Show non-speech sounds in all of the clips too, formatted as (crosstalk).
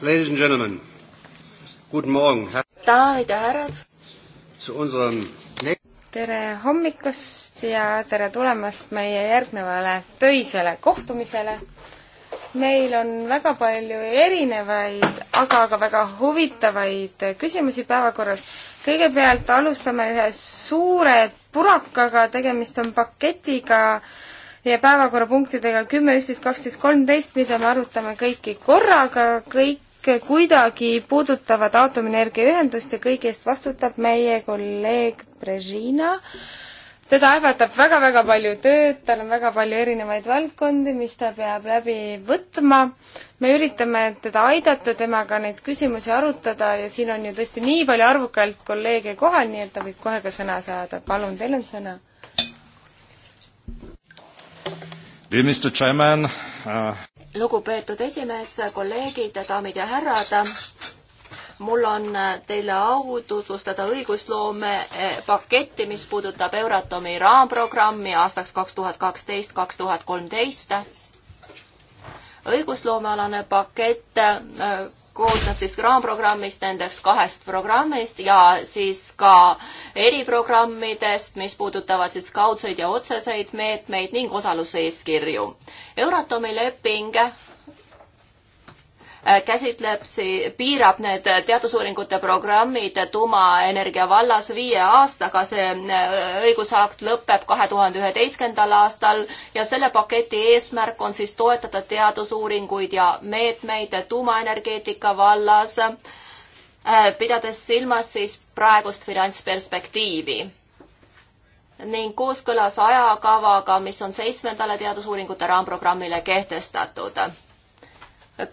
Ladies and gentlemen, guten Morgen. daamid ja härrad. tere hommikust ja tere tulemast meie järgnevale töisele kohtumisele. meil on väga palju erinevaid, aga ka väga huvitavaid küsimusi päevakorras. kõigepealt alustame ühe suure purakaga, tegemist on paketiga äh, ja päevakorrapunktidega kümme, üksteist, kaksteist, kolmteist, mida me arutame kõiki korraga, kõik kuidagi puudutavad aatomienergia ühendust ja kõigi eest vastutab meie kolleeg Brežina. teda ähvardab väga-väga palju tööd, tal on väga palju erinevaid valdkondi, mis ta peab läbi võtma. me üritame teda aidata, temaga neid küsimusi arutada ja siin on ju tõesti nii palju arvukalt kolleege kohal, nii et ta võib kohe ka sõna saada. palun, teil on sõna Uh, lugupeetud esimees, kolleegid, daamid ja härrad, mul on teile au tutvustada õigusloome eh, paketti, mis puudutab Euratomi raamprogrammi aastaks kaks tuhat kaksteist, kaks tuhat kolmteist õigusloomealane pakett eh, koosneb siis raamprogrammist, nendest kahest programmist ja siis ka eriprogrammidest, mis puudutavad siis kaudseid ja otseseid meetmeid ning osaluseeskirju. Euratomi leping Äh, käsitleb, piirab need teadusuuringute programmid tuumaenergia vallas viie aastaga, see äh, õigusakt lõpeb kahe tuhande üheteistkümnendal aastal ja selle paketi eesmärk on siis toetada teadusuuringuid ja meetmeid tuumaenergeetika vallas, äh, pidades silmas siis praegust finantsperspektiivi ning kooskõlas ajakavaga, mis on seitsmendale teadusuuringute raamprogrammile kehtestatud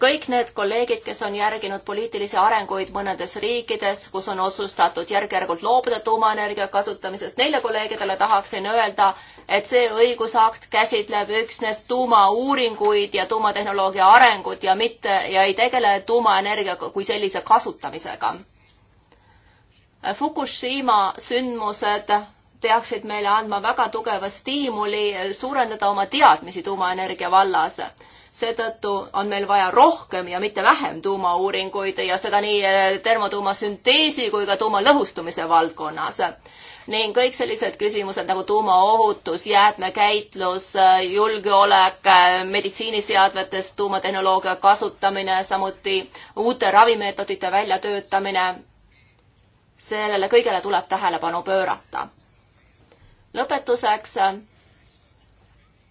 kõik need kolleegid, kes on järginud poliitilisi arenguid mõnedes riikides, kus on otsustatud järk-järgult loobuda tuumaenergia kasutamisest, neile kolleegidele tahaksin öelda, et see õigusakt käsitleb üksnes tuumauuringuid ja tuumatehnoloogia arengut ja mitte, ja ei tegele tuumaenergia kui sellise kasutamisega. Fukushima sündmused peaksid meile andma väga tugeva stiimuli suurendada oma teadmisi tuumaenergia vallas seetõttu on meil vaja rohkem ja mitte vähem tuumauuringuid ja seda nii eh, termotuumasünteesi kui ka tuumalõhustumise valdkonnas. ning kõik sellised küsimused nagu tuumaohutus, jäätmekäitlus, eh, julgeolek, eh, meditsiiniseadmetes tuumatehnoloogia kasutamine, samuti uute ravimeetodite väljatöötamine. sellele kõigele tuleb tähelepanu pöörata. lõpetuseks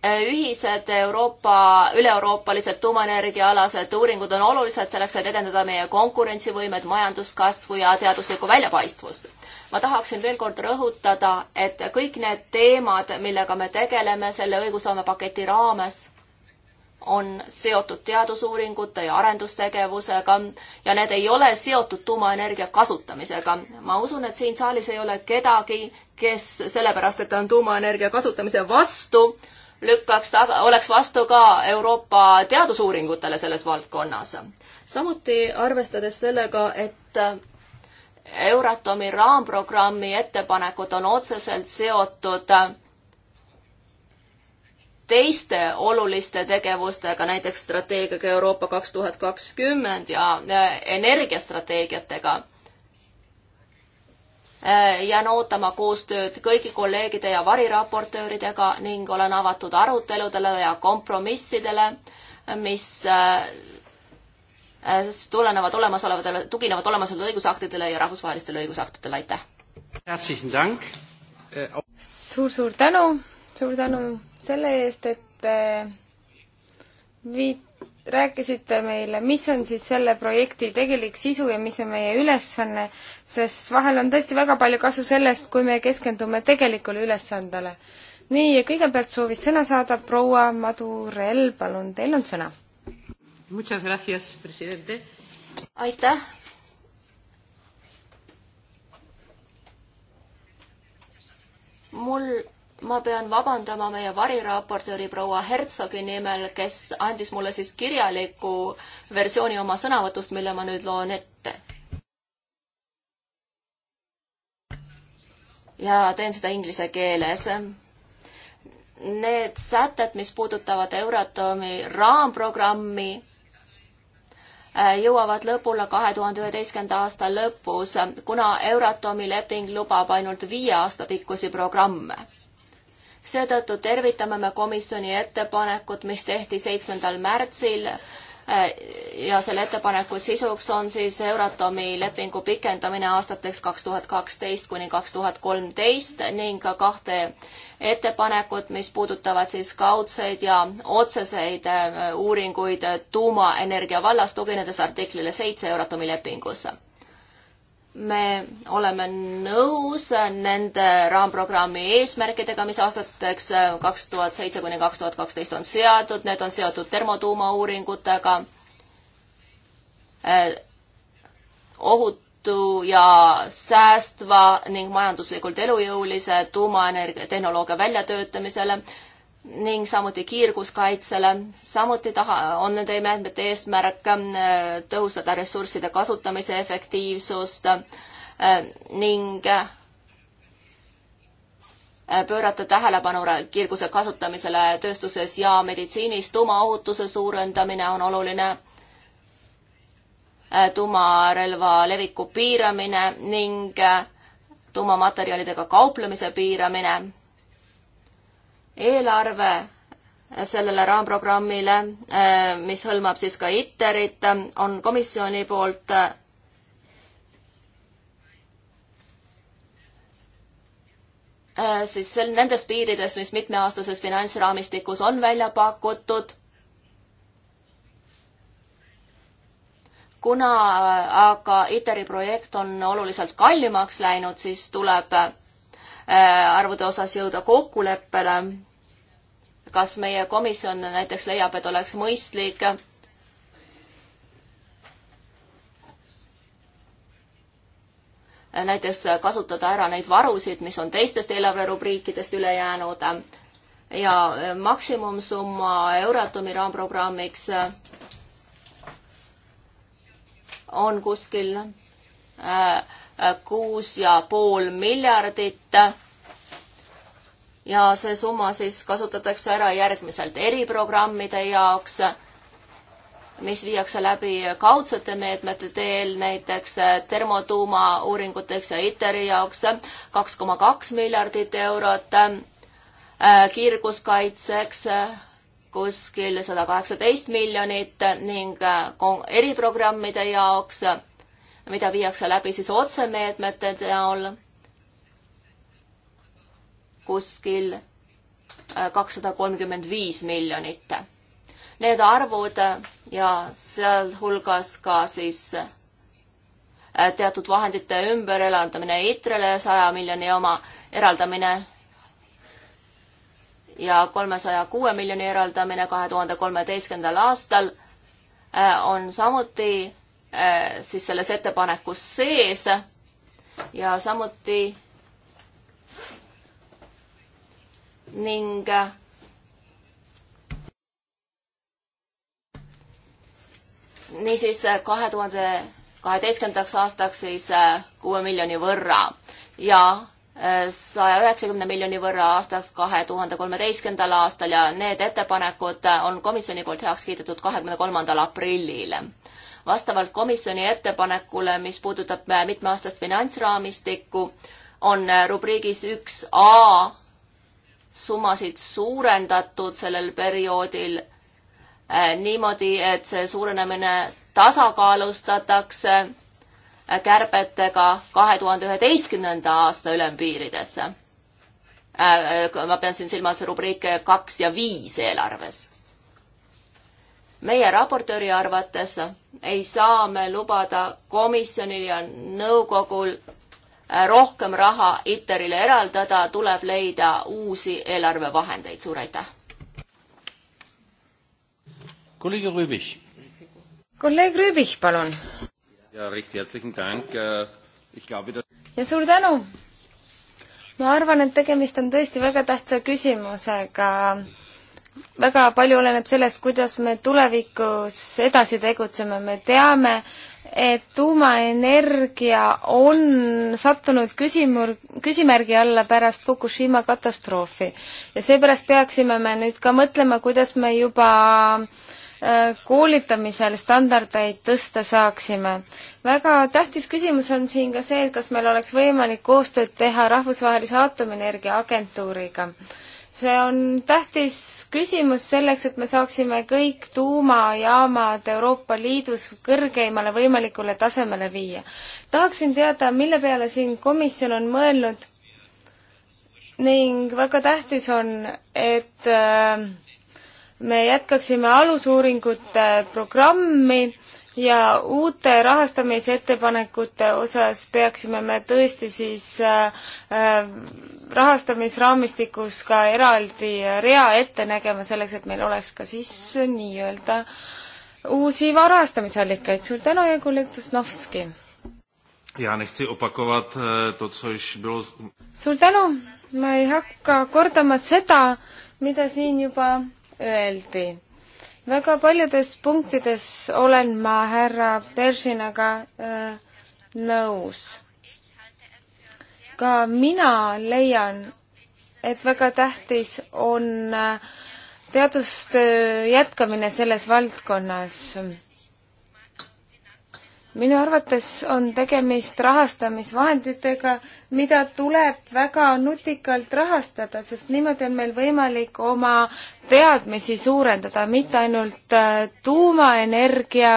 ühised Euroopa, üle-euroopalised tuumaenergiaalased uuringud on olulised selleks, et edendada meie konkurentsivõimet, majanduskasvu ja teaduslikku väljapaistvust. ma tahaksin veel kord rõhutada, et kõik need teemad, millega me tegeleme selle õigusloome paketi raames, on seotud teadusuuringute ja arendustegevusega ja need ei ole seotud tuumaenergia kasutamisega. ma usun, et siin saalis ei ole kedagi, kes sellepärast, et ta on tuumaenergia kasutamise vastu, lükkaks taga, oleks vastu ka Euroopa teadusuuringutele selles valdkonnas. samuti arvestades sellega, et Euratomi raamprogrammi ettepanekud on otseselt seotud teiste oluliste tegevustega, näiteks strateegiaga Euroopa kaks tuhat kakskümmend ja energiastrateegiatega Äh, jään ootama koostööd kõigi kolleegide ja variraportööridega ning olen avatud aruteludele ja kompromissidele, mis äh, äh, tulenevad olemasolevatele, tuginevad olemasolevatele õigusaktidele ja rahvusvahelistele õigusaktidele, aitäh! suur-suur tänu, suur tänu selle eest, et viit-, rääkisite meile, mis on siis selle projekti tegelik sisu ja mis on meie ülesanne, sest vahel on tõesti väga palju kasu sellest, kui me keskendume tegelikule ülesandele. nii, ja kõigepealt soovis sõna saada proua Madurell, palun, teil on sõna. aitäh. mul ma pean vabandama meie variraportööri proua Hertsogi nimel, kes andis mulle siis kirjaliku versiooni oma sõnavõtust, mille ma nüüd loen ette. ja teen seda inglise keeles. Need sätted, mis puudutavad Euratomi raamprogrammi, äh, jõuavad lõpule kahe tuhande üheteistkümnenda aasta lõpus, kuna Euratomi leping lubab ainult viie aasta pikkusi programme seetõttu tervitame me komisjoni ettepanekut, mis tehti seitsmendal märtsil eh, ja selle ettepaneku sisuks on siis Euratomi lepingu pikendamine aastateks kaks tuhat kaksteist kuni kaks tuhat kolmteist ning ka kahte ettepanekut, mis puudutavad siis kaudseid ja otseseid eh, uuringuid tuumaenergia vallas, tuginedes artiklile seitse Euratomi lepingus me oleme nõus nende raamprogrammi eesmärkidega, mis aastateks äh, kaks tuhat seitse kuni kaks tuhat kaksteist on seatud, need on seotud termotuumauuringutega, äh, ohutu ja säästva ning majanduslikult elujõulise tuumaenergia tehnoloogia väljatöötamisele ning samuti kiirguskaitsele. samuti taha, on nende meetmete eesmärk äh, tõhustada ressursside kasutamise efektiivsust äh, ning äh, pöörata tähelepanu kiirguse kasutamisele tööstuses ja meditsiinis. tuumaohutuse suurendamine on oluline, tuumarelva leviku piiramine ning tuumamaterjalidega kauplemise piiramine eelarve sellele raamprogrammile, eh, mis hõlmab siis ka ITER-it, on komisjoni poolt eh, siis sel, nendes piirides, mis mitmeaastases finantsraamistikus on välja pakutud. kuna eh, aga ITER-i projekt on oluliselt kallimaks läinud, siis tuleb arvude osas jõuda kokkuleppele kas meie komisjon näiteks leiab, et oleks mõistlik näiteks kasutada ära neid varusid, mis on teistest eelarverubriikidest üle jäänud ja maksimumsumma Euratomi raamprogrammiks on kuskil äh, kuus ja pool miljardit ja see summa siis kasutatakse ära järgmiselt eriprogrammide jaoks, mis viiakse läbi kaudsete meetmete teel, näiteks termotuuma uuringuteks ja ITER-i jaoks kaks koma kaks miljardit eurot, kiirguskaitseks kuskil sada kaheksateist miljonit ning eriprogrammide jaoks, mida viiakse läbi siis otsemeetmete näol kuskil äh, kakssada kolmkümmend viis miljonit. Need arvud äh, ja sealhulgas ka siis äh, teatud vahendite ümberelandamine ITRE-le saja miljoni oma eraldamine ja kolmesaja kuue miljoni eraldamine kahe tuhande kolmeteistkümnendal aastal on samuti siis selles ettepanekus sees ja samuti ning niisiis kahe tuhande kaheteistkümnendaks aastaks siis kuue miljoni võrra ja saja üheksakümne miljoni võrra aastaks kahe tuhande kolmeteistkümnendal aastal ja need ettepanekud on komisjoni poolt heaks kiidetud kahekümne kolmandal aprillil. vastavalt komisjoni ettepanekule, mis puudutab mitmeaastast finantsraamistikku, on rubriigis üks A summasid suurendatud sellel perioodil äh, niimoodi, et see suurenemine tasakaalustatakse äh, kärbetega kahe tuhande üheteistkümnenda aasta ülempiiridesse. Äh, ma pean siin silmas rubriike kaks ja viis eelarves. meie raportööri arvates ei saa me lubada komisjonil ja nõukogul rohkem raha ITER-ile eraldada, tuleb leida uusi eelarvevahendeid, suur aitäh! kolleeg Rüübich. kolleeg Rüübich, palun! Äh, ja suur tänu! ma arvan, et tegemist on tõesti väga tähtsa küsimusega väga palju oleneb sellest, kuidas me tulevikus edasi tegutseme, me teame, et tuumaenergia on sattunud küsimur-, küsimärgi alla pärast Fukushima katastroofi. ja seepärast peaksime me nüüd ka mõtlema, kuidas me juba äh, koolitamisel standardeid tõsta saaksime. väga tähtis küsimus on siin ka see, et kas meil oleks võimalik koostööd teha Rahvusvahelise Aatomienergia Agentuuriga see on tähtis küsimus selleks, et me saaksime kõik tuumajaamad Euroopa Liidus kõrgeimale võimalikule tasemele viia. tahaksin teada, mille peale siin komisjon on mõelnud ning väga tähtis on, et äh, me jätkaksime alusuuringute programmi ja uute rahastamisettepanekute osas peaksime me tõesti siis äh, äh rahastamisraamistikus ka eraldi rea ette nägema selleks, et meil oleks ka siis nii-öelda uusi varastamisallikaid. suur tänu ja kolleeg Tusnovski! Já nechci opakovat e, to, co již bylo... Suur tänu! Ma ei hakka kordama seda, mida siin juba öeldi. Väga paljudes punktides olen ma härra Persinaga äh, nõus ka mina leian, et väga tähtis on äh, teadustöö jätkamine selles valdkonnas. minu arvates on tegemist rahastamisvahenditega, mida tuleb väga nutikalt rahastada, sest niimoodi on meil võimalik oma teadmisi suurendada, mitte ainult äh, tuumaenergia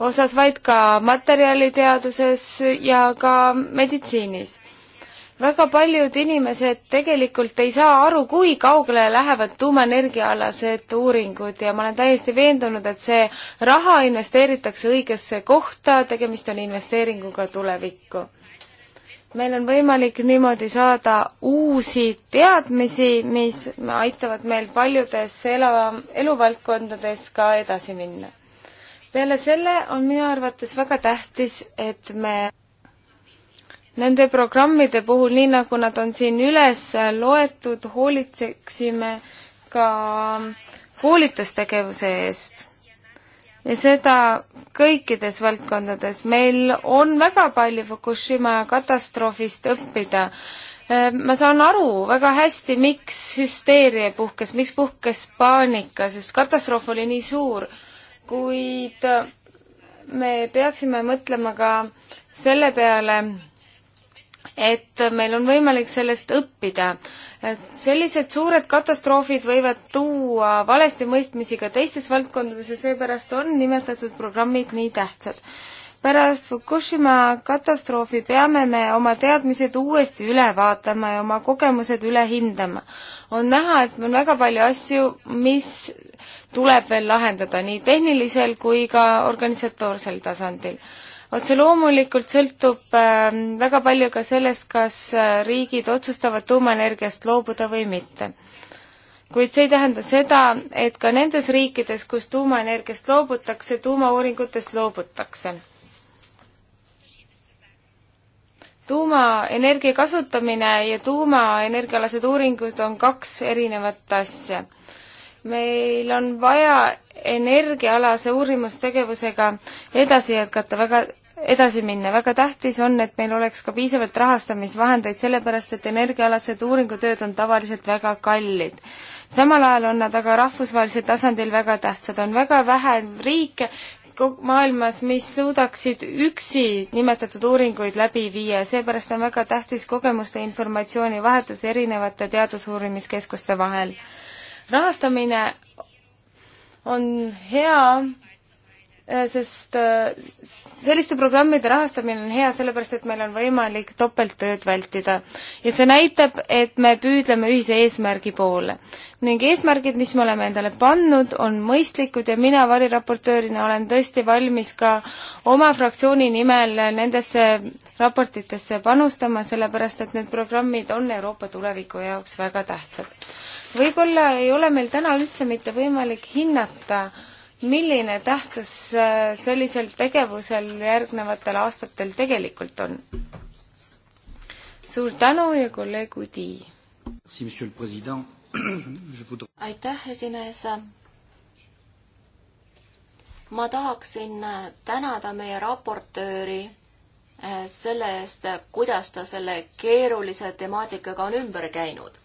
osas, vaid ka materjaliteaduses ja ka meditsiinis väga paljud inimesed tegelikult ei saa aru, kui kaugele lähevad tuumaenergiaalased uuringud ja ma olen täiesti veendunud, et see raha investeeritakse õigesse kohta, tegemist on investeeringuga tulevikku. meil on võimalik niimoodi saada uusi teadmisi, mis aitavad meil paljudes elu, eluvaldkondades ka edasi minna. peale selle on minu arvates väga tähtis, et me nende programmide puhul, nii nagu nad on siin üles loetud, hoolitseksime ka koolitustegevuse eest. ja seda kõikides valdkondades. meil on väga palju Fukushima katastroofist õppida. Äh, ma saan aru väga hästi, miks hüsteeria puhkes, miks puhkes paanika, sest katastroof oli nii suur, kuid me peaksime mõtlema ka selle peale, et meil on võimalik sellest õppida. sellised suured katastroofid võivad tuua valesti mõistmisi ka teistes valdkondades ja seepärast on nimetatud programmid nii tähtsad. pärast Fukushima katastroofi peame me oma teadmised uuesti üle vaatama ja oma kogemused üle hindama. on näha, et on väga palju asju, mis tuleb veel lahendada nii tehnilisel kui ka organisatoorsel tasandil otse loomulikult sõltub ähm, väga palju ka sellest, kas äh, riigid otsustavad tuumaenergiast loobuda või mitte. kuid see ei tähenda seda, et ka nendes riikides, kus tuumaenergiast loobutakse, tuumauuringutest loobutakse tuumaenergia kasutamine ja tuumaenergiaalased uuringud on kaks erinevat asja. meil on vaja energiaalase uurimustegevusega edasi jätkata väga edasi minna. väga tähtis on, et meil oleks ka piisavalt rahastamisvahendeid, sellepärast et energiaalased uuringutööd on tavaliselt väga kallid. samal ajal on nad aga rahvusvahelisel tasandil väga tähtsad, on väga vähe riike maailmas, mis suudaksid üksi nimetatud uuringuid läbi viia ja seepärast on väga tähtis kogemuste informatsiooni vahetus erinevate teadusuurimiskeskuste vahel. rahastamine on hea Äh, sest äh, selliste programmide rahastamine on hea, sellepärast et meil on võimalik topelttööd vältida. ja see näitab, et me püüdleme ühise eesmärgi poole. ning eesmärgid, mis me oleme endale pannud, on mõistlikud ja mina variraportöörina olen tõesti valmis ka oma fraktsiooni nimel nendesse raportitesse panustama, sellepärast et need programmid on Euroopa tuleviku jaoks väga tähtsad. võib-olla ei ole meil täna üldse mitte võimalik hinnata, milline tähtsus äh, sellisel tegevusel järgnevatel aastatel tegelikult on? suur tänu ja kolleeg Udi! (clears throat) aitäh, esimees! ma tahaksin äh, tänada meie raportööri äh, selle eest, kuidas ta selle keerulise temaatikaga on ümber käinud.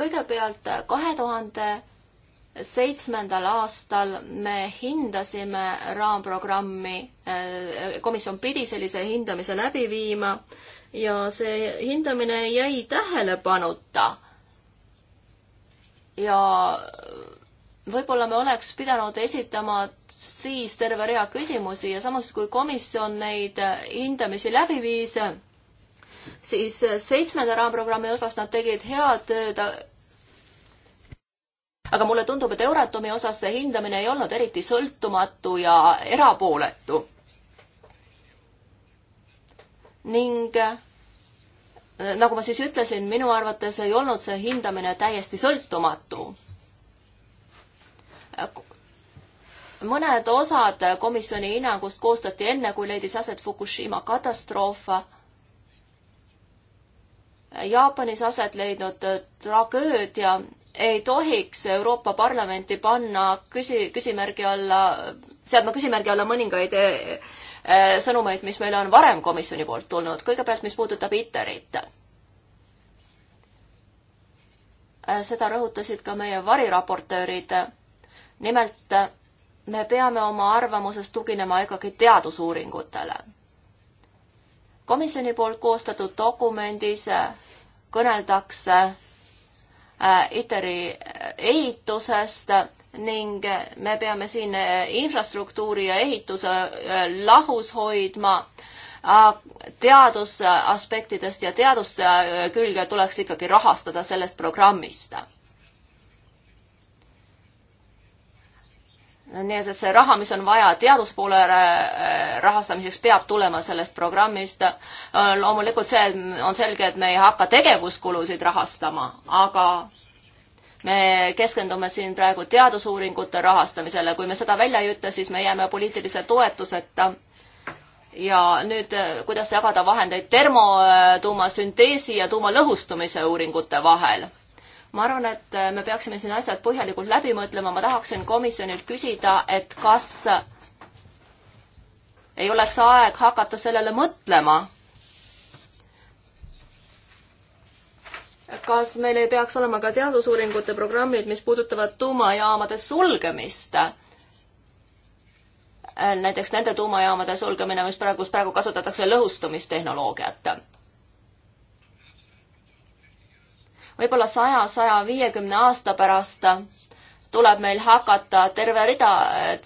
kõigepealt kahe tuhande seitsmendal aastal me hindasime raamprogrammi, äh, komisjon pidi sellise hindamise läbi viima ja see hindamine jäi tähelepanuta. ja võib-olla me oleks pidanud esitama siis terve rea küsimusi ja samas, kui komisjon neid äh, hindamisi läbi viis, siis seitsmenda raamprogrammi osas nad tegid head tööd, aga mulle tundub, et Euratomi osas see hindamine ei olnud eriti sõltumatu ja erapooletu. ning äh, nagu ma siis ütlesin, minu arvates ei olnud see hindamine täiesti sõltumatu. mõned osad komisjoni hinnangust koostati enne, kui leidis aset Fukushima katastroof. Jaapanis aset leidnud tragöödia ei tohiks Euroopa Parlamenti panna küsi-, küsimärgi alla, seadma küsimärgi alla mõningaid äh, sõnumeid, mis meile on varem komisjoni poolt tulnud, kõigepealt mis puudutab ITER-it. Äh, seda rõhutasid ka meie variraportöörid. nimelt me peame oma arvamuses tuginema ikkagi teadusuuringutele. komisjoni poolt koostatud dokumendis äh, kõneldakse Äh, ITER-i äh, ehitusest ning me peame siin äh, infrastruktuuri ja ehituse lahus hoidma. teadusaspektidest ja teaduste külge tuleks ikkagi rahastada sellest programmist. nii et see raha, mis on vaja teaduspoole äh, rahastamiseks, peab tulema sellest programmist. Äh, loomulikult see on selge, et me ei hakka tegevuskulusid rahastama, aga me keskendume siin praegu teadusuuringute rahastamisele, kui me seda välja ei ütle, siis me jääme poliitilise toetuseta. ja nüüd, äh, kuidas jagada vahendeid termotuumasünteesi ja tuumalõhustumise uuringute vahel ma arvan, et äh, me peaksime siin asjad põhjalikult läbi mõtlema, ma tahaksin komisjonilt küsida, et kas ei oleks aeg hakata sellele mõtlema kas meil ei peaks olema ka teadusuuringute programmid, mis puudutavad tuumajaamade sulgemist? Äh, näiteks nende tuumajaamade sulgemine, mis praegu, praegu kasutatakse lõhustumistehnoloogiat. võib-olla saja, saja viiekümne aasta pärast tuleb meil hakata terve rida,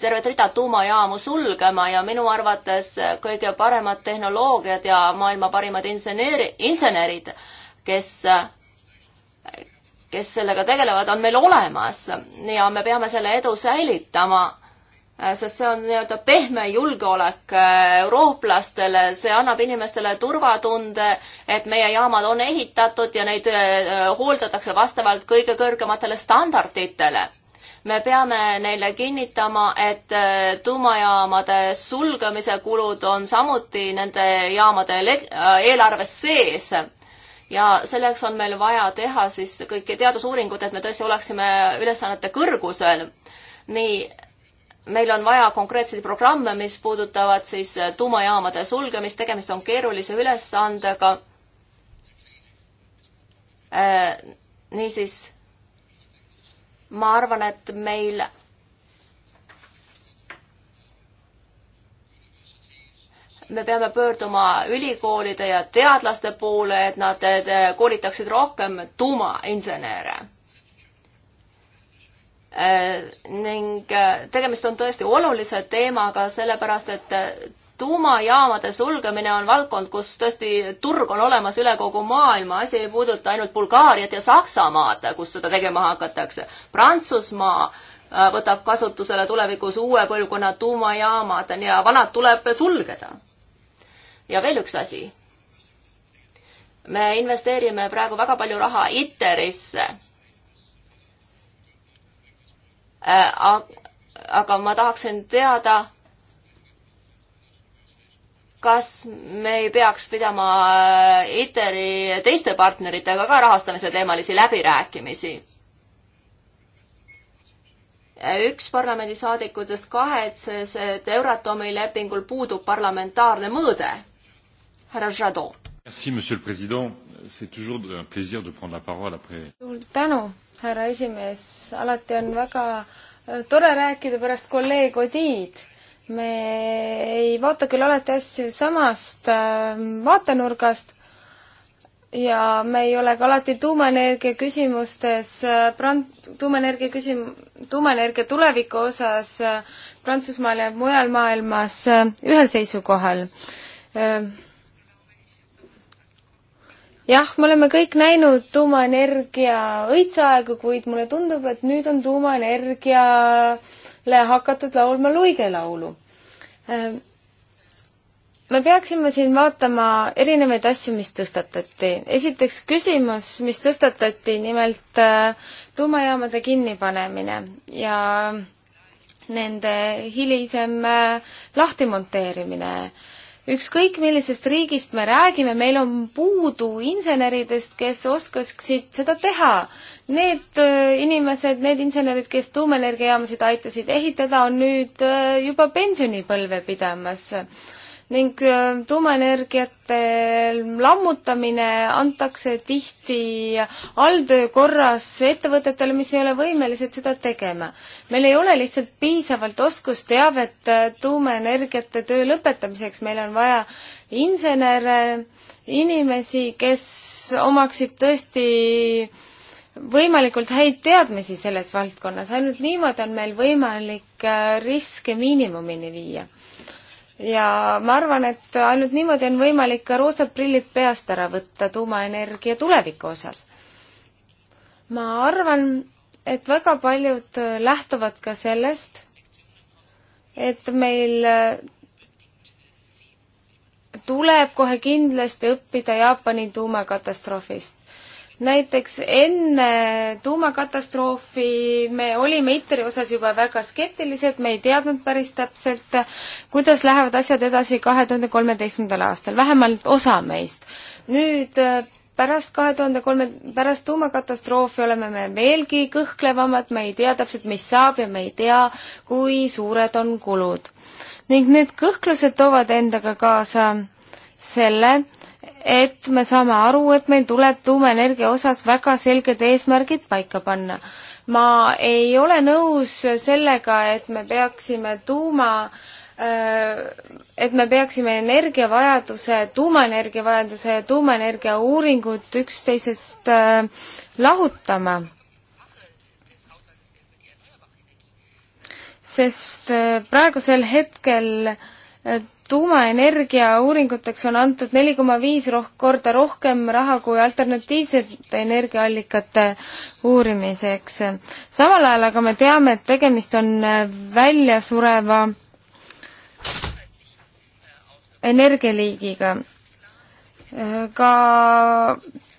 tervet rida tuumajaamu sulgema ja minu arvates kõige paremad tehnoloogiad ja maailma parimad inseneeri-, insenerid, kes, kes sellega tegelevad, on meil olemas ja me peame selle edu säilitama Äh, sest see on nii-öelda pehme julgeolek äh, eurooplastele, see annab inimestele turvatunde, et meie jaamad on ehitatud ja neid äh, hooldatakse vastavalt kõige kõrgematele standarditele. me peame neile kinnitama, et tuumajaamade sulgemise kulud on samuti nende jaamade eelarves sees ja selleks on meil vaja teha siis kõik teadusuuringud, et me tõesti oleksime ülesannete kõrgusel. nii meil on vaja konkreetseid programme, mis puudutavad siis tuumajaamade sulgemist, tegemist on keerulise ülesandega. Äh, niisiis, ma arvan, et meil me peame pöörduma ülikoolide ja teadlaste poole, et nad koolitaksid rohkem tuumainsenere Äh, ning äh, tegemist on tõesti olulise teemaga, sellepärast et äh, tuumajaamade sulgemine on valdkond, kus tõesti turg on olemas üle kogu maailma, asi ei puuduta ainult Bulgaariat ja Saksamaad, kus seda tegema hakatakse. Prantsusmaa võtab kasutusele tulevikus uue põlvkonna tuumajaamad ja vanad tuleb sulgeda. ja veel üks asi. me investeerime praegu väga palju raha ITER-isse Äh, aga ma tahaksin teada, kas me ei peaks pidama äh, ITER-i teiste partneritega ka rahastamise teemalisi läbirääkimisi? Äh, üks parlamendisaadikutest kahetses, et Euratomi lepingul puudub parlamentaarne mõõde. härra Jadot. Merci, monsieur le president. C'est toujours un plaisir de prendre la parole après. suur tänu härra esimees, alati on väga äh, tore rääkida pärast kolleeg Odiid. me ei vaata küll alati asju samast äh, vaatenurgast ja me ei ole ka alati tuumaenergia küsimustes, prant-, äh, tuumaenergia küsim-, tuumaenergia tuleviku osas Prantsusmaal ja mujal maailmas ühel seisukohal jah, me oleme kõik näinud tuumaenergia õitseaegu, kuid mulle tundub, et nüüd on tuumaenergiale hakatud laulma luigelaulu. Ehm, me peaksime siin vaatama erinevaid asju, mis tõstatati. esiteks küsimus, mis tõstatati, nimelt äh, tuumajaamade kinnipanemine ja nende hilisem äh, lahtimonteerimine ükskõik millisest riigist me räägime, meil on puudu inseneridest, kes oskaksid seda teha. Need äh, inimesed, need insenerid, kes tuumaenergiajaamasid aitasid ehitada, on nüüd äh, juba pensionipõlve pidamas ning äh, tuumaenergiate lammutamine antakse tihti alltöö korras ettevõtetele, mis ei ole võimelised seda tegema. meil ei ole lihtsalt piisavalt oskusteavet äh, tuumaenergiate töö lõpetamiseks, meil on vaja insenere, inimesi, kes omaksid tõesti võimalikult häid teadmisi selles valdkonnas, ainult niimoodi on meil võimalik äh, riske miinimumini viia ja ma arvan, et ainult niimoodi on võimalik ka roosad prillid peast ära võtta tuumaenergia tuleviku osas. ma arvan, et väga paljud lähtuvad ka sellest, et meil tuleb kohe kindlasti õppida Jaapani tuumakatastroofist näiteks enne tuumakatastroofi me olime ITER-i osas juba väga skeptilised, me ei teadnud päris täpselt, kuidas lähevad asjad edasi kahe tuhande kolmeteistkümnendal aastal, vähemalt osa meist. nüüd äh, pärast kahe tuhande kolme, pärast tuumakatastroofi oleme me veelgi kõhklevamad, me ei tea täpselt, mis saab ja me ei tea, kui suured on kulud. ning need kõhklused toovad endaga kaasa selle, et me saame aru, et meil tuleb tuumaenergia osas väga selged eesmärgid paika panna. ma ei ole nõus sellega, et me peaksime tuuma äh, et me peaksime energiavajaduse, tuumaenergiavajaduse ja tuumaenergia uuringud üksteisest äh, lahutama sest äh, praegusel hetkel tuumaenergia uuringuteks on antud neli koma viis roh-, korda rohkem raha kui alternatiivsete energiaallikate uurimiseks. samal ajal aga me teame, et tegemist on väljasureva energialiigiga. ka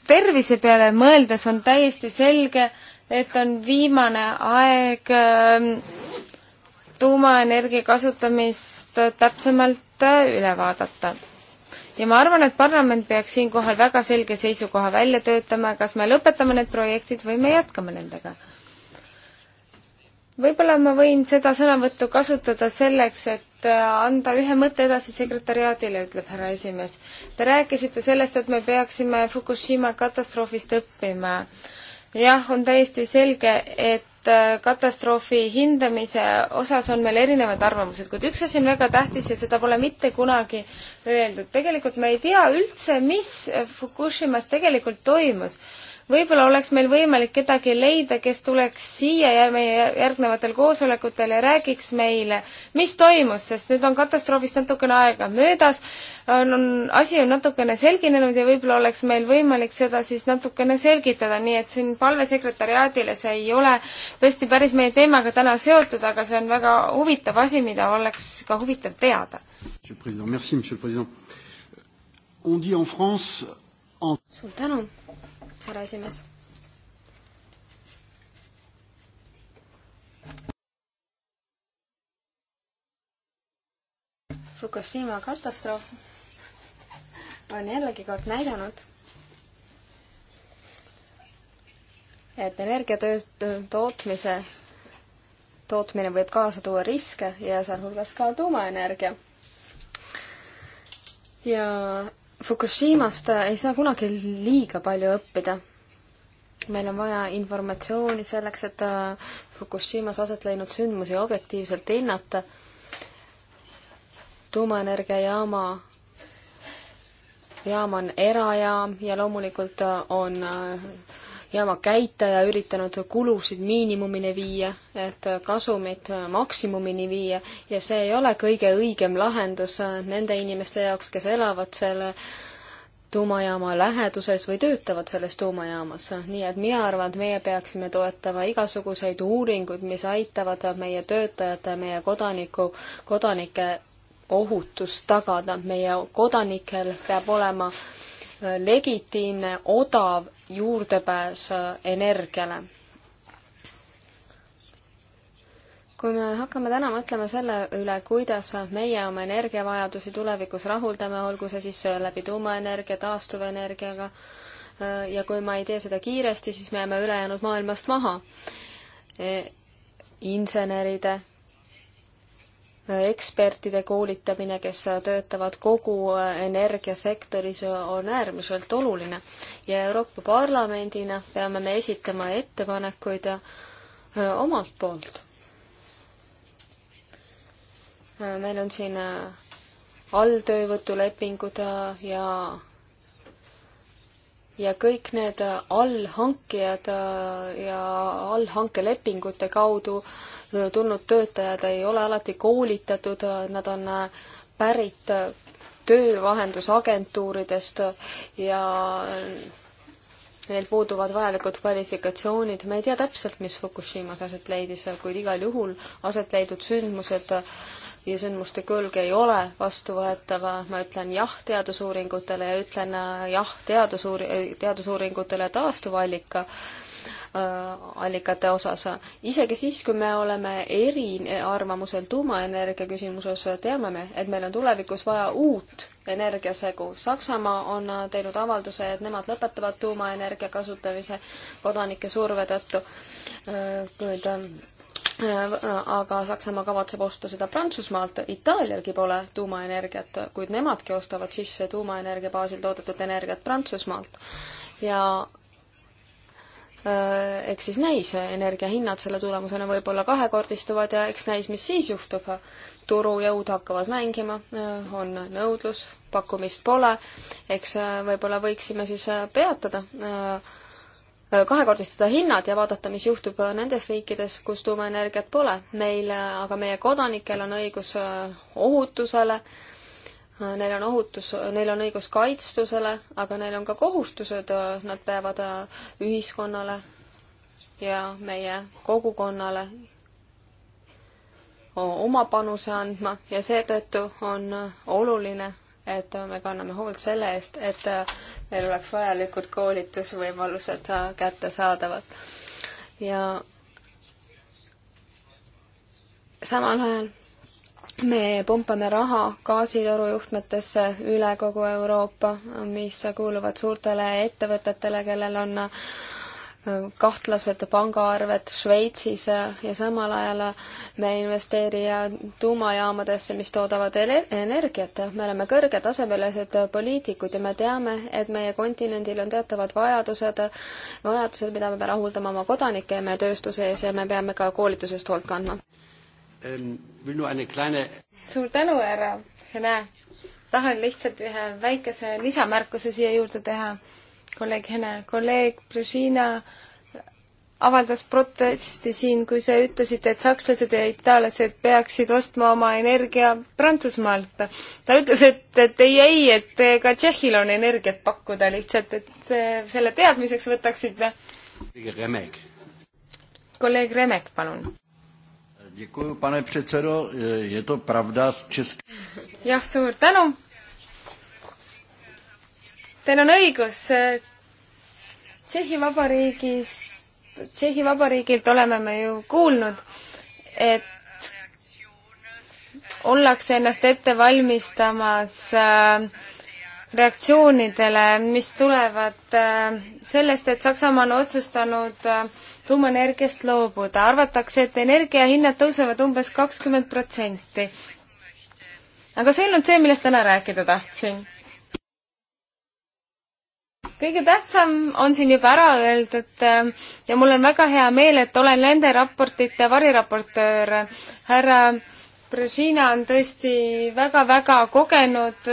tervise peale mõeldes on täiesti selge, et on viimane aeg ähm, tuumaenergia kasutamist täpsemalt üle vaadata. ja ma arvan, et parlament peaks siinkohal väga selge seisukoha välja töötama, kas me lõpetame need projektid või me jätkame nendega. võib-olla ma võin seda sõnavõttu kasutada selleks, et äh, anda ühe mõtte edasi sekretäriaadile, ütleb härra esimees. Te rääkisite sellest, et me peaksime Fukushima katastroofist õppima jah, on täiesti selge, et Äh, katastroofi hindamise osas on meil erinevad arvamused, kuid üks asi on väga tähtis ja seda pole mitte kunagi öeldud. tegelikult me ei tea üldse, mis Fukushimas tegelikult toimus võib-olla oleks meil võimalik kedagi leida, kes tuleks siia ja meie järgnevatel koosolekutel ja räägiks meile, mis toimus, sest nüüd on katastroofist natukene aega möödas, on, on, asi on natukene selginenud ja võib-olla oleks meil võimalik seda siis natukene selgitada, nii et siin palve sekretäriaadile, see ei ole tõesti päris meie teemaga täna seotud, aga see on väga huvitav asi, mida oleks ka huvitav teada. suur tänu härra esimees. Fukushima katastroof on jällegi kord näidanud, et energiatöö tootmise, tootmine võib kaasa tuua riske ja sealhulgas ka tuumaenergia. ja Fukushimast äh, ei saa kunagi liiga palju õppida. meil on vaja informatsiooni selleks, et äh, Fukushimas aset leidnud sündmusi objektiivselt hinnata. tuumaenergiajaama, jaam on erajaam ja loomulikult äh, on jaamakäitaja üritanud kulusid miinimumini viia, et kasumit maksimumini viia ja see ei ole kõige õigem lahendus nende inimeste jaoks, kes elavad selle tuumajaama läheduses või töötavad selles tuumajaamas. nii et mina arvan, et meie peaksime toetama igasuguseid uuringuid, mis aitavad meie töötajate, meie kodaniku, kodanike ohutust tagada. meie kodanikel peab olema äh, legitiimne, odav juurdepääs äh, energiale. kui me hakkame täna mõtlema selle üle, kuidas meie oma energiavajadusi tulevikus rahuldame, olgu see siis äh, läbi tuumaenergia, taastuvenergiaga, äh, ja kui ma ei tee seda kiiresti, siis me jääme ülejäänud maailmast maha. inseneride ekspertide koolitamine, kes töötavad kogu energiasektoris, on äärmiselt oluline. ja Euroopa Parlamendina peame me esitama ettepanekuid äh, omalt poolt. Äh, meil on siin äh, alltöövõtulepingud ja ja kõik need allhankijad ja allhankelepingute kaudu äh, tulnud töötajad ei ole alati koolitatud, nad on pärit töövahendusagentuuridest ja neil puuduvad vajalikud kvalifikatsioonid, me ei tea täpselt, mis Fukushimas aset leidis, kuid igal juhul aset leidnud sündmused ja sündmuste külg ei ole vastuvõetav, ma ütlen jah teadusuuringutele ja ütlen jah teadusuuri-, teadusuuringutele taastuvallika äh, Äh, allikate osas. isegi siis, kui me oleme eriarvamusel tuumaenergia küsimuses, teame me, et meil on tulevikus vaja uut energiasegu. Saksamaa on teinud avalduse, et nemad lõpetavad tuumaenergia kasutamise kodanike surve tõttu. Äh, kuid äh, aga Saksamaa kavatseb osta seda Prantsusmaalt, Itaalialgi pole tuumaenergiat, kuid nemadki ostavad sisse tuumaenergia baasil toodetud energiat Prantsusmaalt. ja Äh, eks siis näis, energiahinnad selle tulemusena võib-olla kahekordistuvad ja eks näis, mis siis juhtub. turujõud hakkavad mängima, äh, on nõudlus, pakkumist pole, eks äh, võib-olla võiksime siis peatada, kahekordistada hinnad ja vaadata, mis juhtub nendes riikides, kus tuumaenergiat pole. meil, aga meie kodanikel on õigus ohutusele neil on ohutus, neil on õigus kaitstusele, aga neil on ka kohustused, äh, nad peavad äh, ühiskonnale ja meie kogukonnale oma panuse andma ja seetõttu on äh, oluline, et me kanname hoolt selle eest, et meil oleks vajalikud koolitusvõimalused kättesaadavad. ja samal ajal me pumpame raha gaasitorujuhtmetesse üle kogu Euroopa, mis kuuluvad suurtele ettevõtetele, kellel on äh, kahtlased pangaarved Šveitsis äh, ja samal ajal me ei investeeri tuumajaamadesse, mis toodavad energiat. me oleme kõrgetasemelised poliitikud ja me teame, et meie kontinendil on teatavad vajadused, vajadused, mida me peame rahuldama oma kodanike ja meie tööstuse ees ja me peame ka koolitusest hoolt kandma. Ähm, suur tänu, härra Hene. tahan lihtsalt ühe väikese lisamärkuse siia juurde teha. kolleeg Hene, kolleeg Brežina avaldas protesti siin, kui sa ütlesid, et sakslased ja itaallased peaksid ostma oma energia Prantsusmaalt. ta ütles, et, et ei, ei, et ka Tšehhil on energiat pakkuda lihtsalt, et selle teadmiseks võtaksid. kolleeg Remek, palun Děkuju, pane předsedo, je to pravda z České... jah, suur tänu. Teil on õigus, Tšehhi Vabariigis, Tšehhi Vabariigilt oleme me ju kuulnud, et ollakse ennast ette valmistamas äh, reaktsioonidele, mis tulevad äh, sellest, et Saksamaa on otsustanud äh, tuumaenergiast loobuda. arvatakse, et energiahinnad tõusevad umbes kakskümmend protsenti. aga see ei olnud see, millest täna rääkida tahtsin. kõige tähtsam on siin juba ära öeldud ja mul on väga hea meel, et olen nende raportite variraportöör. härra Brežina on tõesti väga-väga kogenud,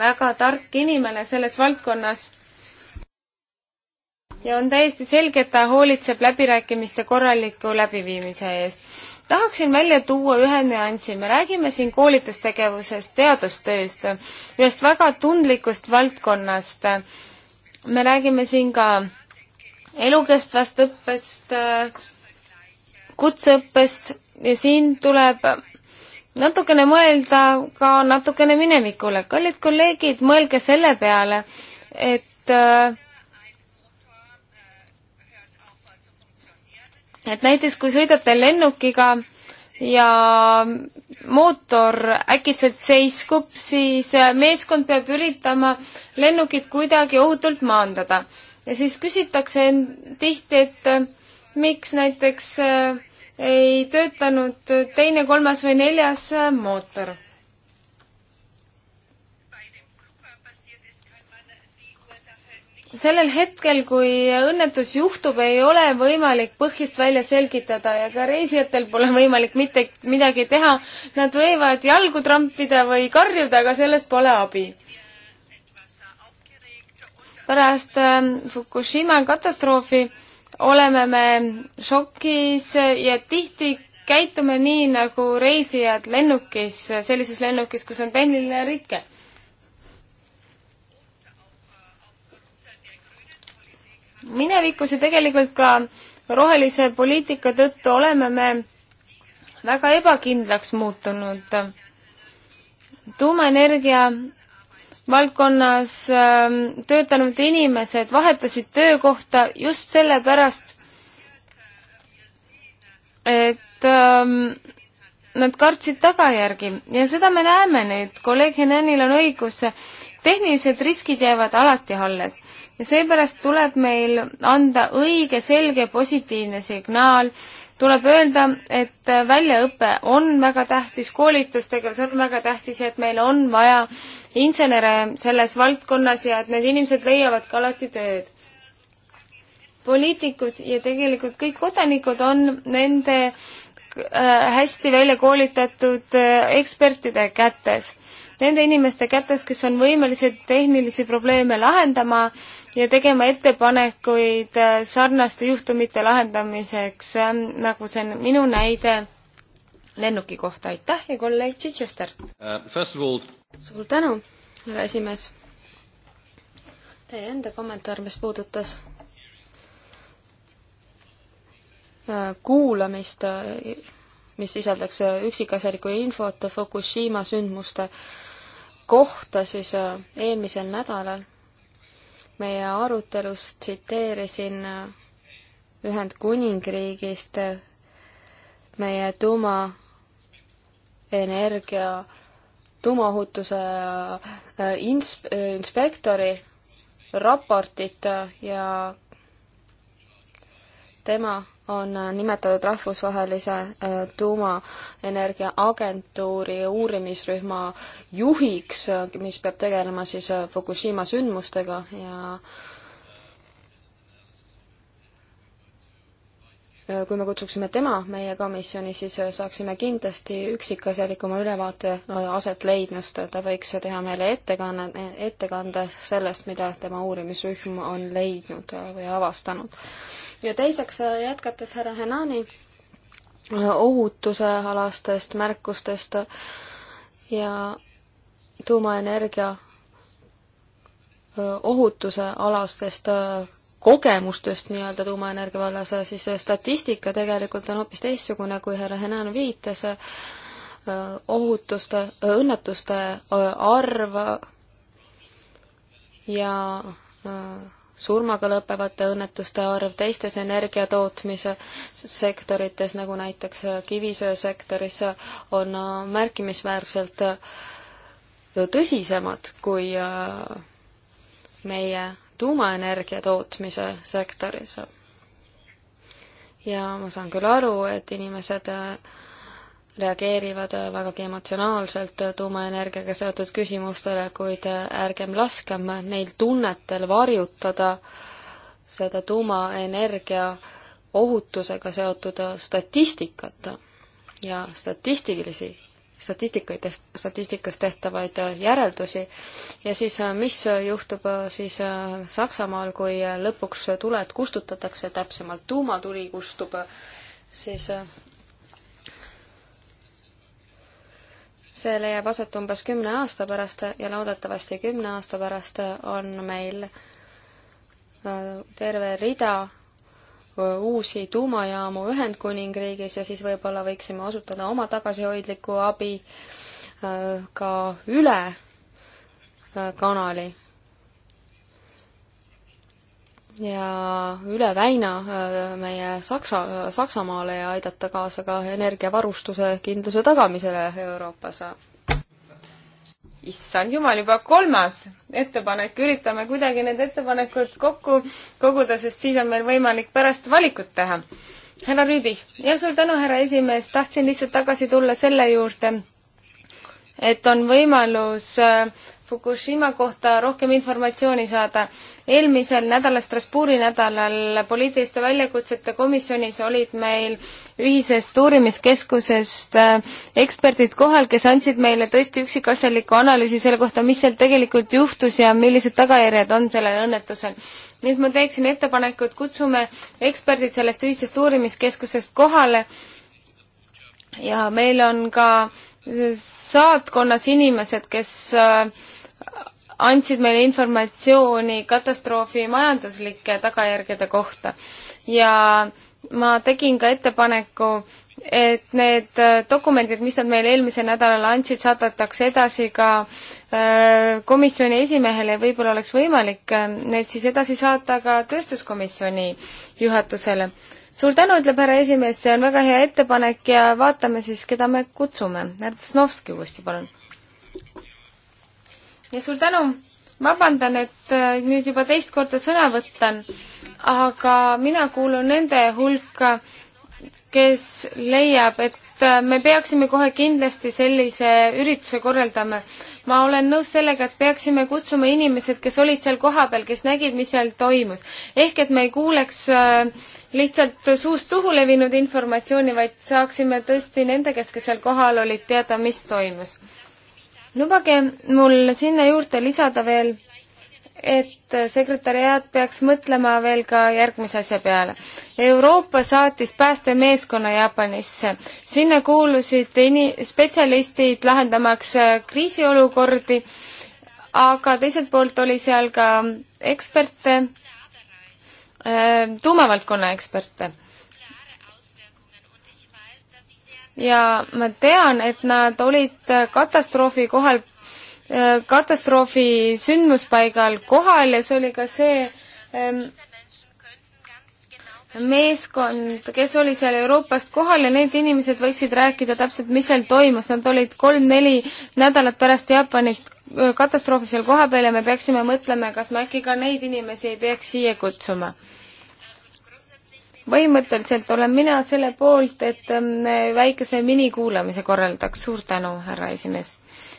väga tark inimene selles valdkonnas ja on täiesti selge, et ta hoolitseb läbirääkimiste korraliku läbiviimise eest. tahaksin välja tuua ühe nüansi, me räägime siin koolitustegevusest, teadustööst, ühest väga tundlikust valdkonnast. me räägime siin ka elukestvast õppest, kutseõppest ja siin tuleb natukene mõelda ka natukene minevikule. kallid kolleegid, mõelge selle peale, et äh, et näiteks kui sõidate lennukiga ja mootor äkitselt seiskub, siis äh, meeskond peab üritama lennukit kuidagi ohutult maandada. ja siis küsitakse tihti, et äh, miks näiteks äh, ei töötanud teine, kolmas või neljas mootor sellel hetkel, kui õnnetus juhtub, ei ole võimalik põhjust välja selgitada ja ka reisijatel pole võimalik mitte midagi teha. Nad võivad jalgu trampida või karjuda, aga sellest pole abi. pärast ähm, Fukushima katastroofi oleme me šokis ja tihti käitume nii, nagu reisijad lennukis, sellises lennukis, kus on tehniline rike minevikus ja tegelikult ka rohelise poliitika tõttu oleme me väga ebakindlaks muutunud. tuumaenergia valdkonnas ähm, töötanud inimesed vahetasid töökohta just sellepärast, et ähm, nad kartsid tagajärgi ja seda me näeme nüüd, kolleeg Henanil on õigus, tehnilised riskid jäävad alati alles ja seepärast tuleb meil anda õige, selge, positiivne signaal, tuleb öelda, et väljaõpe on väga tähtis, koolitustegevus on väga tähtis ja et meil on vaja insenere selles valdkonnas ja et need inimesed leiavad ka alati tööd. poliitikud ja tegelikult kõik kodanikud on nende äh, hästi välja koolitatud äh, ekspertide kätes nende inimeste kätes, kes on võimelised tehnilisi probleeme lahendama ja tegema ettepanekuid äh, sarnaste juhtumite lahendamiseks, ähm, nagu see on minu näide lennuki kohta. aitäh ja kolleeg Chichester uh,! All... suur tänu, härra esimees! Teie enda kommentaar, mis puudutas äh, kuulamist, äh, mis sisaldaks üksikasjalikku infot Fukushima sündmuste kohta, siis eelmisel nädalal meie arutelus tsiteerisin Ühendkuningriigist meie tuumaenergia tuumaohutuse äh, ins-, äh, inspektori raportit ja tema on nimetatud rahvusvahelise äh, tuumaenergia agentuuri uurimisrühma juhiks, äh, mis peab tegelema siis äh, Fukushima sündmustega ja Äh, kui me kutsuksime tema meie komisjoni, siis äh, saaksime kindlasti üksikasjalikuma ülevaate äh, aset leidnust, ta võiks teha meile ettekanne, ettekande sellest, mida tema uurimisrühm on leidnud või avastanud. ja teiseks, jätkates härra Henani ohutusealastest märkustest ja tuumaenergia ohutuse alastest kogemustest nii-öelda tuumaenergia vallas, siis statistika tegelikult on hoopis teistsugune, kui härra Henan viitas, äh, ohutuste, õnnetuste äh, arv ja äh, surmaga lõpevate õnnetuste arv teistes energiatootmise sektorites, nagu näiteks kivisöesektoris, on märkimisväärselt tõsisemad kui meie tuumaenergia tootmise sektoris. ja ma saan küll aru, et inimesed äh, reageerivad äh, vägagi emotsionaalselt äh, tuumaenergiaga seotud küsimustele, kuid ärgem laskem neil tunnetel varjutada seda tuumaenergia ohutusega seotud statistikat ja statistilisi statistikaid, statistikas tehtavaid äh, järeldusi ja siis äh, mis äh, juhtub siis Saksamaal, kui lõpuks tuled kustutatakse, täpsemalt tuumatuli kustub, siis see leiab aset umbes kümne aasta pärast ja loodetavasti kümne aasta pärast on meil terve rida Äh, uusi tuumajaamu Ühendkuningriigis ja siis võib-olla võiksime osutada oma tagasihoidliku abi äh, ka üle äh, kanali ja üle väina meie Saksa, Saksamaale ja aidata kaasa ka energiavarustuse kindluse tagamisele Euroopas issand jumal, juba kolmas ettepanek, üritame kuidagi need ettepanekud kokku koguda, sest siis on meil võimalik pärast valikut teha. härra Rüübi, ja suur tänu, härra esimees, tahtsin lihtsalt tagasi tulla selle juurde, et on võimalus äh, Fukushima kohta rohkem informatsiooni saada. eelmisel nädalal, Strasbourgi nädalal poliitiliste väljakutsete komisjonis olid meil ühisest uurimiskeskusest äh, eksperdid kohal, kes andsid meile tõesti üksikasjaliku analüüsi selle kohta, mis seal tegelikult juhtus ja millised tagajärjed on sellel õnnetusel. nüüd ma teeksin ettepaneku, et kutsume eksperdid sellest ühisest uurimiskeskusest kohale ja meil on ka saatkonnas inimesed, kes äh, andsid meile informatsiooni katastroofi majanduslike tagajärgede kohta. ja ma tegin ka ettepaneku, et need äh, dokumendid, mis nad meile eelmisel nädalal andsid, saadetakse edasi ka äh, komisjoni esimehele ja võib-olla oleks võimalik äh, need siis edasi saata ka tööstuskomisjoni juhatusele. suur tänu, ütleb härra esimees, see on väga hea ettepanek ja vaatame siis, keda me kutsume. härra Tsnovski uuesti, palun ja suur tänu! vabandan, et äh, nüüd juba teist korda sõna võtan, aga mina kuulun nende hulka, kes leiab, et äh, me peaksime kohe kindlasti sellise ürituse korraldama. ma olen nõus sellega, et peaksime kutsuma inimesed, kes olid seal kohapeal, kes nägid, mis seal toimus. ehk et me ei kuuleks äh, lihtsalt suust suhu levinud informatsiooni, vaid saaksime tõesti nende käest, kes seal kohal olid, teada, mis toimus lubage mul sinna juurde lisada veel, et sekretäriaat peaks mõtlema veel ka järgmise asja peale. Euroopa saatis päästemeeskonna Jaapanisse. sinna kuulusid ini-, spetsialistid lahendamaks kriisiolukordi, aga teiselt poolt oli seal ka eksperte, tuumavaldkonna eksperte ja ma tean, et nad olid äh, katastroofi kohal, äh, katastroofi sündmuspaigal kohal ja see oli ka see ähm, meeskond, kes oli seal Euroopast kohal ja need inimesed võiksid rääkida täpselt, mis seal toimus, nad olid kolm-neli nädalat pärast Jaapanit äh, katastroofi seal kohapeal ja me peaksime mõtlema, kas me äkki ka neid inimesi ei peaks siia kutsuma põhimõtteliselt olen mina selle poolt, et me ähm, väikese minikuulamise korraldaks, suur tänu, härra esimees.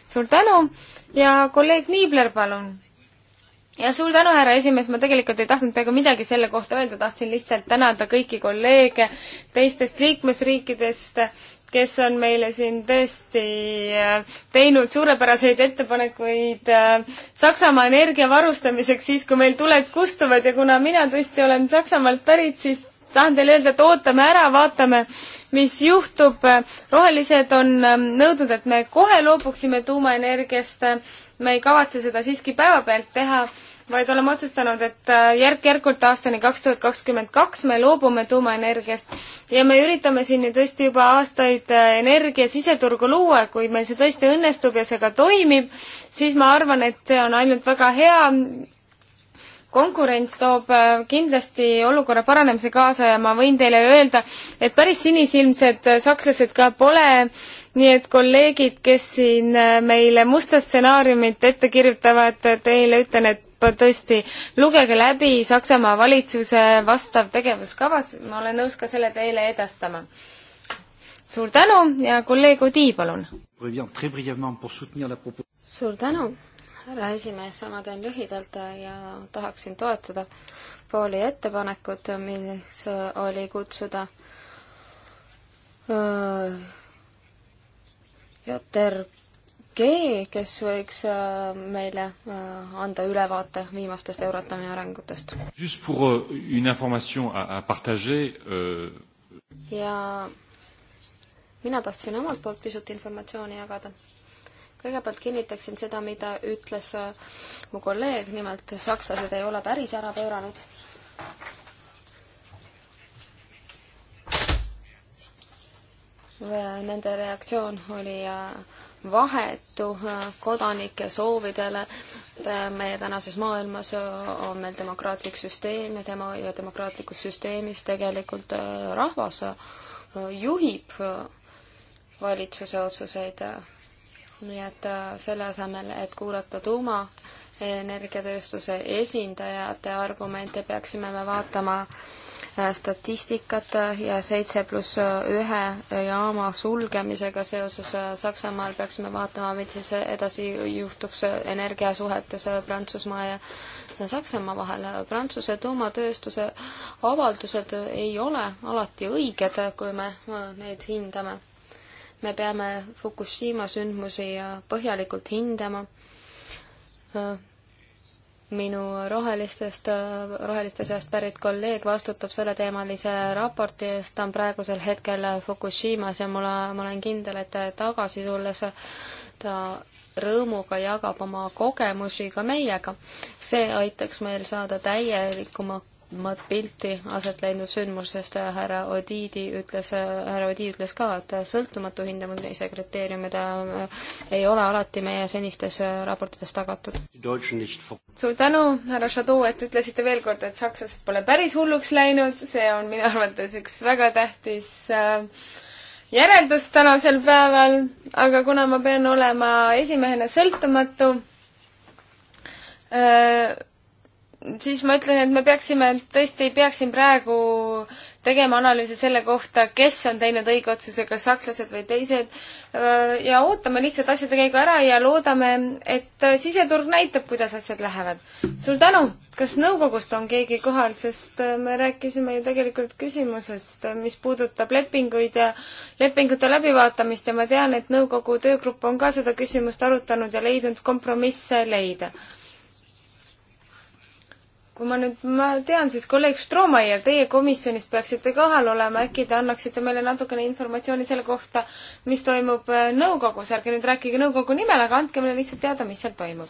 suur tänu ja kolleeg Niibler, palun. ja suur tänu, härra esimees, ma tegelikult ei tahtnud peaaegu midagi selle kohta öelda, tahtsin lihtsalt tänada kõiki kolleege teistest liikmesriikidest, kes on meile siin tõesti äh, teinud suurepäraseid ettepanekuid äh, Saksamaa energia varustamiseks siis, kui meil tuled kustuvad ja kuna mina tõesti olen Saksamaalt pärit, siis tahan teile öelda, et ootame ära, vaatame, mis juhtub. rohelised on ähm, nõudnud, et me kohe loobuksime tuumaenergiast. me ei kavatse seda siiski päevapealt teha, vaid oleme otsustanud, et äh, järk-järgult aastani kaks tuhat kakskümmend kaks me loobume tuumaenergiast ja me üritame siin ju tõesti juba aastaid äh, energia siseturgu luua, kui meil see tõesti õnnestub ja see ka toimib, siis ma arvan, et see on ainult väga hea konkurents toob äh, kindlasti olukorra paranemise kaasa ja ma võin teile öelda, et päris sinisilmsed äh, sakslased ka pole, nii et kolleegid, kes siin äh, meile musta stsenaariumit ette kirjutavad, teile ütlen, et tõesti, lugege läbi Saksamaa valitsuse vastav tegevuskava, ma olen nõus ka selle teile edastama. suur tänu ja kolleeg Odi, palun! suur tänu! härra esimees, ma teen lühidalt ja tahaksin toetada Pauli ettepanekut, milleks oli kutsuda äh, Joter G, kes võiks äh, meile äh, anda ülevaate viimastest Euratomi arengutest. Euh, euh, ja mina tahtsin omalt poolt pisut informatsiooni jagada kõigepealt kinnitaksin seda, mida ütles äh, mu kolleeg, nimelt sakslased ei ole päris ära pööranud. Äh, nende reaktsioon oli äh, vahetu kodanike soovidele. meie tänases maailmas on meil demokraatlik süsteem ja tema ja demokraatlikus süsteemis tegelikult rahvas juhib valitsuse otsuseid nii et äh, selle asemel, et kuulata tuumaenergiatööstuse esindajate argumente, peaksime me vaatama äh, statistikat äh, ja seitse pluss ühe jaama sulgemisega seoses Saksamaal peaksime vaatama, mis edasi juhtuks energiasuhetes Prantsusmaa ja Saksamaa vahel. Prantsuse tuumatööstuse avaldused ei ole alati õiged, kui me neid hindame me peame Fukushima sündmusi põhjalikult hindama. minu rohelistest, roheliste seast pärit kolleeg vastutab selleteemalise raporti eest, ta on praegusel hetkel Fukushimas ja mul, ma olen kindel, et tagasi tulles ta rõõmuga jagab oma kogemusi ka meiega. see aitaks meil saada täielikuma pilti aset läinud sündmusest härra Odiidi ütles, härra Odiid ütles ka, et sõltumatu hindamise kriteeriumid äh, ei ole alati meie senistes äh, raportites tagatud. suur tänu, härra Šaduu, et ütlesite veel kord, et sakslased pole päris hulluks läinud, see on minu arvates üks väga tähtis äh, järeldus tänasel päeval, aga kuna ma pean olema esimehena sõltumatu, siis ma ütlen, et me peaksime, tõesti peaksin praegu tegema analüüse selle kohta, kes on teinud õige otsuse, kas sakslased või teised, äh, ja ootame lihtsalt asjade käigu ära ja loodame, et äh, siseturg näitab, kuidas asjad lähevad. suur tänu! kas nõukogust on keegi kohal, sest äh, me rääkisime ju tegelikult küsimusest, mis puudutab lepinguid ja lepingute läbivaatamist ja ma tean, et nõukogu töögrupp on ka seda küsimust arutanud ja leidnud kompromisse leida kui ma nüüd, ma tean, siis kolleeg Stroomaier, teie komisjonist peaksite kohal olema, äkki te annaksite meile natukene informatsiooni selle kohta, mis toimub äh, nõukogus, ärge nüüd rääkige nõukogu nimel, aga andke meile lihtsalt teada, mis seal toimub.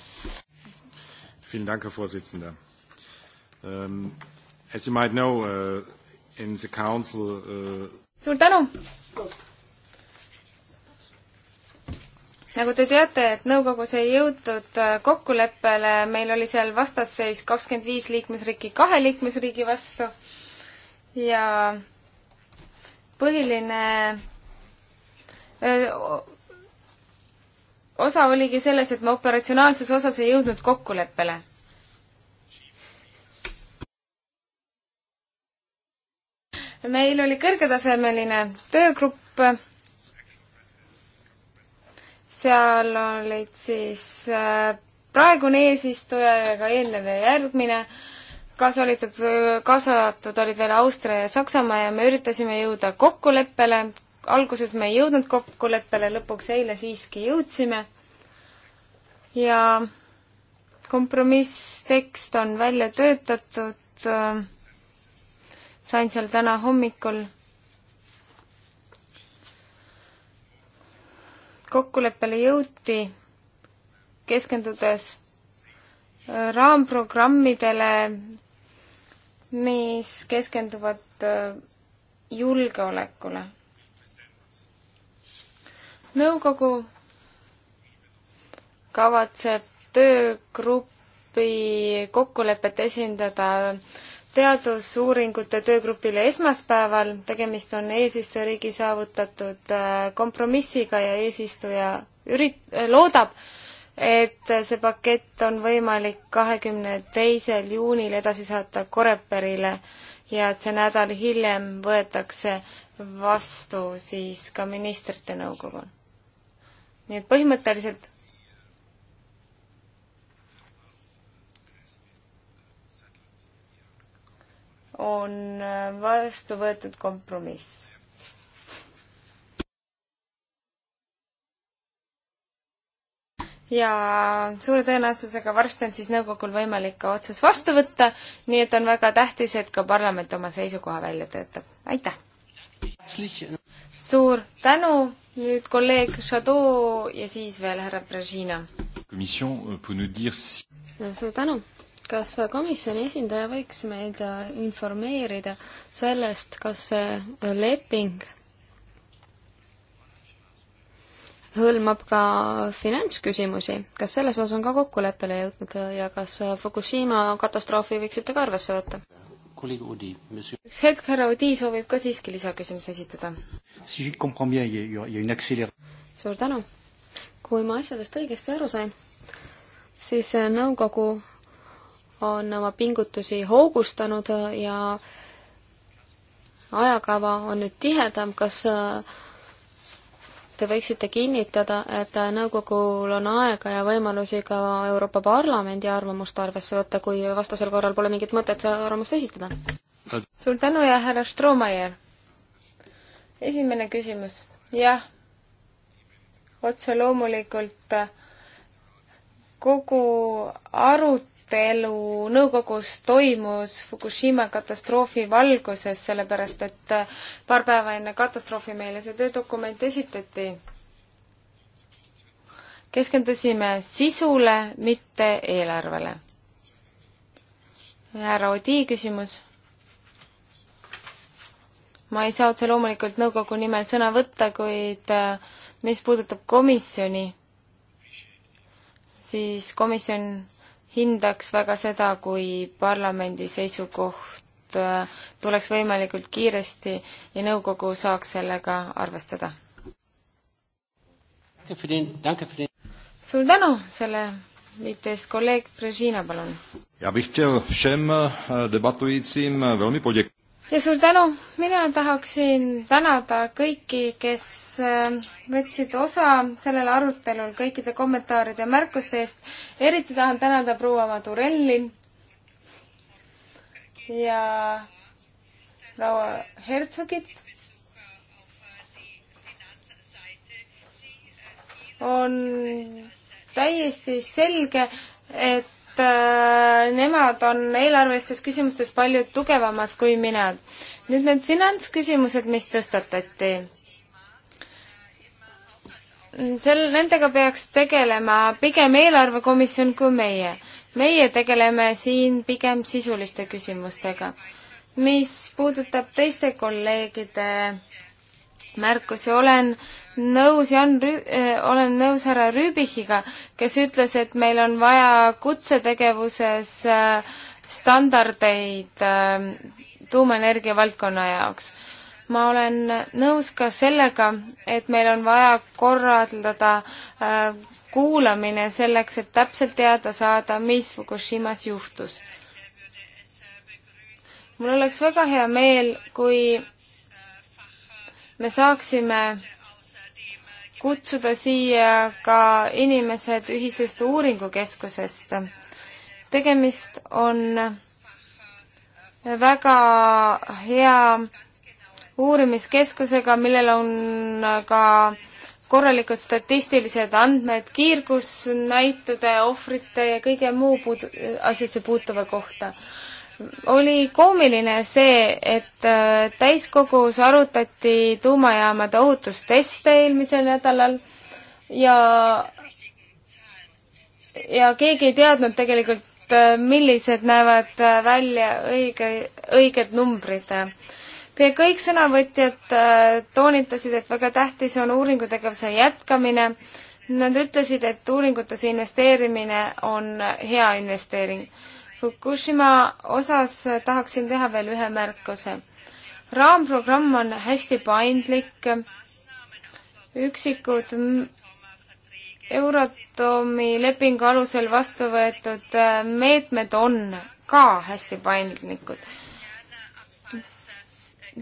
Um, as you might know uh, in the council uh... suur tänu! nagu te teate, et nõukogus ei jõutud äh, kokkuleppele, meil oli seal vastasseis kakskümmend viis liikmesriiki kahe liikmesriigi vastu ja põhiline öö, äh, osa oligi selles, et me operatsionaalses osas ei jõudnud kokkuleppele. meil oli kõrgetasemeline töögrupp seal olid siis äh, praegune eesistuja ja ka eelnev ja järgmine, kaasa olid, äh, kaasatud olid veel Austria ja Saksamaa ja me üritasime jõuda kokkuleppele, alguses me ei jõudnud kokkuleppele, lõpuks eile siiski jõudsime ja kompromisstekst on välja töötatud, äh, sain seal täna hommikul kokkuleppele jõuti, keskendudes äh, raamprogrammidele, mis keskenduvad äh, julgeolekule. nõukogu kavatseb töögruppi kokkulepet esindada äh, teadusuuringute töögrupile esmaspäeval, tegemist on eesistujariigi saavutatud äh, kompromissiga ja eesistuja ürit-, äh, loodab, et see pakett on võimalik kahekümne teisel juunil edasi saata Koreperile ja et see nädal hiljem võetakse vastu siis ka ministrite nõukogul. nii et põhimõtteliselt on vastu võetud kompromiss. ja suure tõenäosusega varsti on siis nõukogul võimalik ka otsus vastu võtta, nii et on väga tähtis, et ka parlament oma seisukoha välja töötab. aitäh! suur tänu, nüüd kolleeg Šadoo ja siis veel härra Brežina. suur tänu! kas komisjoni esindaja võiks meid äh, informeerida sellest, kas see leping hõlmab ka finantsküsimusi, kas selles osas on ka kokkuleppele jõudnud äh, ja kas äh, Fukushima katastroofi võiksite ka arvesse võtta? üks hetk, härra Udi soovib ka siiski lisaküsimuse esitada. suur tänu! kui ma asjadest õigesti aru sain, siis nõukogu on oma pingutusi hoogustanud ja ajakava on nüüd tihedam, kas äh, te võiksite kinnitada, et äh, nõukogul on aega ja võimalusi ka Euroopa Parlamendi arvamust arvesse võtta, kui vastasel korral pole mingit mõtet seda arvamust esitada? suur tänu ja härra Stroomaier. esimene küsimus. jah, otse loomulikult äh, kogu arut-, arutelu nõukogus toimus Fukushima katastroofi valguses, sellepärast et äh, paar päeva enne katastroofi meile see töödokument esitati. keskendusime sisule, mitte eelarvele. härra Odi küsimus ma ei saa otse loomulikult nõukogu nimel sõna võtta, kuid äh, mis puudutab komisjoni, siis komisjon hindaks väga seda, kui parlamendi seisukoht äh, tuleks võimalikult kiiresti ja nõukogu saaks sellega arvestada. suur tänu selle viite eest, kolleeg Brežina, palun. ja Vihtel všem äh, debatujícím äh, velmi poděk- ja suur tänu, mina tahaksin tänada kõiki, kes äh, võtsid osa sellel arutelul kõikide kommentaaride ja märkuste eest. eriti tahan tänada proua Madurelli ja proua Hertsogit. on täiesti selge, et et äh, nemad on eelarvelistes küsimustes palju tugevamad kui mina. nüüd need finantsküsimused, mis tõstatati. sel, nendega peaks tegelema pigem eelarvekomisjon kui meie. meie tegeleme siin pigem sisuliste küsimustega. mis puudutab teiste kolleegide märkusi, olen nõus Jan Rü-, eh, olen nõus härra Rüübichiga, kes ütles, et meil on vaja kutsetegevuses eh, standardeid eh, tuumaenergia valdkonna jaoks. ma olen nõus ka sellega, et meil on vaja korraldada kuulamine selleks, et täpselt teada saada, mis Fukushimas juhtus. mul oleks väga hea meel, kui me saaksime kutsuda siia ka inimesed ühisest uuringukeskusest. tegemist on väga hea uurimiskeskusega, millel on ka korralikud statistilised andmed kiirgusnäitude, ohvrite ja kõige muu puud-, asjasse puutuva kohta oli koomiline see, et äh, täiskogus arutati tuumajaamade ohutusteste eelmisel nädalal ja, ja keegi ei teadnud tegelikult, äh, millised näevad äh, välja õige, õiged numbrid. Pea kõik sõnavõtjad toonitasid, et väga tähtis on uuringutegevuse jätkamine. Nad ütlesid, et uuringutesse investeerimine on hea investeering Fukushima osas tahaksin teha veel ühe märkuse. raamprogramm on hästi paindlik, üksikud Euratomi lepingu alusel vastu võetud äh, meetmed on ka hästi paindlikud.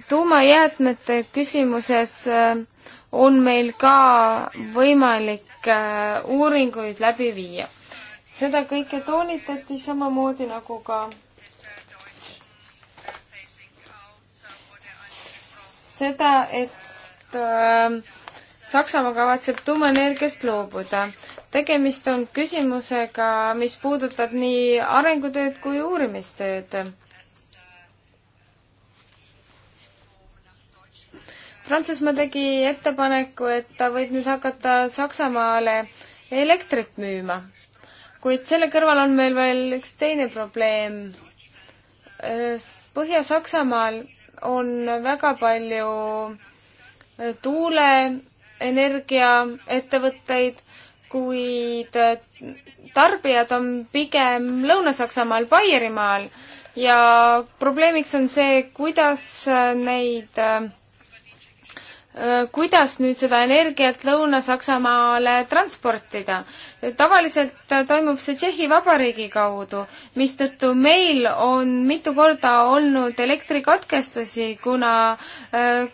tuumajäätmete küsimuses äh, on meil ka võimalik äh, uuringuid läbi viia seda kõike toonitati samamoodi nagu ka seda, et äh, Saksamaa kavatseb tuumaenergiast loobuda. tegemist on küsimusega, mis puudutab nii arengutööd kui uurimistööd. Prantsusmaa tegi ettepaneku, et ta võib nüüd hakata Saksamaale elektrit müüma kuid selle kõrval on meil veel üks teine probleem. Põhja-Saksamaal on väga palju äh, tuuleenergiaettevõtteid, kuid äh, tarbijad on pigem Lõuna-Saksamaal, Baierimaal ja probleemiks on see, kuidas äh, neid äh, Äh, kuidas nüüd seda energiat Lõuna-Saksamaale transportida. tavaliselt toimub see Tšehhi Vabariigi kaudu, mistõttu meil on mitu korda olnud elektrikatkestusi, kuna äh,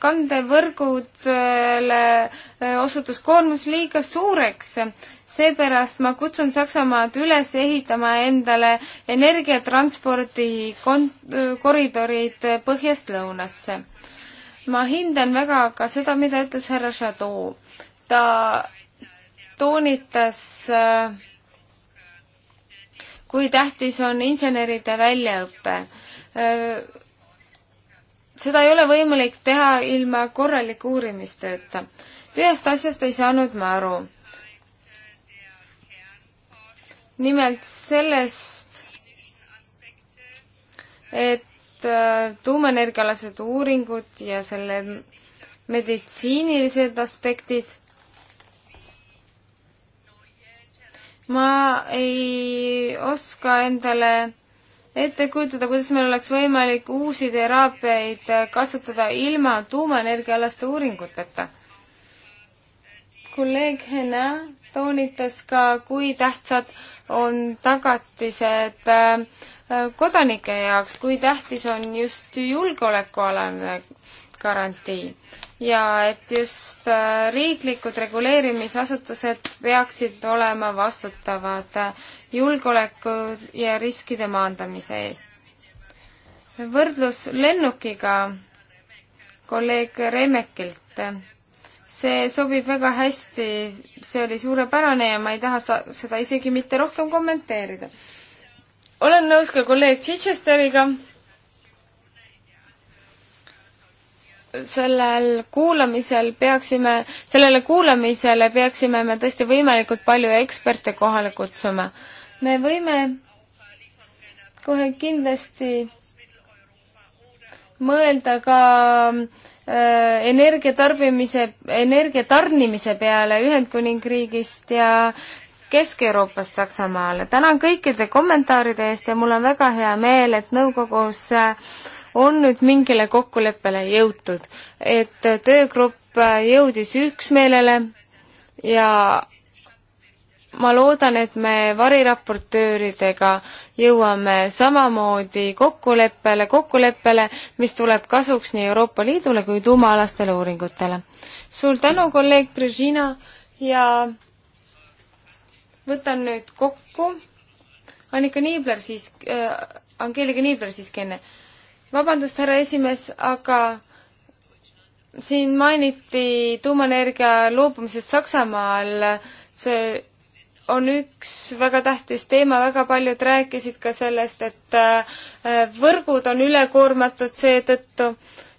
kandevõrgudele äh, osutus koormus liiga suureks seepärast ma kutsun Saksamaad üles ehitama endale energiatranspordi kon-, koridorid põhjast lõunasse ma hindan väga ka seda, mida ütles härra Chateau. ta toonitas, äh, kui tähtis on inseneride väljaõpe. Äh, seda ei ole võimalik teha ilma korraliku uurimistööta. ühest asjast ei saanud ma aru. nimelt sellest, et Äh, tuumaenergiaalased uuringud ja selle meditsiinilised aspektid. ma ei oska endale ette kujutada, kuidas meil oleks võimalik uusi teraapiaid kasutada ilma tuumaenergiaalaste uuringuteta. kolleeg Hena toonitas ka, kui tähtsad on tagatised äh, kodanike jaoks, kui tähtis on just julgeolekualane garantii ja et just äh, riiklikud reguleerimisasutused peaksid olema vastutavad äh, julgeoleku ja riskide maandamise eest. võrdlus lennukiga kolleeg Remekilt. see sobib väga hästi, see oli suurepärane ja ma ei taha sa-, seda isegi mitte rohkem kommenteerida olen nõus ka kolleeg Chichesteriga. sellel kuulamisel peaksime, sellele kuulamisele peaksime me tõesti võimalikult palju eksperte kohale kutsuma. me võime kohe kindlasti mõelda ka äh, energia tarbimise, energia tarnimise peale Ühendkuningriigist ja Kesk-Euroopast Saksamaale. tänan kõikide kommentaaride eest ja mul on väga hea meel, et nõukogus äh, on nüüd mingile kokkuleppele jõutud, et äh, töögrupp äh, jõudis üksmeelele ja ma loodan, et me variraportööridega jõuame samamoodi kokkuleppele, kokkuleppele, mis tuleb kasuks nii Euroopa Liidule kui tuumaalastele uuringutele. suur tänu, kolleeg Brežina ja võtan nüüd kokku. Annika Niibler siis äh,, Angeelika Niibler siiski enne. vabandust, härra esimees, aga siin mainiti tuumaenergia loobumisest Saksamaal. see on üks väga tähtis teema, väga paljud rääkisid ka sellest, et äh, võrgud on ülekoormatud seetõttu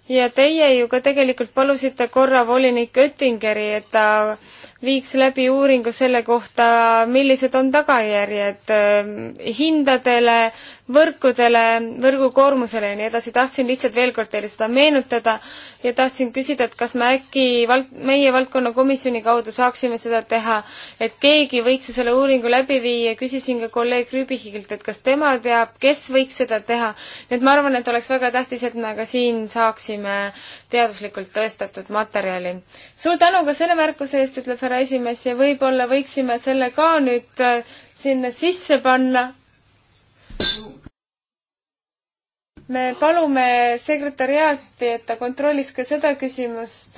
ja teie ju ka tegelikult palusite korra volinik Oettingeri, et ta viiks läbi uuringu selle kohta, millised on tagajärjed ehm, hindadele, võrkudele, võrgukoormusele ja nii edasi, tahtsin lihtsalt veel kord teile seda meenutada ja tahtsin küsida, et kas me äkki val-, meie valdkonnakomisjoni kaudu saaksime seda teha, et keegi võiks ju selle uuringu läbi viia, küsisin ka kolleeg Rüübihilt, et kas tema teab, kes võiks seda teha. nii et ma arvan, et oleks väga tähtis, et me ka siin saaksime teaduslikult tõestatud materjali. suur tänu ka selle märkuse eest, ütleb härra esimees, ja võib-olla võiksime selle ka nüüd äh, sinna sisse panna me palume sekretäriaati, et ta kontrolliks ka seda küsimust.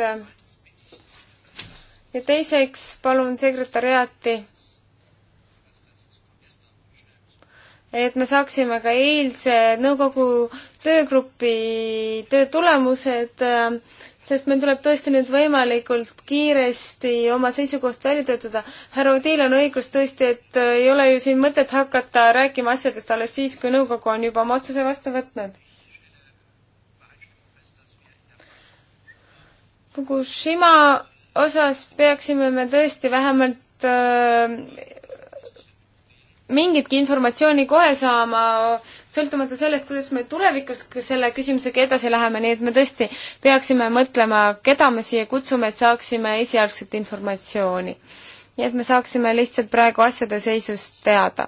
ja teiseks palun sekretäriaati, et me saaksime ka eilse nõukogu töögrupi töö tulemused äh, sest meil tuleb tõesti nüüd võimalikult kiiresti oma seisukoht välja töötada. härra Odil on õigus tõesti, et äh, ei ole ju siin mõtet hakata rääkima asjadest alles siis, kui nõukogu on juba oma otsuse vastu võtnud. Fukushima osas peaksime me tõesti vähemalt äh, mingitki informatsiooni kohe saama, sõltumata sellest, kuidas me tulevikus selle küsimusega edasi läheme, nii et me tõesti peaksime mõtlema, keda me siia kutsume, et saaksime esialgset informatsiooni. nii et me saaksime lihtsalt praegu asjade seisust teada.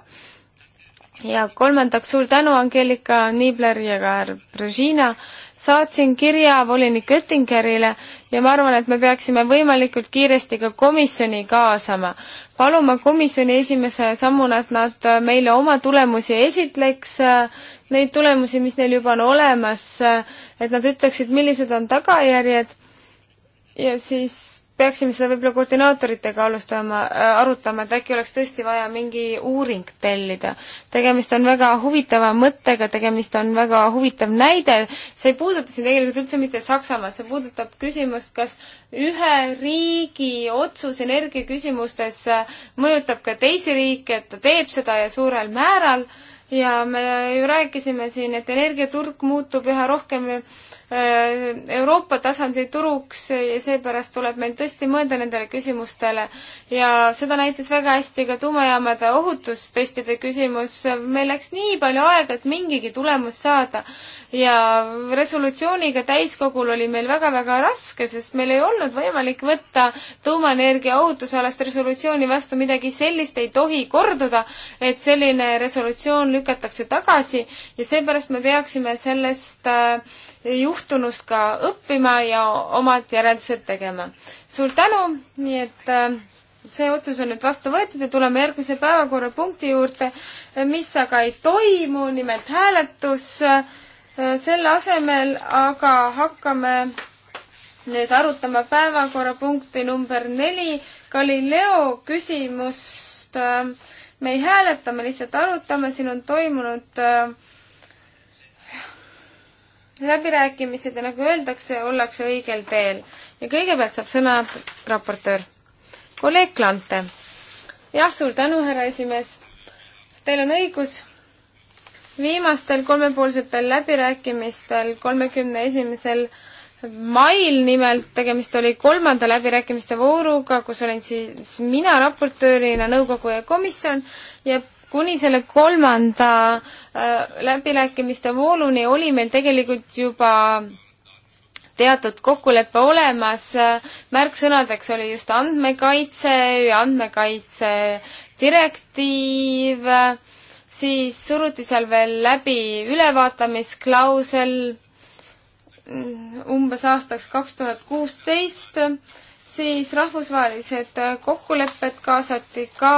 ja kolmandaks suur tänu, Angelika Niibler ja ka Brežina, saatsin kirja volinik Oettingerile ja ma arvan, et me peaksime võimalikult kiiresti ka komisjoni kaasama paluma komisjoni esimese sammuna, et nad äh, meile oma tulemusi esitleks, äh, neid tulemusi, mis neil juba on olemas, äh, et nad ütleksid, millised on tagajärjed ja siis peaksime seda võib-olla koordinaatoritega alustama, äh, arutama, et äkki oleks tõesti vaja mingi uuring tellida. tegemist on väga huvitava mõttega, tegemist on väga huvitav näide, see ei puuduta siin tegelikult üldse mitte Saksamaad, see puudutab küsimust, kas ühe riigi otsus energiaküsimustes äh, mõjutab ka teisi riike, et ta teeb seda ja suurel määral ja me ju rääkisime siin, et energiaturg muutub üha rohkem Äh, Euroopa tasandi turuks ja seepärast tuleb meil tõesti mõelda nendele küsimustele. ja seda näitas väga hästi ka tuumajaamade ohutustestide küsimus. meil läks nii palju aega, et mingigi tulemus saada. ja resolutsiooniga täiskogul oli meil väga-väga raske, sest meil ei olnud võimalik võtta tuumaenergia ohutusalast resolutsiooni vastu midagi sellist ei tohi korduda, et selline resolutsioon lükatakse tagasi ja seepärast me peaksime sellest äh, juhtunust ka õppima ja omad järeldused tegema. suur tänu, nii et äh, see otsus on nüüd vastu võetud ja tuleme järgmise päevakorrapunkti juurde, äh, mis aga ei toimu, nimelt hääletus. Äh, selle asemel aga hakkame nüüd arutama päevakorrapunkti number neli, Galileo küsimust. me ei hääleta, me lihtsalt arutame, siin on toimunud äh, läbirääkimised ja nagu öeldakse, ollakse õigel teel. ja kõigepealt saab sõna raportöör. kolleeg Klante. jah, suur tänu, härra esimees. Teil on õigus, viimastel kolmepoolsetel läbirääkimistel kolmekümne esimesel mail nimelt, tegemist oli kolmanda läbirääkimiste vooruga, kus olin siis mina raportöörina, nõukogu ja komisjon ja kuni selle kolmanda äh, läbirääkimiste vooluni oli meil tegelikult juba teatud kokkulepe olemas, märksõnadeks oli just andmekaitse ja andmekaitse direktiiv, siis suruti seal veel läbi ülevaatamisklausel umbes aastaks kaks tuhat kuusteist, siis rahvusvahelised kokkulepped kaasati ka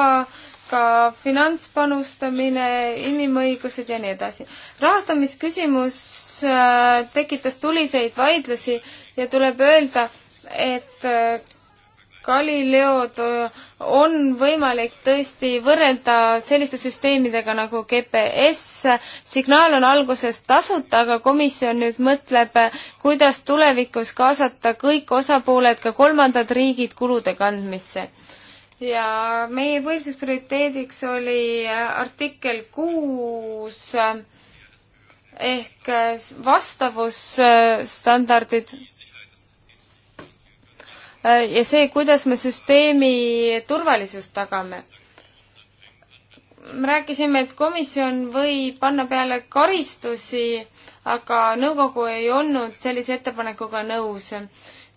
ka finantspanustamine, inimõigused ja nii edasi. rahastamisküsimus äh, tekitas tuliseid vaidlusi ja tuleb öelda, et äh, Galileod äh, on võimalik tõesti võrrelda selliste süsteemidega nagu GPS, signaal on alguses tasuta, aga komisjon nüüd mõtleb, kuidas tulevikus kaasata kõik osapooled, ka kolmandad riigid kulude kandmisse ja meie põhiliseks prioriteediks oli äh, artikkel kuus äh, ehk äh, vastavusstandardid ja see, kuidas me süsteemi turvalisust tagame. rääkisime, et komisjon võib panna peale karistusi, aga nõukogu ei olnud sellise ettepanekuga nõus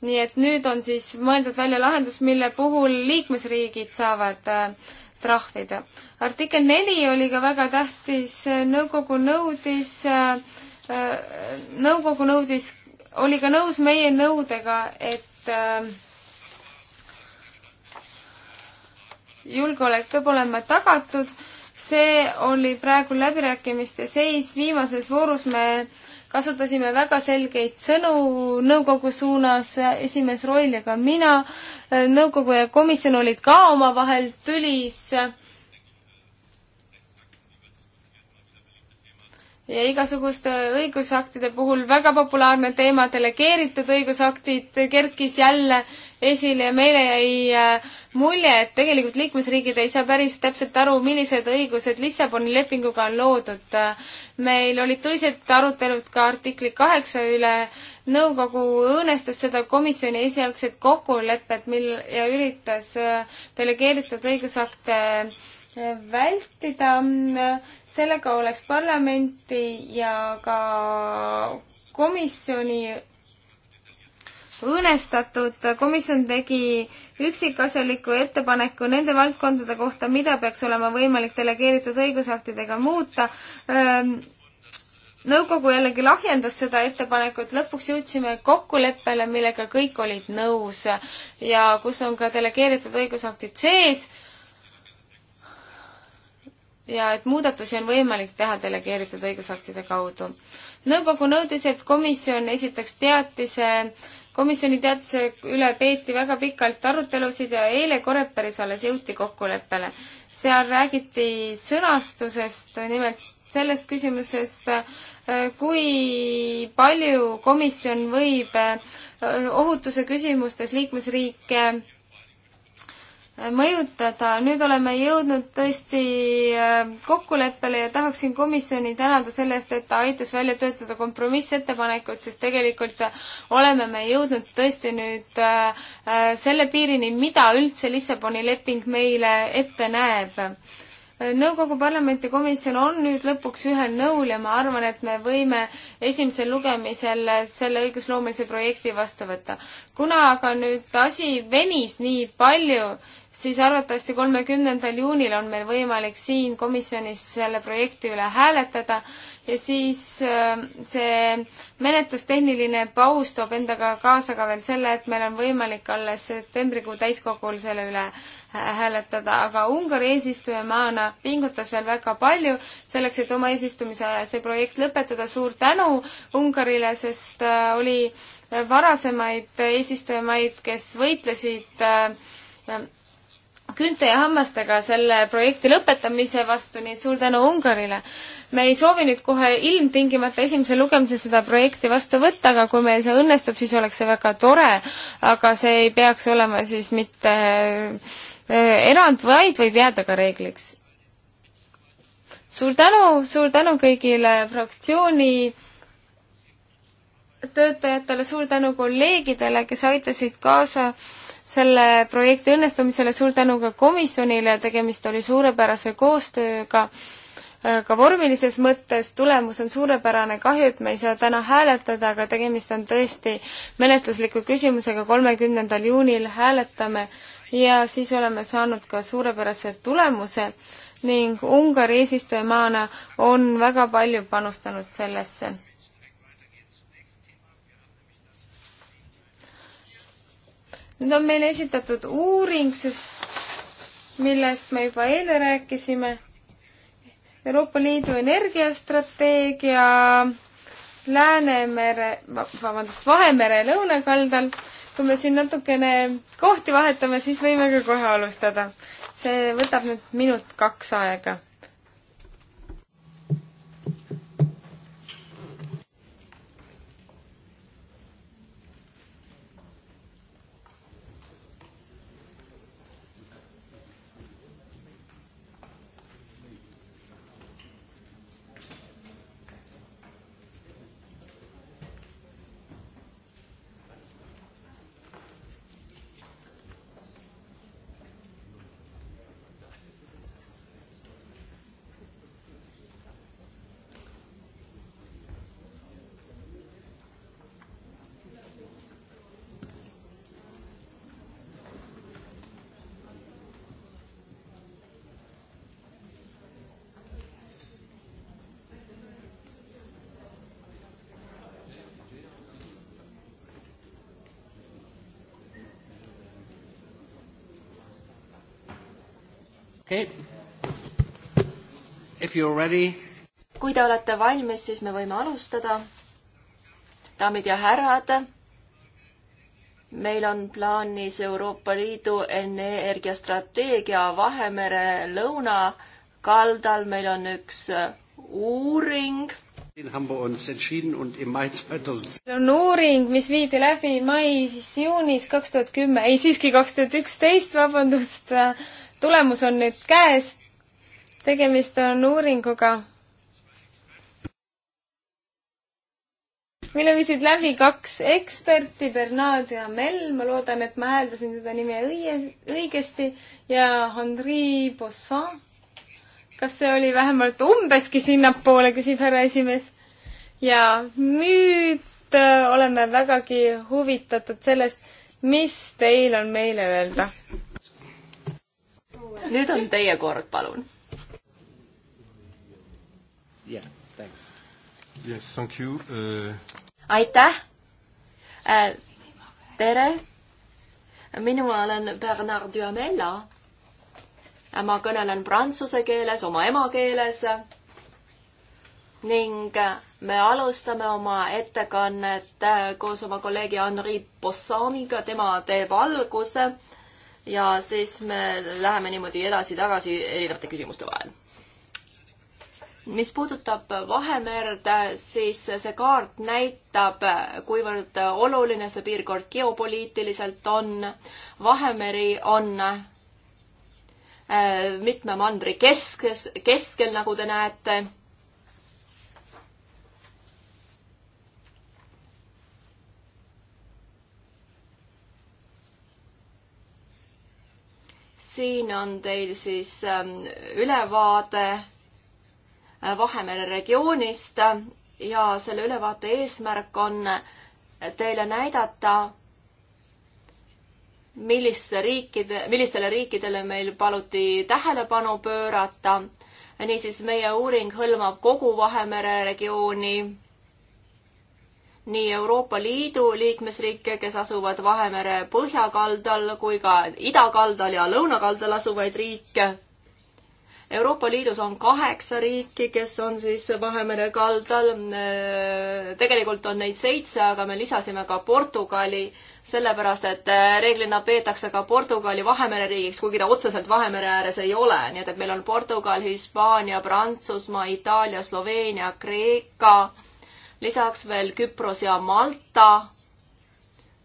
nii et nüüd on siis mõeldud välja lahendus, mille puhul liikmesriigid saavad äh, trahvida. artikkel neli oli ka väga tähtis, nõukogu nõudis, äh, äh, nõukogu nõudis, oli ka nõus meie nõudega, et julgeolek peab olema tagatud, see oli praegu läbirääkimiste seis, viimases voorus me äh, kasutasime väga selgeid sõnu nõukogu suunas, esimees Roil ja ka mina, nõukogu ja komisjon olid ka omavahel tülis ja igasuguste õigusaktide puhul väga populaarne teema, delegeeritud õigusaktid kerkis jälle esile ja meile jäi äh, mulje, et tegelikult liikmesriigid ei saa päris täpselt aru, millised õigused Lissaboni lepinguga on loodud. meil olid tulised arutelud ka artikli kaheksa üle, nõukogu õõnestas seda komisjoni esialgset kokkulepet, mil ja üritas äh, delegeeritud õigusakte äh, vältida sellega oleks parlamenti ja ka komisjoni õõnestatud, komisjon tegi üksikasjaliku ettepaneku nende valdkondade kohta, mida peaks olema võimalik delegeeritud õigusaktidega muuta. Ähm, nõukogu jällegi lahjendas seda ettepanekut, lõpuks jõudsime kokkuleppele, millega kõik olid nõus ja kus on ka delegeeritud õigusaktid sees ja et muudatusi on võimalik teha delegeeritud õigusaktide kaudu. nõukogu nõudis, et komisjon esitaks teatise, komisjoni teatise üle peeti väga pikalt arutelusid ja eile Koreperis alles jõuti kokkuleppele. seal räägiti sõnastusest, nimelt sellest küsimusest, kui palju komisjon võib ohutuse küsimustes liikmesriike mõjutada. nüüd oleme jõudnud tõesti äh, kokkuleppele ja tahaksin komisjoni tänada selle eest, et ta aitas välja töötada kompromissettepanekut, sest tegelikult oleme me jõudnud tõesti nüüd äh, äh, selle piirini, mida üldse Lissaboni leping meile ette näeb nõukogu parlamenti komisjon on nüüd lõpuks ühel nõul ja ma arvan, et me võime esimesel lugemisel selle õigusloomelise projekti vastu võtta. kuna aga nüüd asi venis nii palju siis arvatavasti kolmekümnendal juunil on meil võimalik siin komisjonis selle projekti üle hääletada ja siis äh, see menetlustehniline paus toob endaga kaasa ka veel selle, et meil on võimalik alles septembrikuu täiskogul selle üle hääletada, aga Ungari eesistujamaana pingutas veel väga palju selleks, et oma eesistumise ajal see projekt lõpetada. suur tänu Ungarile, sest äh, oli varasemaid eesistujamaid, kes võitlesid äh, küünte ja hammastega selle projekti lõpetamise vastu, nii et suur tänu Ungarile. me ei soovi nüüd kohe ilmtingimata esimesel lugemisel seda projekti vastu võtta, aga kui meil see õnnestub, siis oleks see väga tore, aga see ei peaks olema siis mitte äh, erand, vaid võib jääda ka reegliks. suur tänu, suur tänu kõigile fraktsiooni töötajatele, suur tänu kolleegidele, kes aitasid kaasa äh, selle projekti õnnestumisele, suur tänu ka komisjonile, tegemist oli suurepärase koostööga, ka vormilises mõttes tulemus on suurepärane, kahju, et me ei saa täna hääletada, aga tegemist on tõesti menetlusliku küsimusega, kolmekümnendal juunil hääletame ja siis oleme saanud ka suurepärase tulemuse ning Ungari eesistujamaana on väga palju panustanud sellesse nüüd on meile esitatud uuring, sest millest me juba eile rääkisime, Euroopa Liidu energiastrateegia Läänemere, vabandust, Vahemere lõunakaldal. kui me siin natukene kohti vahetame, siis võime ka kohe alustada. see võtab nüüd minut-kaks aega okei okay.. If you are ready. kui te olete valmis, siis me võime alustada. daamid ja härrad, meil on plaanis Euroopa Liidu energiastrateegia Vahemere lõunakaldal, meil on üks äh, uuring Den haben wir uns entschieden und im Mai 2010. on uuring, mis viidi läbi mais, juunis kaks tuhat kümme, ei siiski kaks tuhat üksteist, vabandust, tulemus on nüüd käes. tegemist on uuringuga, mille viisid läbi kaks eksperti, Bernard ja Mel, ma loodan, et ma hääldasin seda nime õie, õigesti, ja Henri Bossan. kas see oli vähemalt umbeski sinnapoole, küsib härra esimees. ja nüüd äh, oleme vägagi huvitatud sellest, mis teil on meile öelda nüüd on teie kord, palun. jah yeah,, thanks. Yes, thank you uh.... aitäh äh,. tere. mina olen Bernard Duamela. Äh, ma kõnelen prantsuse keeles, oma emakeeles ning äh, me alustame oma ettekannet äh, koos oma kolleegi Henri Bossaniga, tema teeb alguse ja siis me läheme niimoodi edasi-tagasi erinevate küsimuste vahel. mis puudutab Vahemerd, siis see kaart näitab, kuivõrd oluline see piirkond geopoliitiliselt on. Vahemeri on äh, mitme mandri keskes, keskel, nagu te näete siin on teil siis ähm, ülevaade äh, Vahemere regioonist ja selle ülevaate eesmärk on äh, teile näidata, milliste riikide, millistele riikidele meil paluti tähelepanu pöörata. niisiis, meie uuring hõlmab kogu Vahemere regiooni nii Euroopa Liidu liikmesriike, kes asuvad Vahemere põhjakaldal, kui ka idakaldal ja lõunakaldal asuvaid riike. Euroopa Liidus on kaheksa riiki, kes on siis Vahemere kaldal. tegelikult on neid seitse, aga me lisasime ka Portugali, sellepärast et reeglina peetakse ka Portugali Vahemere riigiks, kuigi ta otseselt Vahemere ääres ei ole, nii et, et meil on Portugal, Hispaania, Prantsusmaa, Itaalia, Sloveenia, Kreeka lisaks veel Küpros ja Malta.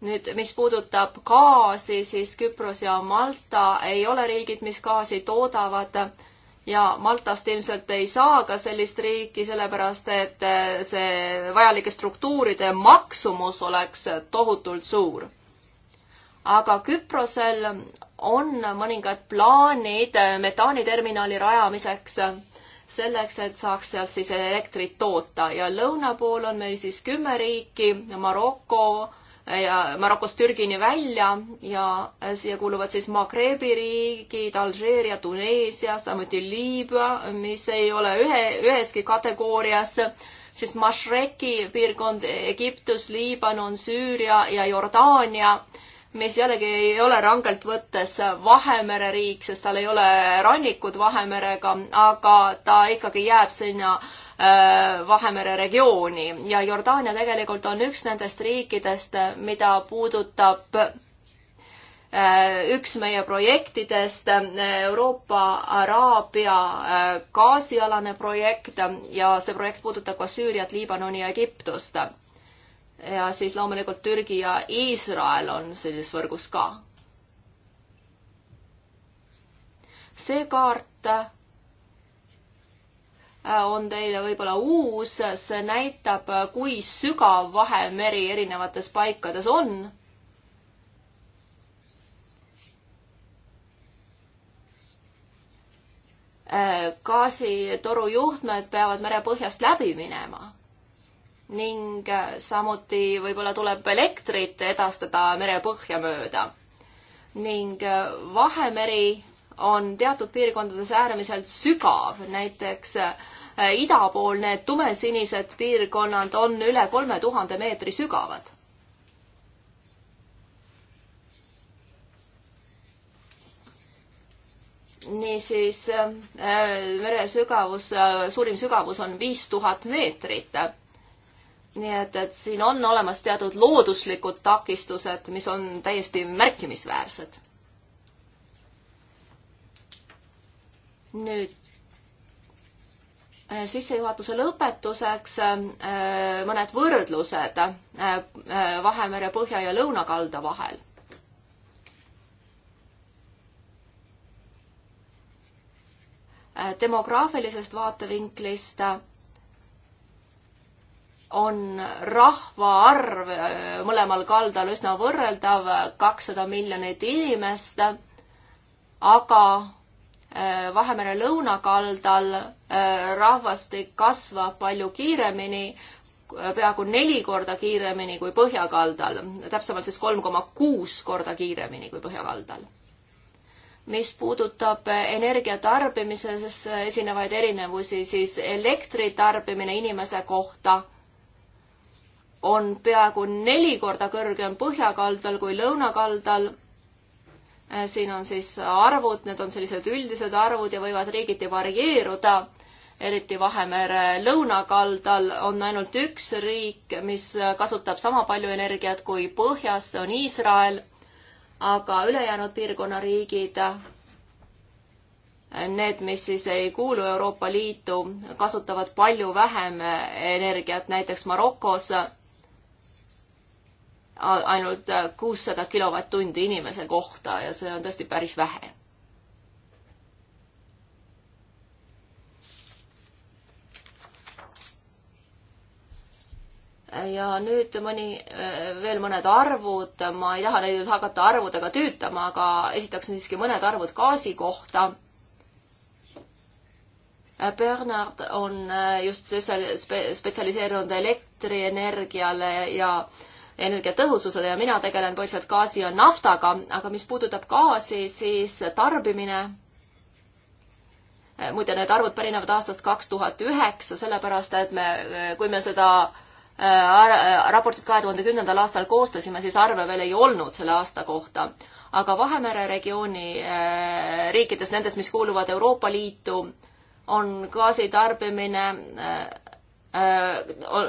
nüüd, mis puudutab gaasi, siis Küpros ja Malta ei ole riigid, mis gaasi toodavad ja Maltast ilmselt ei saa ka sellist riiki, sellepärast et eh, see vajalike struktuuride maksumus oleks tohutult suur. aga Küprosel on mõningad plaanid metaaniterminali rajamiseks selleks, et saaks sealt siis elektrit toota ja lõuna pool on meil siis kümme riiki, Maroko ja Marokost Türgini välja ja siia kuuluvad siis Magrebi riigid, Alžeeria, Tuneesia, samuti Liibüa, mis ei ole ühe, üheski kategoorias, siis Mašreki piirkond Egiptus, Liibanon, Süüria ja Jordaania mis jällegi ei ole rangelt võttes Vahemere riik, sest tal ei ole rannikud Vahemerega, aga ta ikkagi jääb sinna äh, Vahemere regiooni ja Jordaania tegelikult on üks nendest riikidest, mida puudutab äh, üks meie projektidest, Euroopa Araabia äh, gaasialane projekt ja see projekt puudutab ka Süüriat, Liibanoni ja Egiptust ja siis loomulikult Türgi ja Iisrael on sellises võrgus ka. see kaart äh, on teile võib-olla uus, see näitab, kui sügav Vahemeri erinevates paikades on. Äh, gaasitoru juhtmed peavad merepõhjast läbi minema ning äh, samuti võib-olla tuleb elektrit edastada merepõhja mööda. ning äh, Vahemeri on teatud piirkondades äärmiselt sügav, näiteks äh, ida pool need tumesinised piirkonnad on üle kolme tuhande meetri sügavad. niisiis äh, mere sügavus äh,, suurim sügavus on viis tuhat meetrit nii et, et siin on olemas teatud looduslikud takistused, mis on täiesti märkimisväärsed. nüüd äh, sissejuhatuse lõpetuseks äh, mõned võrdlused äh, Vahemere põhja ja lõunakalda vahel demograafilisest vaatevinklist on rahvaarv äh, mõlemal kaldal üsna võrreldav, kakssada miljonit inimest, aga äh, Vahemere lõunakaldal äh, rahvastik kasvab palju kiiremini, peaaegu neli korda kiiremini kui põhjakaldal, täpsemalt siis kolm koma kuus korda kiiremini kui põhjakaldal. mis puudutab energia tarbimises esinevaid erinevusi, siis elektri tarbimine inimese kohta on peaaegu neli korda kõrgem põhjakaldal kui lõunakaldal. Äh, siin on siis arvud, need on sellised üldised arvud ja võivad riigiti varieeruda eriti Vahemere lõunakaldal on ainult üks riik, mis kasutab sama palju energiat kui põhjas, see on Iisrael. aga ülejäänud piirkonna riigid, äh, need, mis siis ei kuulu Euroopa Liitu, kasutavad palju vähem energiat, näiteks Marokos ainult äh, kuussada kilovatt-tundi inimese kohta ja see on tõesti päris vähe. ja nüüd mõni, äh, veel mõned arvud, ma ei taha neid hakata arvudega tüütama, aga esitaks siiski mõned arvud gaasi kohta äh, Bernard on just spetsialiseerunud elektrienergiale ja energiatõhususele ja mina tegelen põhiliselt gaasi ja naftaga, aga mis puudutab gaasi, siis tarbimine eh, muide, need arvud pärinevad aastast kaks tuhat üheksa, sellepärast et me, kui me seda eh, eh, raportit kahe tuhande kümnendal aastal koostasime, siis arve veel ei olnud selle aasta kohta. aga Vahemere regiooni riikides, nendes, mis kuuluvad Euroopa Liitu, on gaasi tarbimine Äh,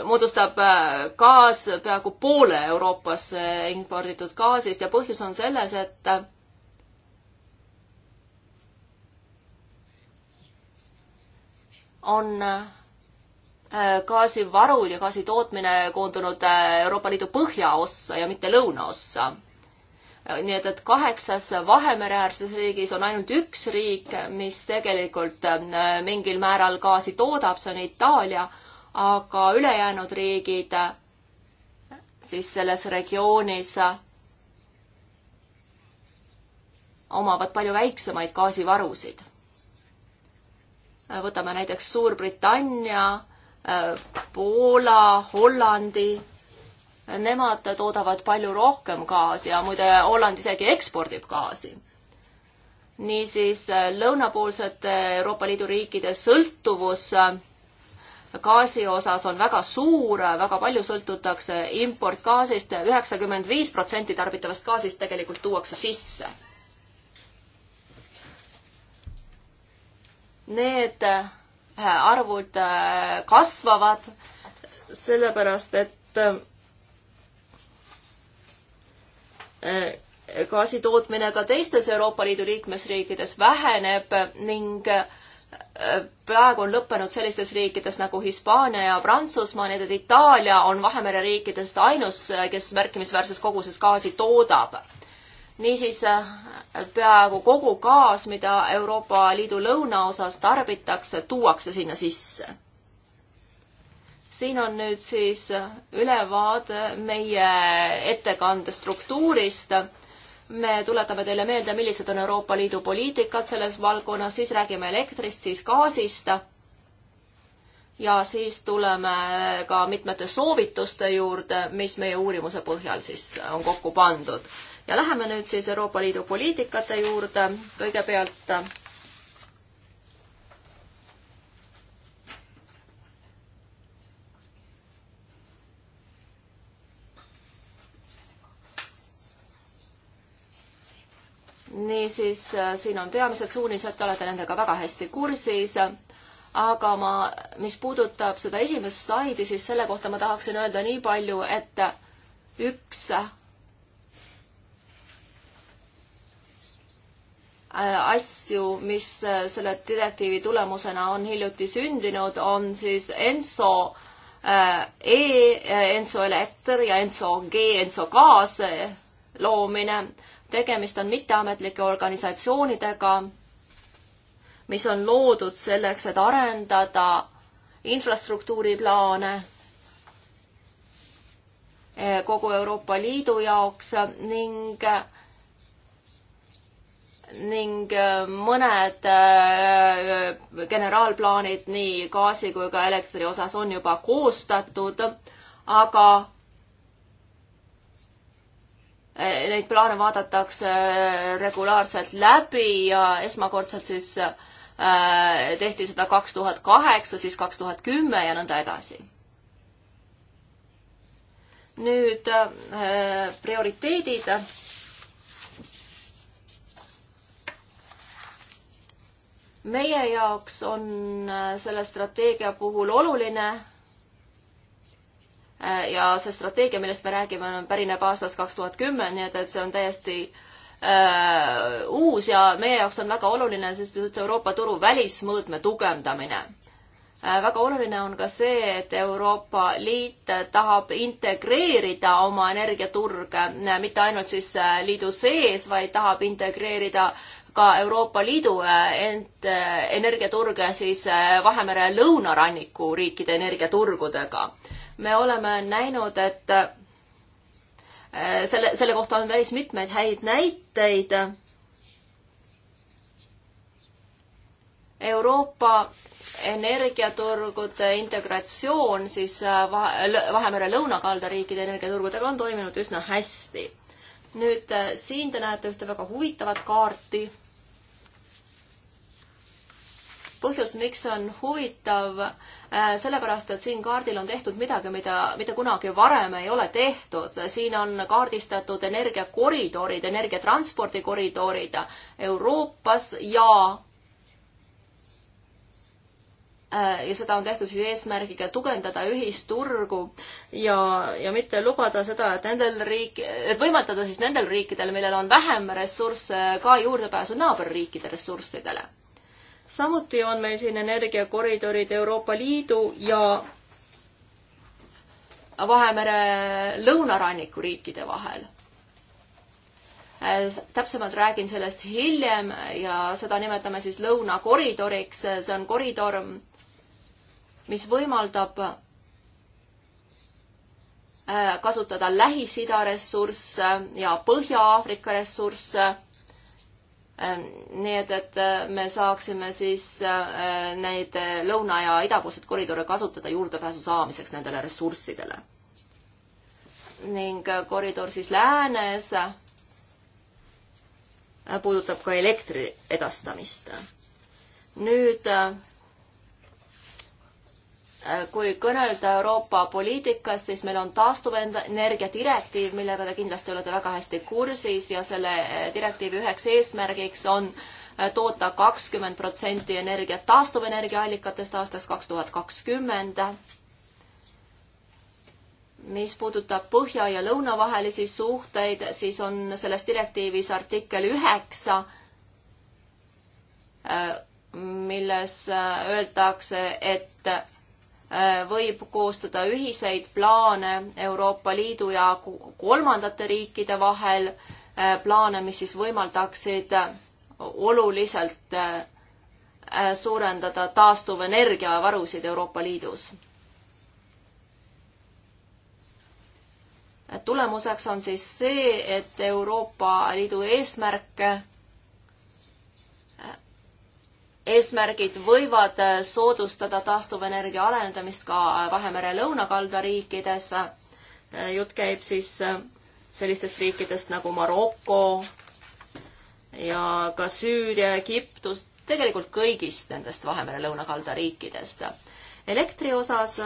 moodustab äh, gaas peaaegu poole Euroopasse imporditud gaasist ja põhjus on selles, et äh, on gaasivarud ja gaasi tootmine koondunud Euroopa Liidu põhjaossa ja mitte lõunaossa. nii et, et kaheksas Vahemereäärses riigis on ainult üks riik, mis tegelikult mingil määral gaasi toodab, see on Itaalia aga ülejäänud riigid siis selles regioonis omavad palju väiksemaid gaasivarusid. võtame näiteks Suurbritannia, Poola, Hollandi. Nemad toodavad palju rohkem gaasi ja muide Holland isegi ekspordib gaasi. niisiis lõunapoolsete Euroopa Liidu riikide sõltuvus gaasi osas on väga suur, väga palju sõltutakse importgaasist, üheksakümmend viis protsenti tarbitavast gaasist tegelikult tuuakse sisse. Need äh, arvud äh, kasvavad sellepärast, et äh, gaasi tootmine ka teistes Euroopa Liidu liikmesriikides väheneb ning praegu on lõppenud sellistes riikides nagu Hispaania ja Prantsusmaa, nii et Itaalia on Vahemere riikidest ainus, kes märkimisväärses koguses gaasi toodab. niisiis peaaegu kogu gaas, mida Euroopa Liidu lõunaosas tarbitakse, tuuakse sinna sisse. siin on nüüd siis ülevaade meie ettekande struktuurist me tuletame teile meelde, millised on Euroopa Liidu poliitikad selles valdkonnas, siis räägime elektrist, siis gaasist. ja siis tuleme ka mitmete soovituste juurde, mis meie uurimuse põhjal siis on kokku pandud. ja läheme nüüd siis Euroopa Liidu poliitikate juurde. kõigepealt niisiis äh, siin on peamised suunised, te olete nendega väga hästi kursis. aga ma, mis puudutab seda esimest slaidi, siis selle kohta ma tahaksin öelda nii palju, et üks äh, asju, mis äh, selle direktiivi tulemusena on hiljuti sündinud, on siis ENSO E, ENSO elekter ja ENSO G, ENSO gaas loomine tegemist on mitteametlike organisatsioonidega, mis on loodud selleks, et arendada infrastruktuuriplaane eh, kogu Euroopa Liidu jaoks ning ning eh, mõned eh, generaalplaanid nii gaasi kui ka elektri osas on juba koostatud, aga Äh, neid plaane vaadatakse äh, regulaarselt läbi ja esmakordselt siis äh, tehti seda kaks tuhat kaheksa, siis kaks tuhat kümme ja nõnda edasi. nüüd prioriteedid. meie jaoks on selle strateegia puhul oluline Äh, ja see strateegia, millest me räägime, pärineb aastast kaks tuhat kümme, nii et, et see on täiesti äh, uus ja meie jaoks on väga oluline sest Euroopa turu välismõõtme tugevdamine äh,. väga oluline on ka see, et Euroopa Liit tahab integreerida oma energiaturge, äh, mitte ainult siis äh, liidu sees, vaid tahab integreerida ka Euroopa Liidu ent-, energiaturge siis Vahemere lõunaranniku riikide energiaturgudega me oleme näinud, et eh, selle, selle kohta on päris mitmeid häid näiteid. Euroopa energiaturgude integratsioon siis eh, Vahemere lõunakalda riikide energiaturgudega on toiminud üsna hästi. nüüd eh, siin te näete ühte väga huvitavat kaarti põhjus, miks on huvitav, äh, sellepärast et siin kaardil on tehtud midagi, mida, mida kunagi varem ei ole tehtud. siin on kaardistatud energiakoridorid, energiatranspordikoridorid Euroopas ja äh, ja seda on tehtud siis eesmärgiga tugevdada ühisturgu ja, ja mitte lubada seda, et nendel riik, et võimaldada siis nendel riikidel, millel on vähem ressursse, ka juurdepääsu naaberriikide ressurssidele samuti on meil siin energiakoridorid Euroopa Liidu ja Vahemere lõunaranniku riikide vahel äh, täpsemalt räägin sellest hiljem ja seda nimetame siis lõunakoridoriks. see on koridor, mis võimaldab äh, kasutada Lähis-Ida ressursse ja Põhja-Aafrika ressursse Ähm, nii et, et äh, me saaksime siis äh, neid äh, lõuna- ja idapoolseid koridore kasutada juurdepääsu saamiseks nendele ressurssidele. ning koridor siis läänes puudutab ka elektri edastamist. nüüd kui kõnelda Euroopa poliitikast, siis meil on taastuvenergia direktiiv, millega te kindlasti olete väga hästi kursis ja selle eh, direktiivi üheks eesmärgiks on eh, toota kakskümmend protsenti energiat taastuvenergiaallikatest aastaks kaks tuhat kakskümmend. mis puudutab põhja ja lõuna vahelisi suhteid, siis on selles direktiivis artikkel üheksa eh, milles öeldakse, et Äh, võib koostada ühiseid plaane Euroopa Liidu ja kolmandate riikide vahel, äh, plaane, mis siis võimaldaksid äh, oluliselt suurendada taastuvenergia varusid Euroopa Liidus. tulemuseks on siis see, et Euroopa Liidu eesmärke eesmärgid võivad äh, soodustada taastuvenergia arendamist ka äh, Vahemere lõunakalda riikides. Äh, jutt käib siis sellistest riikidest nagu Maroko ja ka Süüria, Egiptus, tegelikult kõigist nendest Vahemere lõunakalda riikidest. elektri osas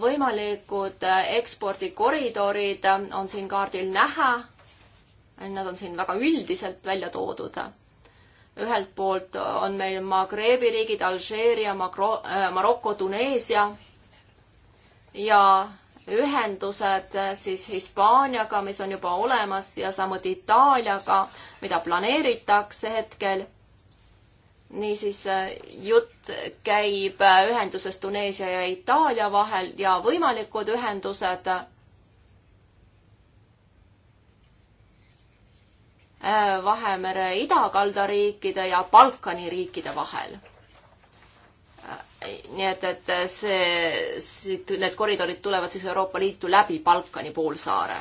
võimalikud ekspordikoridorid on siin kaardil näha Nad on siin väga üldiselt välja toodud. ühelt poolt on meil Magrebi riigid, Alžeeria, äh, Maroko, Tuneesia ja ühendused siis Hispaaniaga, mis on juba olemas ja samuti Itaaliaga, mida planeeritakse hetkel niisiis äh, jutt käib äh, ühendusest Tuneesia ja Itaalia vahel ja võimalikud ühendused Äh, Vahemere idakalda riikide ja Balkani riikide vahel. Äh, nii et, et see, need koridorid tulevad siis Euroopa Liitu läbi Balkani poolsaare.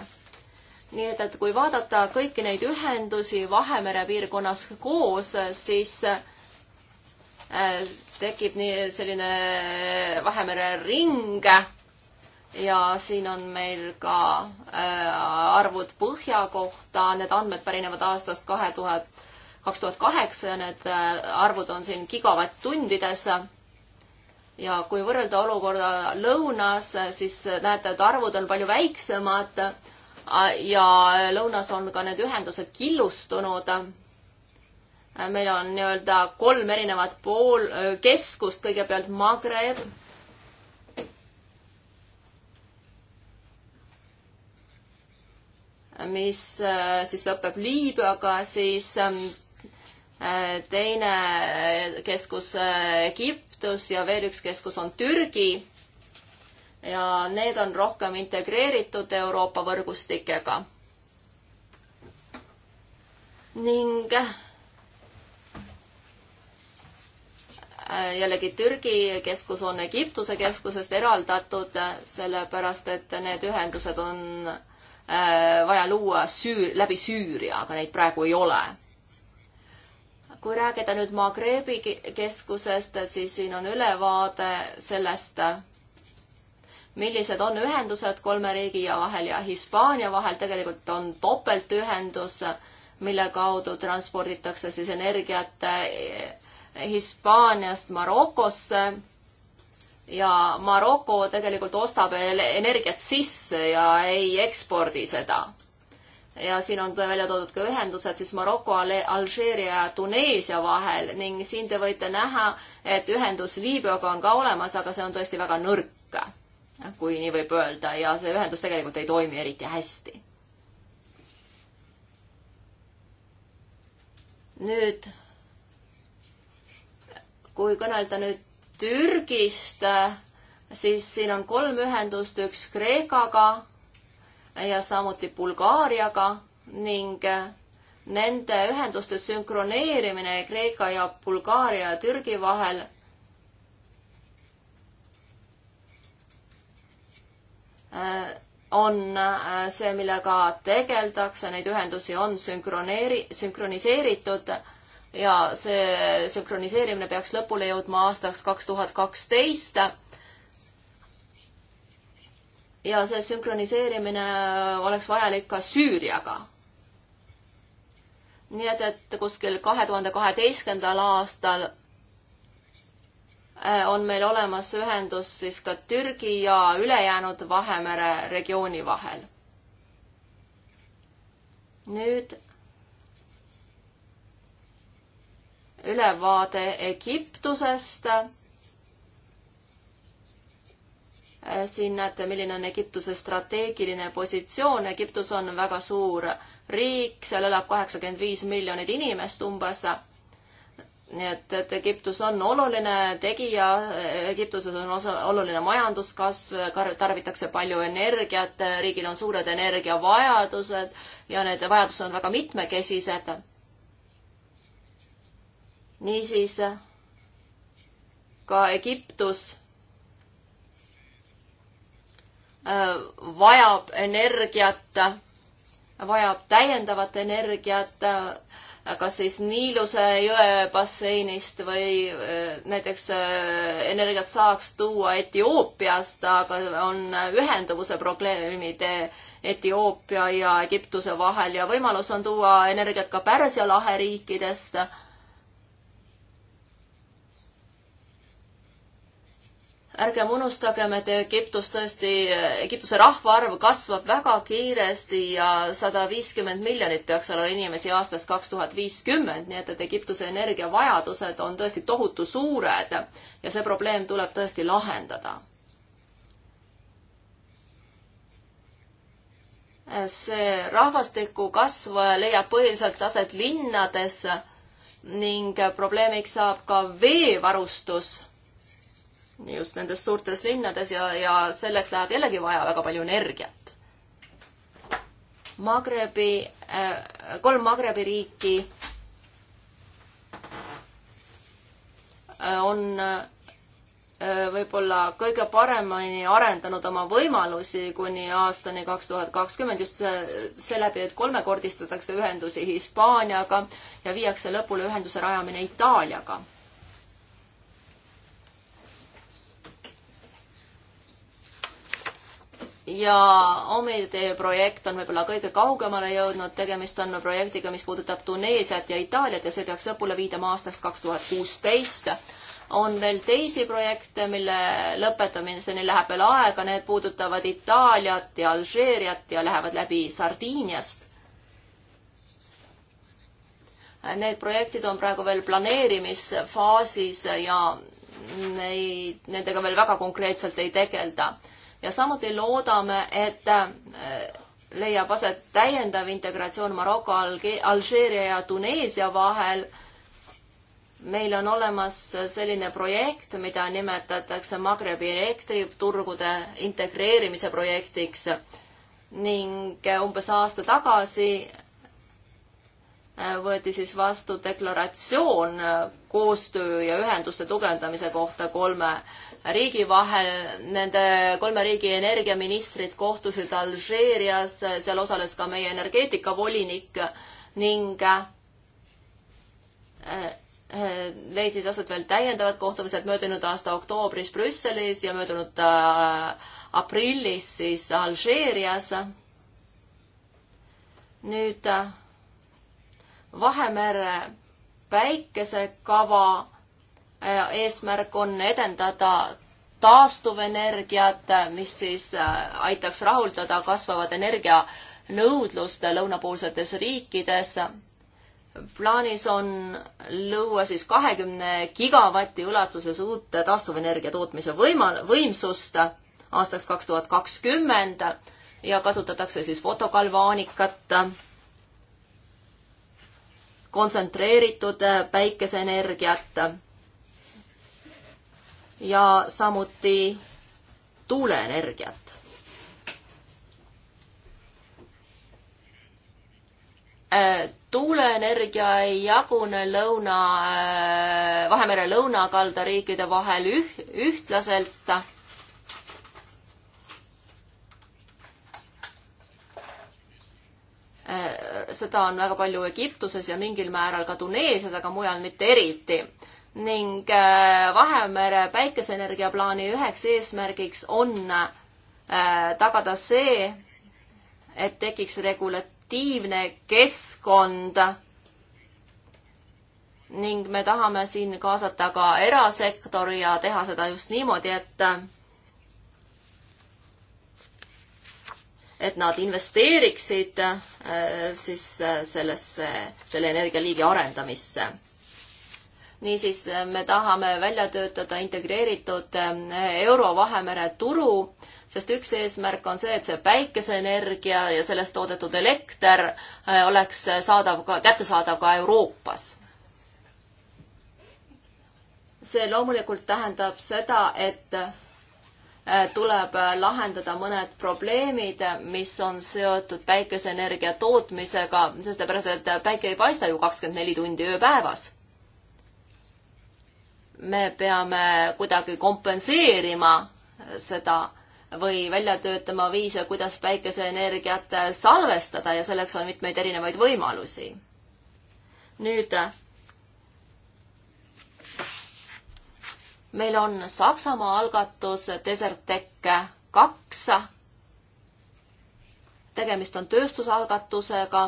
nii et, et kui vaadata kõiki neid ühendusi Vahemere piirkonnas koos, siis äh, tekib nii selline Vahemere ring ja siin on meil ka äh, arvud põhja kohta, need andmed pärinevad aastast kahe tuhat, kaks tuhat kaheksa ja need äh, arvud on siin gigavatt-tundides. ja kui võrrelda olukorda lõunas, siis näete, et arvud on palju väiksemad äh, ja lõunas on ka need ühendused killustunud meil on nii-öelda kolm erinevat pool, keskust, kõigepealt Magreb mis äh, siis lõpeb Liibüaga, siis ähm, äh, teine äh, keskus Egiptus ja veel üks keskus on Türgi. ja need on rohkem integreeritud Euroopa võrgustikega. ning jällegi Türgi keskus on Egiptuse keskusest eraldatud, sellepärast et need ühendused on Äh, vaja luua süür, läbi Süüria, aga neid praegu ei ole. kui rääkida nüüd Magrebi keskusest, siis siin on ülevaade sellest, millised on ühendused kolme riigi ja vahel ja Hispaania vahel tegelikult on topeltühendus, mille kaudu transporditakse siis energiat äh, Hispaaniast Marokosse ja Maroko tegelikult ostab energiat sisse ja ei ekspordi seda. ja siin on välja toodud ka ühendused siis Maroko, Alžeeria ja Tuneesia vahel ning siin te võite näha, et ühendus Liibüaga on ka olemas, aga see on tõesti väga nõrk, kui nii võib öelda, ja see ühendus tegelikult ei toimi eriti hästi. nüüd, kui kõnelda nüüd Türgist, siis siin on kolm ühendust, üks Kreekaga ja samuti Bulgaariaga ning nende ühenduste sünkroneerimine Kreeka ja Bulgaaria ja Türgi vahel on see, millega tegeldakse, neid ühendusi on sünkroneeri-, sünkroniseeritud ja see sünkroniseerimine peaks lõpule jõudma aastaks kaks tuhat kaksteist. ja see sünkroniseerimine oleks vajalik ka Süüriaga. nii et, et kuskil kahe tuhande kaheteistkümnendal aastal äh, on meil olemas ühendus siis ka Türgi ja ülejäänud Vahemere regiooni vahel. nüüd ülevaade Egiptusest. siin näete, milline on Egiptuse strateegiline positsioon. Egiptus on väga suur riik, seal elab kaheksakümmend viis miljonit inimest umbes nii et, et Egiptus on oluline tegija, Egiptuses on osa, oluline majanduskasv, tarvitakse palju energiat, riigil on suured energiavajadused ja need vajadused on väga mitmekesised niisiis ka Egiptus äh, vajab energiat, vajab täiendavat energiat, äh, kas siis Niiluse jõe basseinist või äh, näiteks energiat saaks tuua Etioopiast, aga on ühenduvuse probleemid Etioopia ja Egiptuse vahel ja võimalus on tuua energiat ka Pärsia lahe riikidest ärgem unustagem, et Egiptus tõesti, Egiptuse rahvaarv kasvab väga kiiresti ja sada viiskümmend miljonit peaks olema inimesi aastast kaks tuhat viiskümmend, nii et, et Egiptuse energiavajadused on tõesti tohutu suured ja see probleem tuleb tõesti lahendada. see rahvastiku kasv leiab põhiliselt aset linnades ning probleemiks saab ka veevarustus just nendes suurtes linnades ja, ja selleks läheb jällegi vaja väga palju energiat. Magrebi, äh, kolm Magrebi riiki äh, on äh, võib-olla kõige paremini arendanud oma võimalusi kuni aastani kaks tuhat kakskümmend just seeläbi, et kolmekordistatakse ühendusi Hispaaniaga ja viiakse lõpule ühenduse rajamine Itaaliaga. ja Omnitee projekt on võib-olla kõige kaugemale jõudnud, tegemist on projektiga, mis puudutab Tuneesiat ja Itaaliat ja see peaks lõpule viidama aastaks kaks tuhat kuusteist. on veel teisi projekte, mille lõpetamiseni läheb veel aega, need puudutavad Itaaliat ja Alžeeriat ja lähevad läbi Sardiiniast. Need projektid on praegu veel planeerimisfaasis ja neid, nendega veel väga konkreetselt ei tegelda ja samuti loodame, et äh, leiab aset täiendav integratsioon Maroko, Alžeeria ja Tuneesia vahel. meil on olemas selline projekt, mida nimetatakse Magrebi elektriturgude integreerimise projektiks ning äh, umbes aasta tagasi äh, võeti siis vastu deklaratsioon koostöö ja ühenduste tugevdamise kohta kolme riigi vahel. Nende kolme riigi energiaministrid kohtusid Alžeerias, seal osales ka meie energeetikavolinik ning äh, äh, leidsid aset veel täiendavad kohtumised möödunud aasta oktoobris Brüsselis ja möödunud äh, aprillis siis Alžeerias. nüüd Vahemere päikesekava eesmärk on edendada taastuvenergiat, mis siis äh, aitaks rahuldada kasvavat energianõudlust lõunapoolsetes riikides. plaanis on luua siis kahekümne gigavati ulatuses uut taastuvenergia tootmise võima-, võimsust aastaks kaks tuhat kakskümmend ja kasutatakse siis fotokalvaanikat, kontsentreeritud päikeseenergiat ja samuti tuuleenergiat. Äh, tuuleenergia ei jagune lõuna, äh, Vahemere lõunakalda riikide vahel üh-, ühtlaselt äh, seda on väga palju Egiptuses ja mingil määral ka Tuneesias, aga mujal mitte eriti ning äh, Vahemere päikeseenergiaplaani üheks eesmärgiks on äh, tagada see, et tekiks regulatiivne keskkond ning me tahame siin kaasata ka erasektori ja teha seda just niimoodi, et et nad investeeriksid äh, siis sellesse, selle energialiigi arendamisse niisiis äh, me tahame välja töötada integreeritud äh, Euro-Vahemere turu, sest üks eesmärk on see, et see päikeseenergia ja sellest toodetud elekter äh, oleks saadav ka, kättesaadav ka Euroopas. see loomulikult tähendab seda, et tuleb lahendada mõned probleemid, mis on seotud päikeseenergia tootmisega, sest pärast, et päike ei paista ju kakskümmend neli tundi ööpäevas me peame kuidagi kompenseerima seda või välja töötama viise, kuidas päikeseenergiat salvestada ja selleks on mitmeid erinevaid võimalusi. nüüd meil on Saksamaa algatus Desertec kaks. tegemist on tööstusalgatusega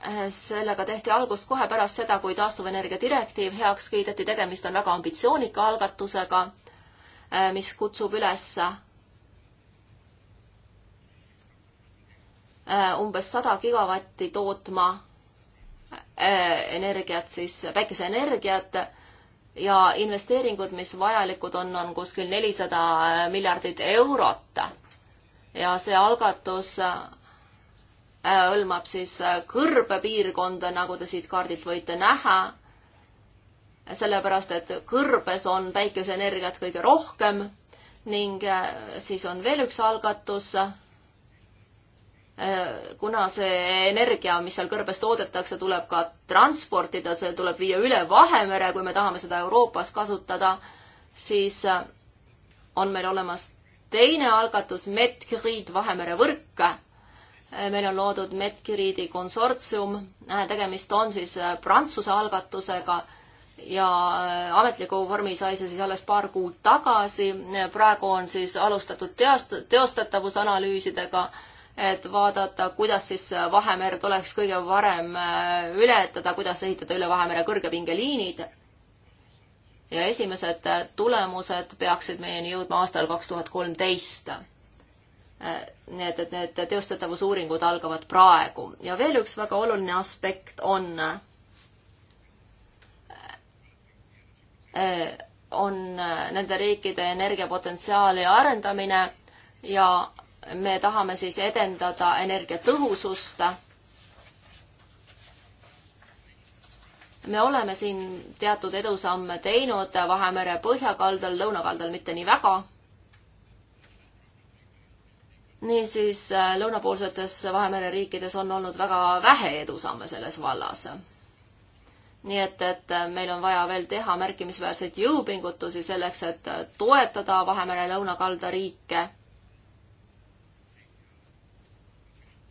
Eh, sellega tehti algust kohe pärast seda, kui taastuvenergia direktiiv heaks kiideti, tegemist on väga ambitsioonika algatusega, eh, mis kutsub üles eh, umbes sada gigavatti tootma energiat, siis päikeseenergiat ja investeeringud, mis vajalikud on, on kuskil nelisada miljardit eurot. ja see algatus Äh, hõlmab siis äh, kõrbepiirkonda, nagu te siit kaardilt võite näha. sellepärast, et kõrbes on päikeseenergiat kõige rohkem ning äh, siis on veel üks algatus. kuna see energia, mis seal kõrbes toodetakse, tuleb ka transportida, see tuleb viia üle Vahemere, kui me tahame seda Euroopas kasutada, siis on meil olemas teine algatus, Medgrid Vahemere võrk meil on loodud Medcuriidi konsortsium, äh, tegemist on siis äh, Prantsuse algatusega ja äh, ametliku vormi sai see siis alles paar kuud tagasi. praegu on siis alustatud teost-, teostatavusanalüüsidega, et vaadata, kuidas siis Vahemere tuleks kõige varem ületada, kuidas ehitada üle Vahemere kõrgepingeliinid. ja esimesed tulemused peaksid meieni jõudma aastal kaks tuhat kolmteist Äh, need, et need teostatavusuuringud algavad praegu ja veel üks väga oluline aspekt on, äh, on äh, nende riikide energiapotentsiaali arendamine ja me tahame siis edendada energiatõhusust me oleme siin teatud edusamme teinud Vahemere põhjakaldal, lõunakaldal mitte nii väga niisiis äh, lõunapoolsetes Vahemere riikides on olnud väga vähe edusamme selles vallas. nii et, et äh, meil on vaja veel teha märkimisväärseid jõupingutusi selleks, et äh, toetada Vahemere lõunakalda riike.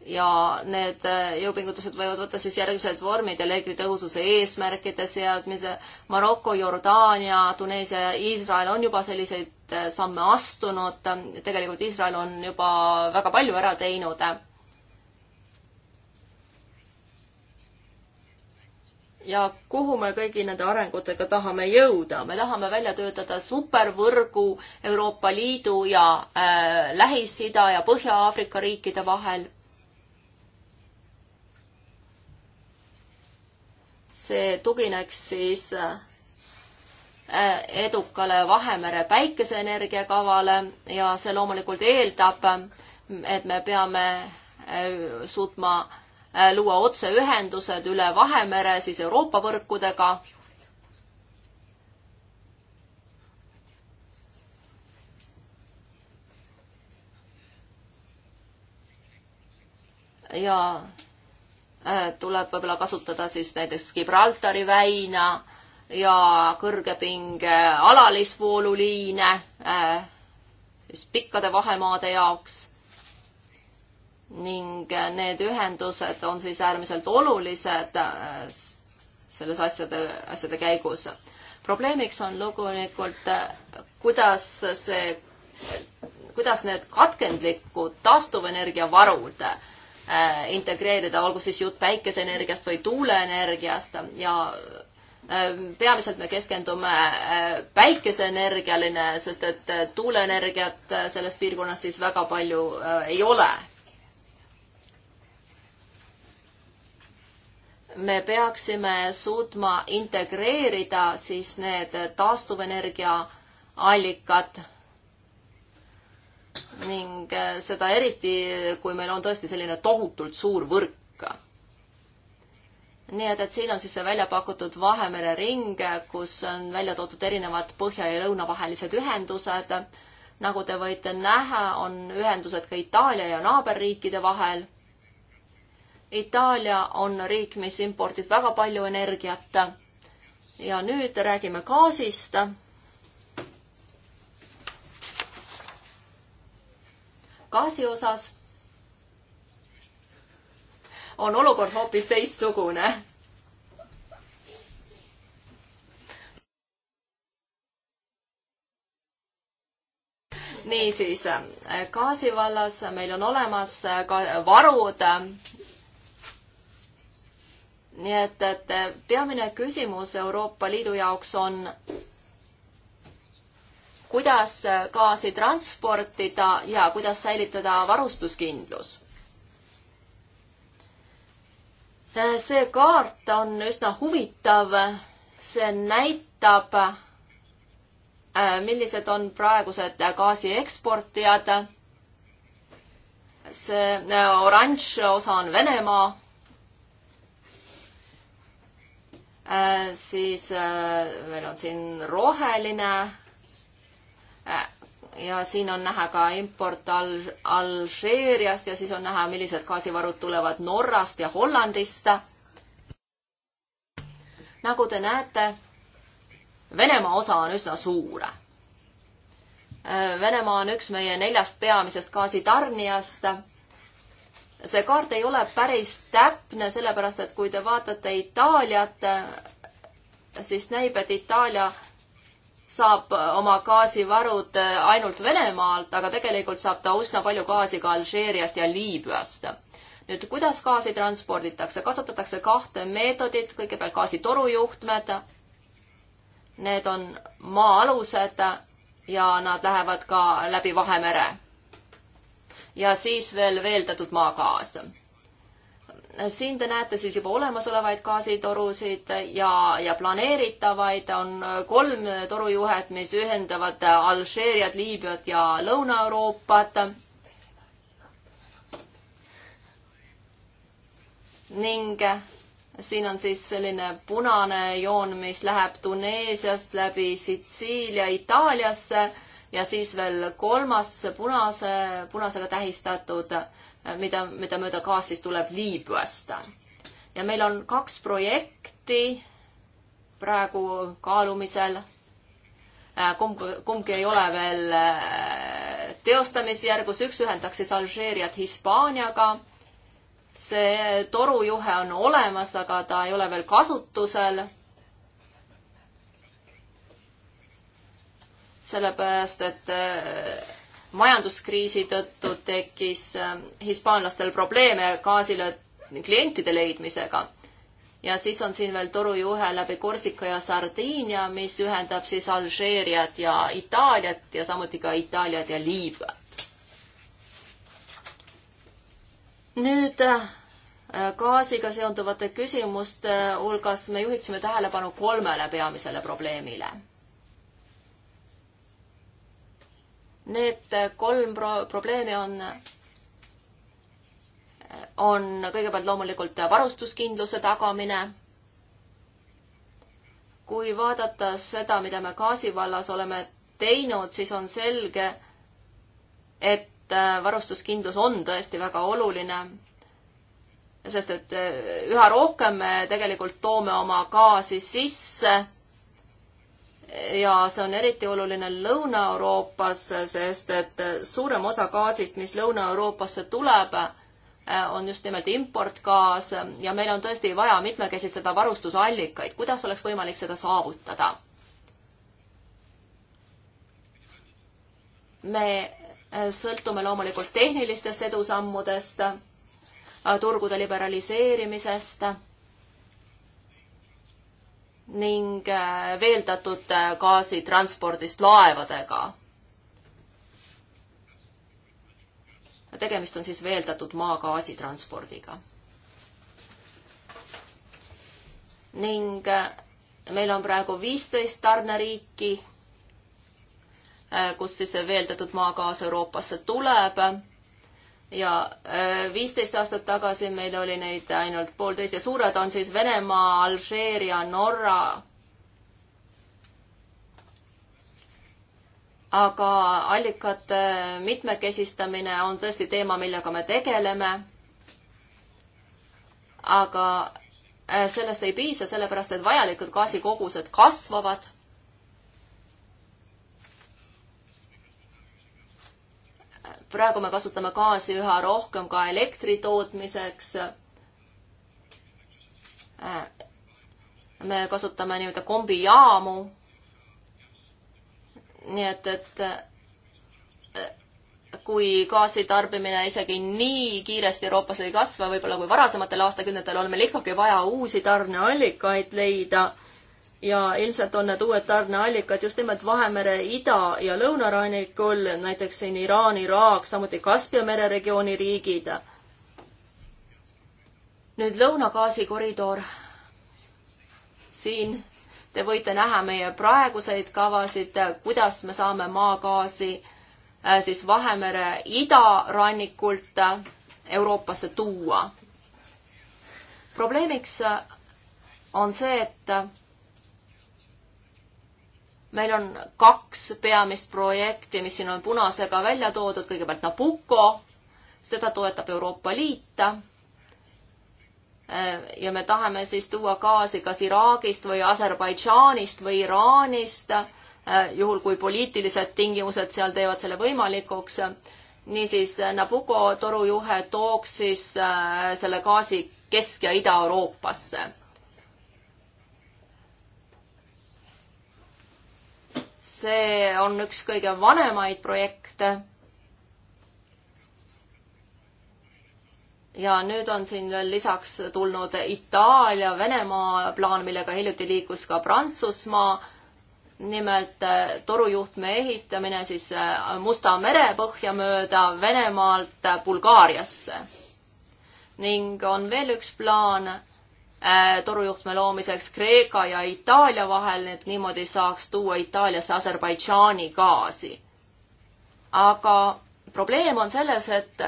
ja need jõupingutused võivad võtta siis järgmised vormid, elektri tõhususe eesmärkide seadmise, Maroko, Jordaania, Tuneesia, Iisrael on juba selliseid neid äh, samme astunud. tegelikult Iisrael on juba väga palju ära teinud. ja kuhu me kõigi nende arengutega tahame jõuda? me tahame välja töötada supervõrgu Euroopa Liidu ja äh, Lähis-Ida ja Põhja-Aafrika riikide vahel see tugineks siis äh, Äh, edukale Vahemere päikeseenergia kavale ja see loomulikult eeldab, et me peame äh, suutma äh, luua otseühendused üle Vahemere siis Euroopa võrkudega. ja tuleb võib-olla kasutada siis näiteks Gibraltari väina ja kõrgepinge alalisvooluliine äh, siis pikkade vahemaade jaoks. ning äh, need ühendused on siis äärmiselt olulised äh, selles asjade, asjade käigus. probleemiks on loomulikult, kuidas see, kuidas need katkendlikud taastuvenergia varud integreerida, olgu siis jutt päikeseenergiast või tuuleenergiast ja Ehm, peamiselt me keskendume eh, päikeseenergiale, sest et eh, tuuleenergiat eh, selles piirkonnas siis väga palju ei ole. me peaksime suutma integreerida siis need taastuvenergia allikad ning seda eriti, kui meil on tõesti selline tohutult suur võrk nii et, et siin on siis see välja pakutud Vahemere ring, kus on välja toodud erinevad põhja ja lõuna vahelised ühendused. nagu te võite näha, on ühendused ka Itaalia ja naaberriikide vahel. Itaalia on riik, mis impordib väga palju energiat. ja nüüd räägime gaasist. gaasi osas on olukord hoopis teistsugune niisiis, gaasi vallas meil on olemas ka varud. nii et, et peamine küsimus Euroopa Liidu jaoks on, kuidas gaasi transportida ja kuidas säilitada varustuskindlus see kaart on üsna huvitav, see näitab, äh, millised on praegused gaasi eksportijad. see äh, oranž osa on Venemaa. Äh, siis meil on siin roheline ja siin on näha ka import Al-, Alžeeriast ja siis on näha, millised gaasivarud tulevad Norrast ja Hollandist. nagu te näete, Venemaa osa on üsna suur. Venemaa on üks meie neljast peamisest gaasitarnijast. see kaart ei ole päris täpne, sellepärast et kui te vaatate Itaaliat, siis näib, et Itaalia saab äh, oma gaasivarud äh, ainult Venemaalt, aga tegelikult saab ta üsna palju gaasi ka Alžeeriast ja Liibüast. nüüd, kuidas gaasi transporditakse? kasutatakse kahte meetodit, kõigepealt gaasi torujuhtmed. Need on maa-alused ja nad lähevad ka läbi Vahemere. ja siis veel veeldatud maagaas siin te näete siis juba olemasolevaid gaasitorusid ja, ja planeeritavaid on kolm torujuhet, mis ühendavad Alžeeriat, Liibüat ja Lõuna-Euroopat. ning siin on siis selline punane joon, mis läheb Tuneesiast läbi Sitsiilia Itaaliasse ja siis veel kolmas punase, punasega tähistatud äh, Äh, mida, mida mööda gaas siis tuleb Liibüast. ja meil on kaks projekti praegu kaalumisel äh, kumb, kumbki ei ole veel äh, teostamisjärgus, üks ühendaks siis Alžeeriat Hispaaniaga. see torujuhe on olemas, aga ta ei ole veel kasutusel. sellepärast, et majanduskriisi tõttu tekkis äh, hispaanlastel probleeme gaasile klientide leidmisega. ja siis on siin veel torujuhe läbi Korsika ja Sardiinia, mis ühendab siis Alžeeriat ja Itaaliat ja samuti ka Itaaliat ja Liibüat. nüüd äh, gaasiga seonduvate küsimuste hulgas me juhiksime tähelepanu kolmele peamisele probleemile Need kolm pro probleemi on, on kõigepealt loomulikult varustuskindluse tagamine kui vaadata seda, mida me gaasi vallas oleme teinud, siis on selge, et äh, varustuskindlus on tõesti väga oluline. sest et äh, üha rohkem me tegelikult toome oma gaasi sisse ja see on eriti oluline Lõuna-Euroopas, sest et suurem osa gaasist, mis Lõuna-Euroopasse tuleb, eh, on just nimelt importgaas ja meil on tõesti vaja mitmekesistada varustusallikaid. kuidas oleks võimalik seda saavutada? me eh, sõltume loomulikult tehnilistest edusammudest, eh, turgude liberaliseerimisest ning äh, veeldatud äh, gaasi transpordist laevadega. tegemist on siis veeldatud maagaasi transpordiga. ning äh, meil on praegu viisteist tarneriiki, kust siis veeldatud maagaas Euroopasse tuleb ja äh, viisteist aastat tagasi meil oli neid ainult poolteist ja suured on siis Venemaa, Alžeeria, Norra. aga allikate mitmekesistamine on tõesti teema, millega me tegeleme. aga äh, sellest ei piisa, sellepärast et vajalikud gaasikogused kasvavad praegu me kasutame gaasi üha rohkem ka elektri tootmiseks. me kasutame nii-öelda kombijaamu. nii et, et kui gaasi tarbimine isegi nii kiiresti Euroopas ei kasva, võib-olla kui varasematel aastakümnetel on meil ikkagi vaja uusi tarneallikaid leida ja ilmselt on need uued tarneallikad just nimelt Vahemere ida- ja lõunarannikul, näiteks siin Iraan, Iraak, samuti Kaspia mere regiooni riigid. nüüd lõunagaasikoridor. siin te võite näha meie praeguseid kavasid, kuidas me saame maagaasi äh, siis Vahemere idarannikult äh, Euroopasse tuua. probleemiks äh, on see, et meil on kaks peamist projekti, mis siin on punasega välja toodud, kõigepealt Nabucco, seda toetab Euroopa Liit. ja me tahame siis tuua gaasi kas Iraagist või Aserbaidžaanist või Iraanist, juhul kui poliitilised tingimused seal teevad selle võimalikuks. niisiis Nabucco torujuhe tooks siis äh, selle gaasi Kesk- ja Ida-Euroopasse see on üks kõige vanemaid projekte. ja nüüd on siin veel lisaks tulnud Itaalia, Venemaa plaan, millega hiljuti liikus ka Prantsusmaa. nimelt eh, torujuhtme ehitamine siis eh, Musta mere põhja mööda Venemaalt Bulgaariasse. ning on veel üks plaan Äh, torujuhtme loomiseks Kreeka ja Itaalia vahel, et niimoodi saaks tuua Itaaliasse Aserbaidžaani gaasi. aga probleem on selles, et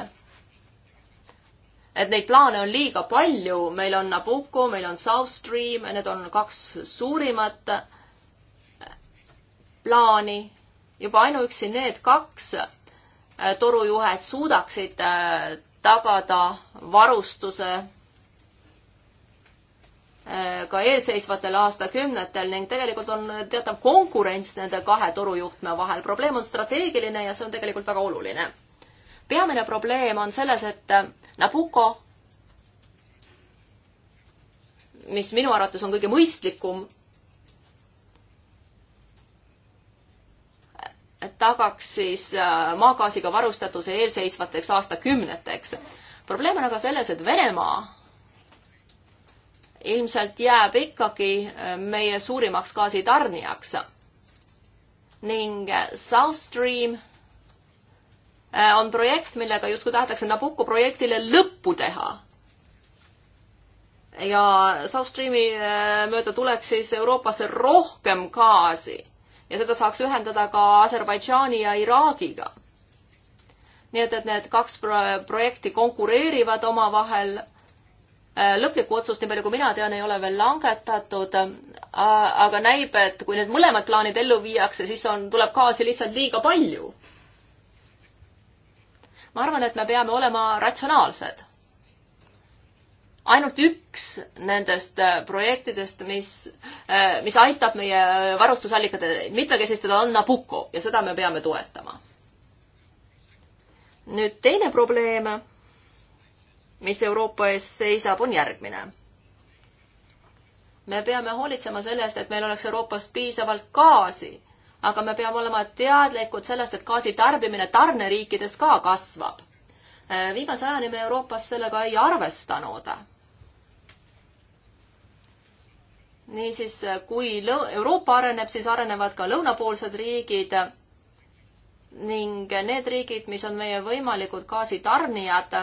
et neid plaane on liiga palju, meil on Nabucco, meil on South Stream, need on kaks suurimat äh, plaani. juba ainuüksi need kaks äh, torujuhet suudaksid tagada varustuse Äh, ka eelseisvatel aastakümnetel ning tegelikult on teatav konkurents nende kahe torujuhtme vahel. probleem on strateegiline ja see on tegelikult väga oluline. peamine probleem on selles, et äh, Nabucco, mis minu arvates on kõige mõistlikum, tagaks siis äh, maagaasiga varustatuse eelseisvateks aastakümneteks. probleem on aga selles, et Venemaa ilmselt jääb ikkagi äh, meie suurimaks gaasitarnijaks. ning äh, South Stream äh, on projekt, millega justkui tahetakse Nabucco projektile lõppu teha. ja South Streami mööda tuleks siis Euroopasse rohkem gaasi ja seda saaks ühendada ka Aserbaidžaani ja Iraagiga. nii et, et need kaks projekti konkureerivad omavahel Äh, lõplikku otsust, nii palju kui mina tean, ei ole veel langetatud, aga näib, et kui need mõlemad plaanid ellu viiakse, siis on, tuleb gaasi lihtsalt liiga palju. ma arvan, et me peame olema ratsionaalsed. ainult üks nendest äh, projektidest, mis, äh, mis aitab meie varustusallikate mitmekesistada, on Nabucco ja seda me peame toetama. nüüd teine probleem mis Euroopa ees seisab, on järgmine. me peame hoolitsema selle eest, et meil oleks Euroopas piisavalt gaasi, aga me peame olema teadlikud sellest, et gaasi tarbimine tarneriikides ka kasvab. Äh, viimase ajani me Euroopas sellega ei arvestanud niisiis, kui Euroopa areneb, siis arenevad ka lõunapoolsed riigid ning need riigid, mis on meie võimalikud gaasitarnijad,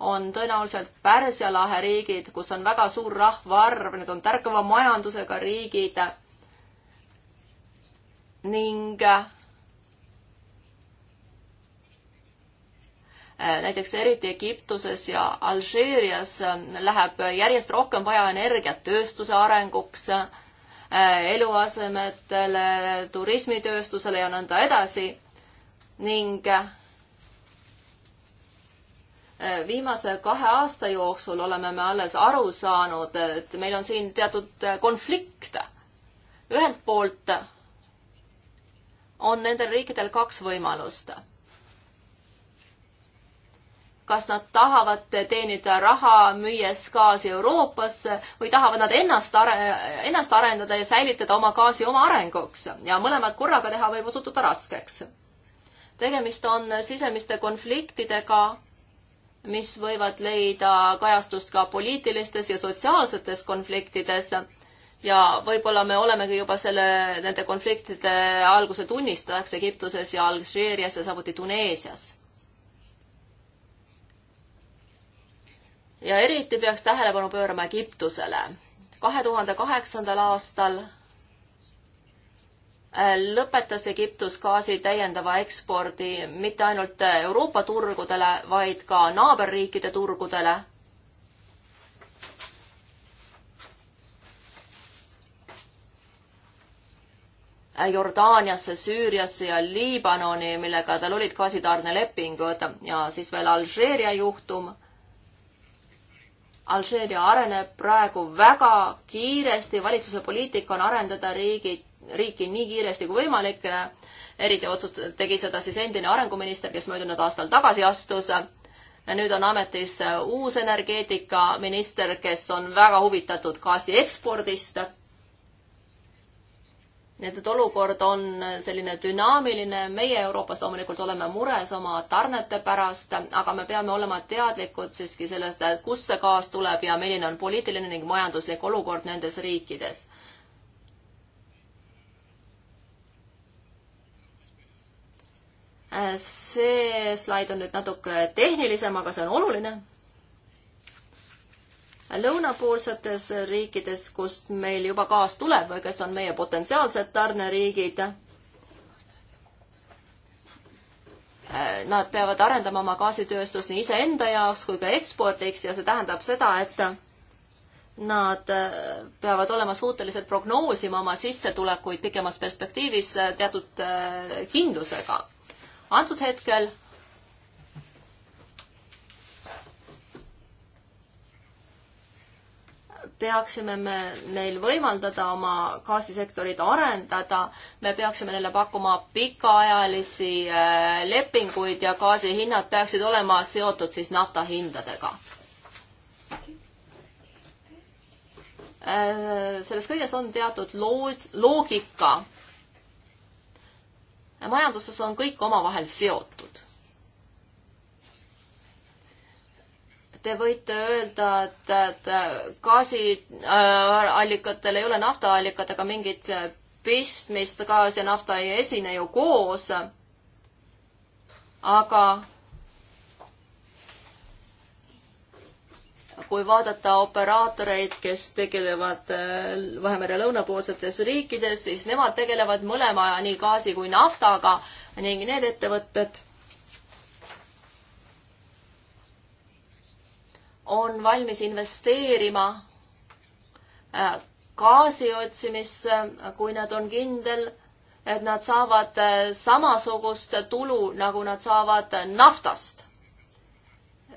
on tõenäoliselt Pärsia lahe riigid, kus on väga suur rahvaarv, need on tärkava majandusega riigid ning äh, näiteks eriti Egiptuses ja Alžeerias äh, läheb järjest rohkem vaja energiat tööstuse arenguks, äh, eluasemetele, turismitööstusele ja nõnda edasi ning viimase kahe aasta jooksul oleme me alles aru saanud, et meil on siin teatud äh, konflikt. ühelt poolt on nendel riikidel kaks võimalust. kas nad tahavad teenida raha, müües gaasi Euroopasse või tahavad nad ennast are-, ennast arendada ja säilitada oma gaasi oma arenguks ja mõlemad korraga teha võib osutuda raskeks. tegemist on sisemiste konfliktidega mis võivad leida kajastust ka poliitilistes ja sotsiaalsetes konfliktides. ja võib-olla me olemegi juba selle, nende konfliktide alguse tunnistajaks Egiptuses ja Alžeerias ja samuti Tuneesias. ja eriti peaks tähelepanu pöörama Egiptusele. kahe tuhande kaheksandal aastal lõpetas Egiptus gaasi täiendava ekspordi mitte ainult Euroopa turgudele, vaid ka naaberriikide turgudele. Jordaaniasse, Süüriasse ja Liibanoni, millega tal olid gaasitarnelepingud ja siis veel Alžeeria juhtum Alžeeria areneb praegu väga kiiresti, valitsuse poliitika on arendada riigid riiki nii kiiresti kui võimalik. eriti otsust-, tegi seda siis endine arenguminister, kes möödunud aastal tagasi astus. nüüd on ametis uus energeetikaminister, kes on väga huvitatud gaasi ekspordist. nii et, et olukord on selline dünaamiline, meie Euroopas loomulikult oleme mures oma tarnete pärast, aga me peame olema teadlikud siiski sellest, kust see gaas tuleb ja milline on poliitiline ning majanduslik olukord nendes riikides Äh, see slaid on nüüd natuke tehnilisem, aga see on oluline. lõunapoolsetes riikides, kust meil juba gaas tuleb või kes on meie potentsiaalsed tarneriigid, äh, nad peavad arendama oma gaasitööstust nii iseenda jaoks kui ka ekspordiks ja see tähendab seda, et nad äh, peavad olema suutelised prognoosima oma sissetulekuid pikemas perspektiivis teatud kindlusega antud hetkel peaksime me neil võimaldada oma gaasisektorit arendada, me peaksime neile pakkuma pikaajalisi äh, lepinguid ja gaasi hinnad peaksid olema seotud siis nafta hindadega. Äh, selles kõiges on teatud lood, loogika majanduses on kõik omavahel seotud. Te võite öelda, et, et gaasiallikatel äh, ei ole naftaallikatega mingit pistmist, gaas ja nafta ei esine ju koos. aga kui vaadata operaatoreid, kes tegelevad äh, Vahemere lõunapoolsetes riikides, siis nemad tegelevad mõlema nii gaasi kui naftaga ning need ettevõtted on valmis investeerima äh, gaasi otsimisse, kui nad on kindel, et nad saavad äh, samasugust tulu, nagu nad saavad naftast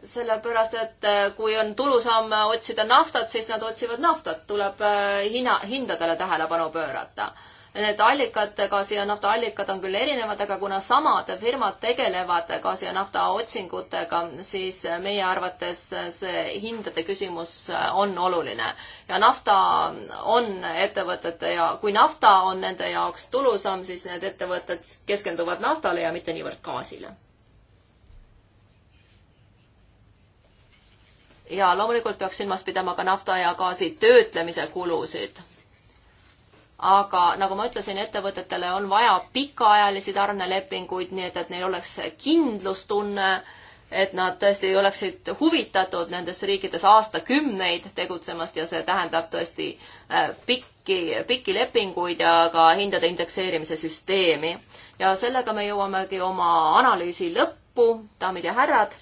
sellepärast et äh, kui on tulusam otsida naftat, siis nad otsivad naftat, tuleb äh, hinna, hindadele tähelepanu pöörata. Need allikad, gaasi ja nafta allikad on küll erinevad, aga kuna samad firmad tegelevad gaasi ja nafta otsingutega, siis meie arvates see hindade küsimus äh, on oluline. ja nafta on ettevõtete ja kui nafta on nende jaoks tulusam, siis need ettevõtted keskenduvad naftale ja mitte niivõrd gaasile ja loomulikult peaks silmas pidama ka nafta ja gaasi töötlemise kulusid. aga nagu ma ütlesin, ettevõtetele on vaja pikaajalisi tarnelepinguid, nii et, et neil oleks kindlustunne, et nad tõesti oleksid huvitatud nendes riikides aastakümneid tegutsemast ja see tähendab tõesti äh, pikki, pikki lepinguid ja ka hindade indekseerimise süsteemi. ja sellega me jõuamegi oma analüüsi lõppu, daamid ja härrad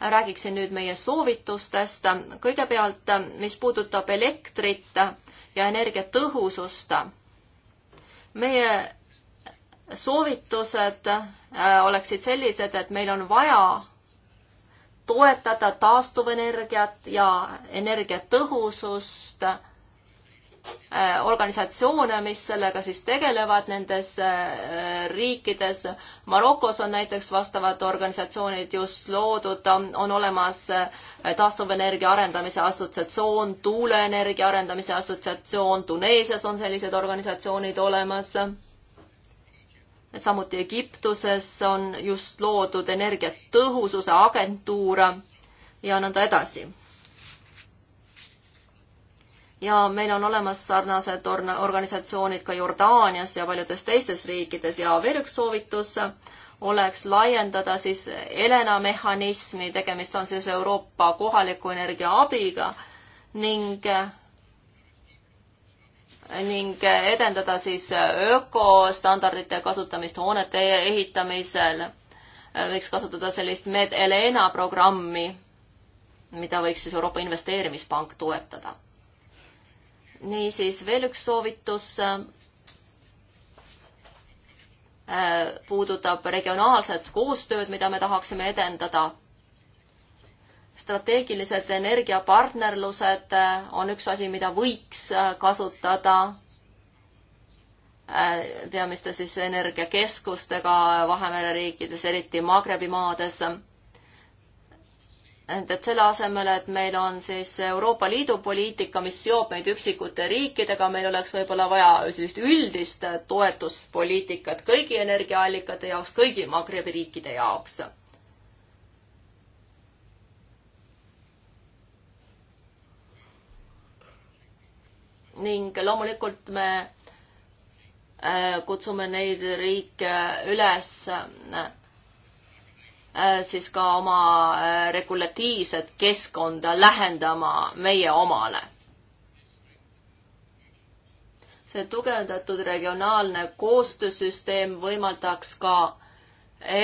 räägiksin nüüd meie soovitustest. kõigepealt, mis puudutab elektrit ja energiatõhusust. meie soovitused äh, oleksid sellised, et meil on vaja toetada taastuvenergiat ja energiatõhusust Äh, organisatsioone, mis sellega siis tegelevad nendes äh, riikides. Marokos on näiteks vastavad organisatsioonid just loodud, on olemas äh, taastuvenergia arendamise assotsiatsioon, tuuleenergia arendamise assotsiatsioon, Tuneesias on sellised organisatsioonid olemas. samuti Egiptuses on just loodud energiatõhususe agentuur ja nõnda edasi ja meil on olemas sarnased organisatsioonid ka Jordaanias ja paljudes teistes riikides ja veel üks soovitus oleks laiendada siis Helena mehhanismi, tegemist on siis Euroopa kohaliku energia abiga ning ning edendada siis ökostandardite kasutamist hoonete ehitamisel. võiks kasutada sellist Med Helena programmi, mida võiks siis Euroopa Investeerimispank toetada niisiis veel üks soovitus äh, puudutab regionaalset koostööd, mida me tahaksime edendada. strateegilised energiapartnerlused äh, on üks asi, mida võiks äh, kasutada peamiste siis energiakeskustega Vahemere riikides, eriti Magrebi maades et, et selle asemel, et meil on siis Euroopa Liidu poliitika, mis seob meid üksikute riikidega, meil oleks võib-olla vaja sellist üldist toetuspoliitikat kõigi energiaallikate jaoks, kõigi Magrebi riikide jaoks. ning loomulikult me äh, kutsume neid riike üles äh, Äh, siis ka oma äh, regulatiivset keskkonda lähendama meie omale. see tugevdatud regionaalne koostöösüsteem võimaldaks ka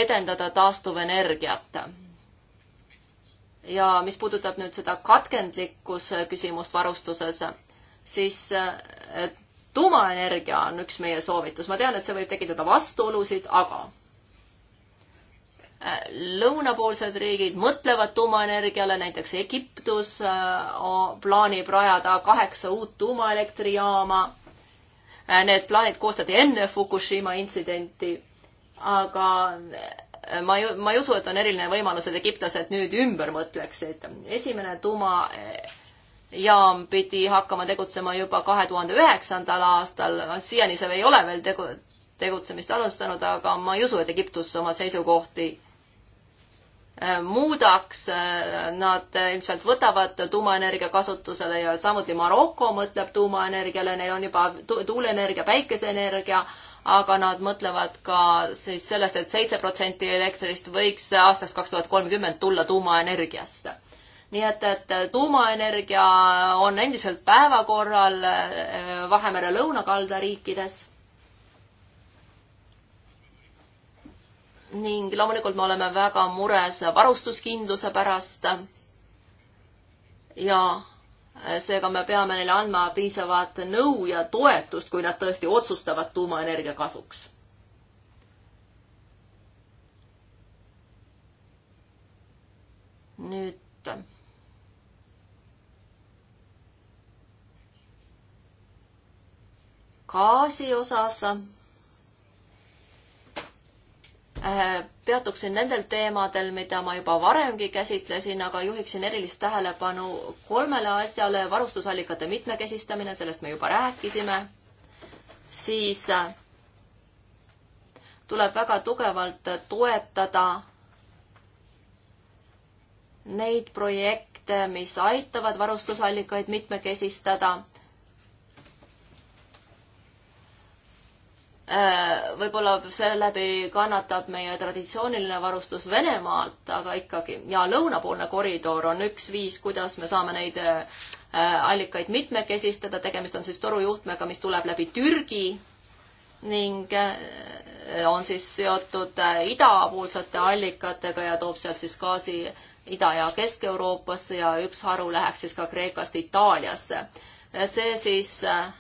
edendada taastuvenergiat. ja mis puudutab nüüd seda katkendlikkuse äh, küsimust varustuses, siis tuumaenergia on üks meie soovitus, ma tean, et see võib tekitada vastuolusid, aga Äh, lõunapoolsed riigid mõtlevad tuumaenergiale, näiteks Egiptus äh, plaanib rajada kaheksa uut tuumaelektrijaama. Äh, need plaanid koostati enne Fukushima intsidenti, aga ma ei, ma ei usu, et on eriline võimalus, et egiptlased nüüd ümber mõtleksid. esimene tuumajaam pidi hakkama tegutsema juba kahe tuhande üheksandal aastal, siiani seal ei ole veel tegu, tegutsemist alustanud, aga ma ei usu, et Egiptus oma seisukohti Äh, muudaks, äh, nad äh, ilmselt võtavad tuumaenergia kasutusele ja samuti Maroko mõtleb tuumaenergiale, neil on juba tu tuuleenergia, päikeseenergia, aga nad mõtlevad ka siis sellest et, et seitse protsenti elektrist võiks aastaks kaks tuhat kolmkümmend tulla tuumaenergiast. nii et, et tuumaenergia on endiselt päevakorral Vahemere lõunakaldariikides ning loomulikult me oleme väga mures varustuskindluse pärast. ja äh, seega me peame neile andma piisavat nõu ja toetust, kui nad tõesti otsustavad tuumaenergia kasuks. nüüd äh, gaasi osas Äh, peatuksin nendel teemadel, mida ma juba varemgi käsitlesin, aga juhiksin erilist tähelepanu kolmele asjale. varustusallikate mitmekesistamine, sellest me juba rääkisime. siis äh, tuleb väga tugevalt toetada neid projekte, mis aitavad varustusallikaid mitmekesistada Äh, võib-olla seeläbi kannatab meie traditsiooniline varustus Venemaalt, aga ikkagi ja lõunapoolne koridor on üks viis, kuidas me saame neid äh, allikaid mitmekesistada, tegemist on siis torujuhtmega, mis tuleb läbi Türgi ning äh, on siis seotud idapoolsete allikatega ja toob sealt siis gaasi Ida- ja Kesk-Euroopasse ja üks haru läheks siis ka Kreekast Itaaliasse. see siis äh,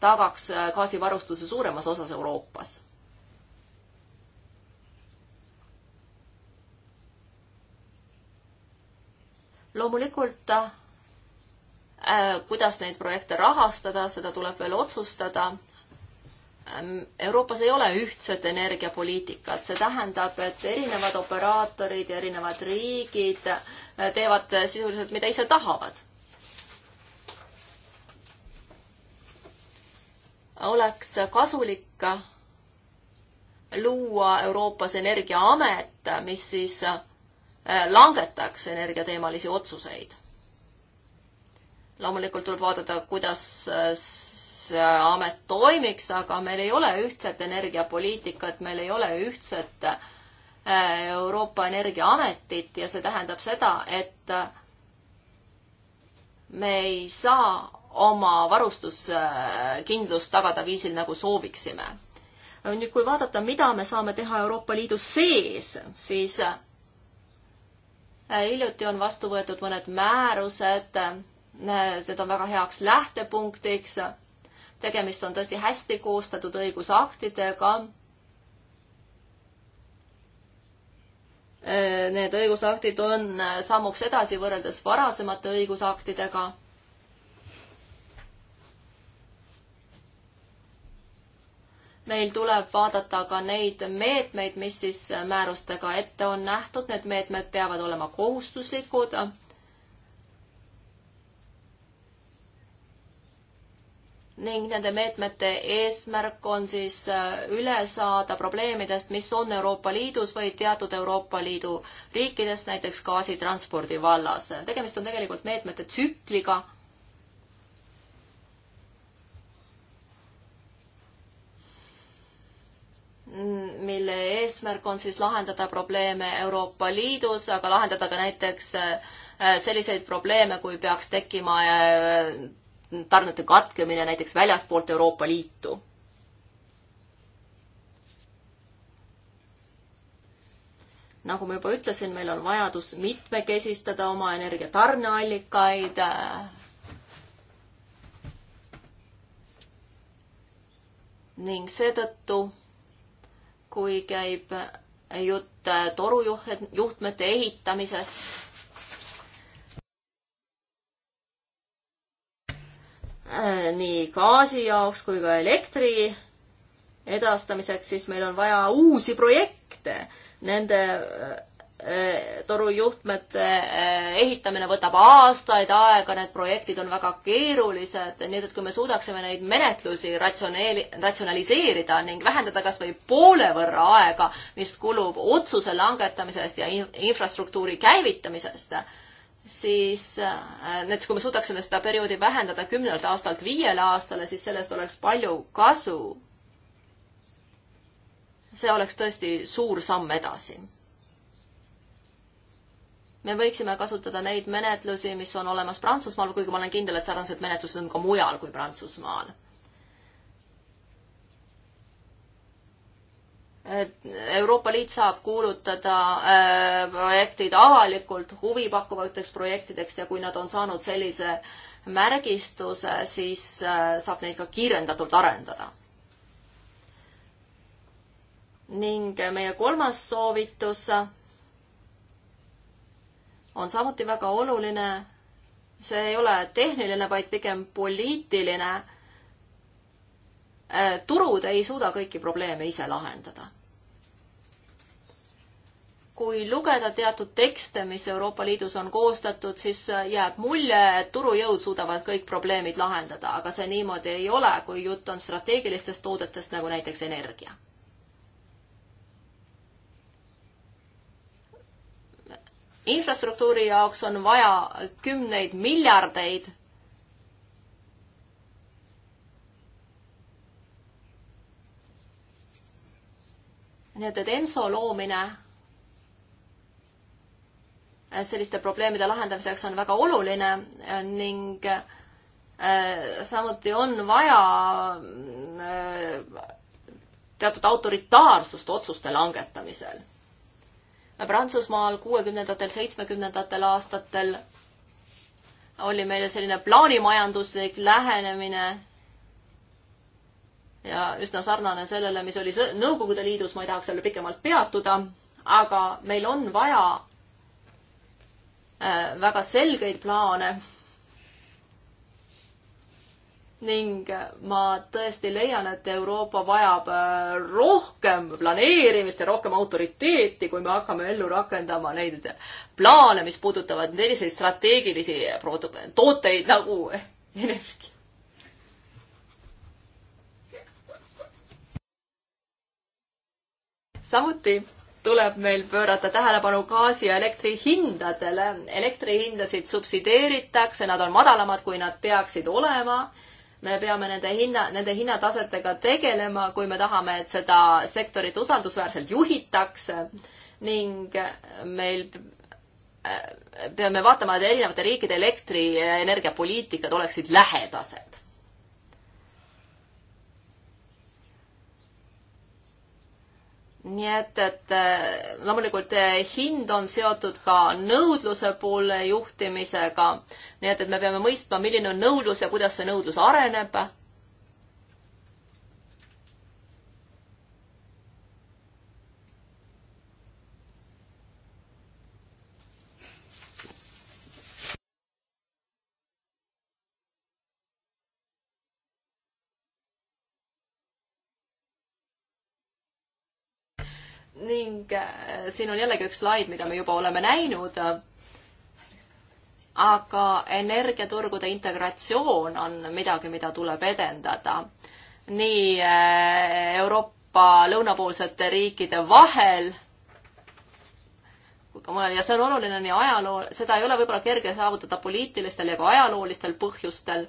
tagaks äh, gaasivarustuse suuremas osas Euroopas. loomulikult, äh, kuidas neid projekte rahastada, seda tuleb veel otsustada. Ähm, Euroopas ei ole ühtset energiapoliitikat, see tähendab, et erinevad operaatorid ja erinevad riigid äh, teevad sisuliselt, mida ise tahavad oleks kasulik luua Euroopas Energiaamet, mis siis äh, langetaks energiateemalisi otsuseid. loomulikult tuleb vaadata, kuidas äh, see amet toimiks, aga meil ei ole ühtset energiapoliitikat, meil ei ole ühtset äh, Euroopa Energiaametit ja see tähendab seda, et me ei saa oma varustuskindlust tagada viisil, nagu sooviksime. nüüd, kui vaadata, mida me saame teha Euroopa Liidu sees, siis äh, hiljuti on vastu võetud mõned määrused, äh, need on väga heaks lähtepunktiks. tegemist on tõesti hästi koostatud õigusaktidega. Äh, need õigusaktid on sammuks edasi võrreldes varasemate õigusaktidega neil tuleb vaadata ka neid meetmeid, mis siis määrustega ette on nähtud, need meetmed peavad olema kohustuslikud. ning nende meetmete eesmärk on siis äh, üle saada probleemidest, mis on Euroopa Liidus või teatud Euroopa Liidu riikides, näiteks gaasitranspordi vallas. tegemist on tegelikult meetmete tsükliga mille eesmärk on siis lahendada probleeme Euroopa Liidus, aga lahendada ka näiteks äh, selliseid probleeme, kui peaks tekkima äh, tarnete katkemine näiteks väljaspoolt Euroopa Liitu nagu ma juba ütlesin, meil on vajadus mitmekesistada oma energia tarneallikaid. Äh, ning seetõttu kui käib jutt äh, torujuhtmete ehitamisest. Äh, nii gaasi jaoks kui ka elektri edastamiseks, siis meil on vaja uusi projekte. Nende äh, Eh, torujuhtmete eh, ehitamine võtab aastaid aega, need projektid on väga keerulised, nii et kui me suudaksime neid menetlusi ratsioneeli-, ratsionaliseerida ning vähendada kas või poole võrra aega, mis kulub otsuse langetamisest ja infrastruktuuri käivitamisest, siis eh, näiteks kui me suudaksime seda perioodi vähendada kümnelt aastalt viiele aastale, siis sellest oleks palju kasu. see oleks tõesti suur samm edasi me võiksime kasutada neid menetlusi, mis on olemas Prantsusmaal, kuigi ma olen kindel, et sarnased menetlused on ka mujal kui Prantsusmaal. et Euroopa Liit saab kuulutada äh, projektid avalikult huvipakkuvateks projektideks ja kui nad on saanud sellise märgistuse, siis äh, saab neid ka kiirendatult arendada ning meie kolmas soovitus on samuti väga oluline. see ei ole tehniline, vaid pigem poliitiline. Äh, turud ei suuda kõiki probleeme ise lahendada. kui lugeda teatud tekste, mis Euroopa Liidus on koostatud, siis äh, jääb mulje, et turujõud suudavad kõik probleemid lahendada, aga see niimoodi ei ole, kui jutt on strateegilistest toodetest nagu näiteks energia infrastruktuuri jaoks on vaja kümneid miljardeid. nii et, et ENSO loomine äh, selliste probleemide lahendamiseks on väga oluline äh, ning äh, samuti on vaja teatud autoritaarsust otsuste langetamisel Prantsusmaal kuuekümnendatel, seitsmekümnendatel aastatel oli meil selline plaanimajanduslik lähenemine ja üsna sarnane sellele, mis oli Nõukogude Liidus, ma ei tahaks sellele pikemalt peatuda, aga meil on vaja äh, väga selgeid plaane ning ma tõesti leian, et Euroopa vajab äh, rohkem planeerimist ja rohkem autoriteeti, kui me hakkame ellu rakendama neid äh, plaane, mis puudutavad selliseid strateegilisi äh, tooteid nagu energia. samuti tuleb meil pöörata tähelepanu gaasi ja elektri hindadele. elektrihindasid subsideeritakse, nad on madalamad, kui nad peaksid olema me peame nende hinna, nende hinnatasetega tegelema, kui me tahame, et seda sektorit usaldusväärselt juhitakse ning meil äh, peame vaatama, et erinevate riikide elektrienergiapoliitikad oleksid lähedased. nii et, et äh, loomulikult äh, hind on seotud ka nõudluse poole juhtimisega, nii et, et me peame mõistma, milline on nõudlus ja kuidas see nõudlus areneb ning äh, siin on jällegi üks slaid, mida me juba oleme näinud. aga energiaturgude integratsioon on midagi, mida tuleb edendada nii äh, Euroopa lõunapoolsete riikide vahel kui ka mujal ja see on oluline nii ajaloo, seda ei ole võib-olla kerge saavutada poliitilistel ja ka ajaloolistel põhjustel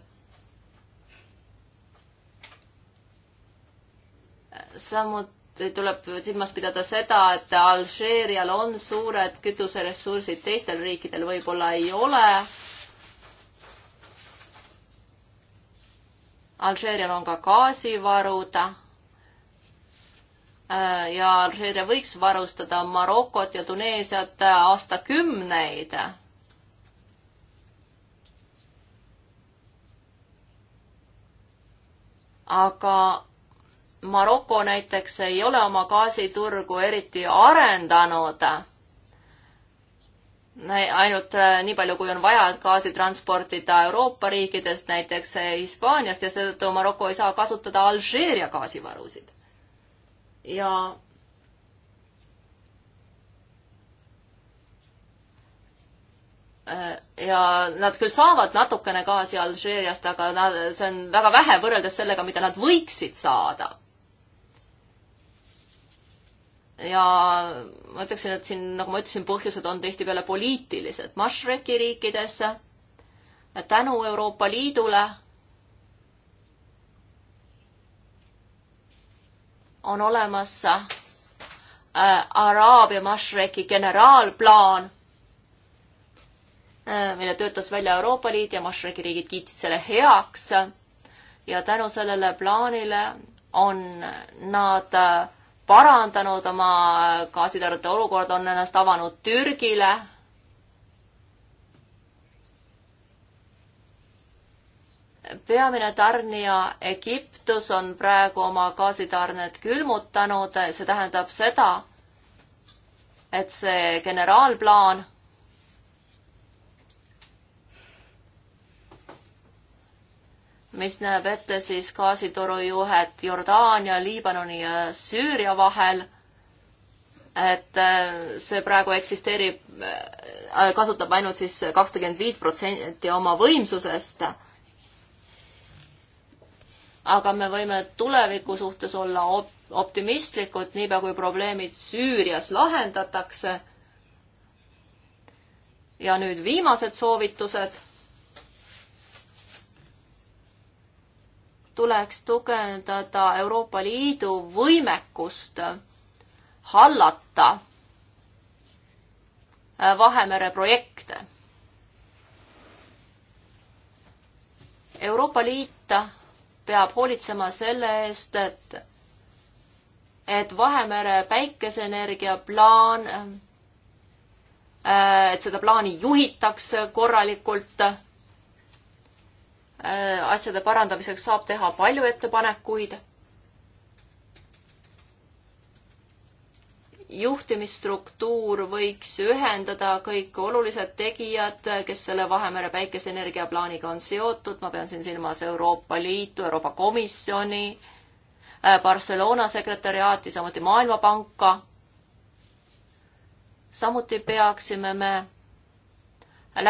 samuti tuleb silmas pidada seda, et Alžeerial on suured kütuseressursid, teistel riikidel võib-olla ei ole. Alžeerial on ka gaasivarud. Äh, ja Alžeeria võiks varustada Marokot ja Tuneesiat aastakümneid aga Maroko näiteks ei ole oma gaasiturgu eriti arendanud. ainult äh, nii palju, kui on vaja, et gaasi transportida Euroopa riikidest, näiteks äh, Hispaaniast ja seetõttu Maroko ei saa kasutada Alžeeria gaasivarusid. ja äh, ja nad küll saavad natukene gaasi Alžeeriast, aga nad, see on väga vähe võrreldes sellega, mida nad võiksid saada ja ma ütleksin, et siin, nagu ma ütlesin, põhjused on tihtipeale poliitilised. Mašreki riikides tänu Euroopa Liidule on olemas äh, Araabia Mašreki generaalplaan äh,, mille töötas välja Euroopa Liit ja Mašreki riigid kiitsid selle heaks. ja tänu sellele plaanile on nad äh, parandanud oma gaasitarvete olukorda, on ennast avanud Türgile. peamine tarnija Egiptus on praegu oma gaasitarned külmutanud, see tähendab seda, et see generaalplaan mis näeb ette siis gaasitorujuhet Jordaania, Liibanoni ja Süüria vahel. et äh, see praegu eksisteerib, äh, kasutab ainult siis kakskümmend viit protsenti oma võimsusest. aga me võime tuleviku suhtes olla op-, optimistlikud, niipea kui probleemid Süürias lahendatakse. ja nüüd viimased soovitused tuleks tugevdada Euroopa Liidu võimekust hallata Vahemere projekte. Euroopa Liit peab hoolitsema selle eest, et, et Vahemere päikeseenergia plaan, et seda plaani juhitakse korralikult Äh, asjade parandamiseks saab teha palju ettepanekuid. juhtimisstruktuur võiks ühendada kõik olulised tegijad, kes selle Vahemere päikeseenergia plaaniga on seotud, ma pean siin silmas Euroopa Liitu, Euroopa Komisjoni, äh, Barcelona sekretäriaati, samuti Maailmapanka. samuti peaksime me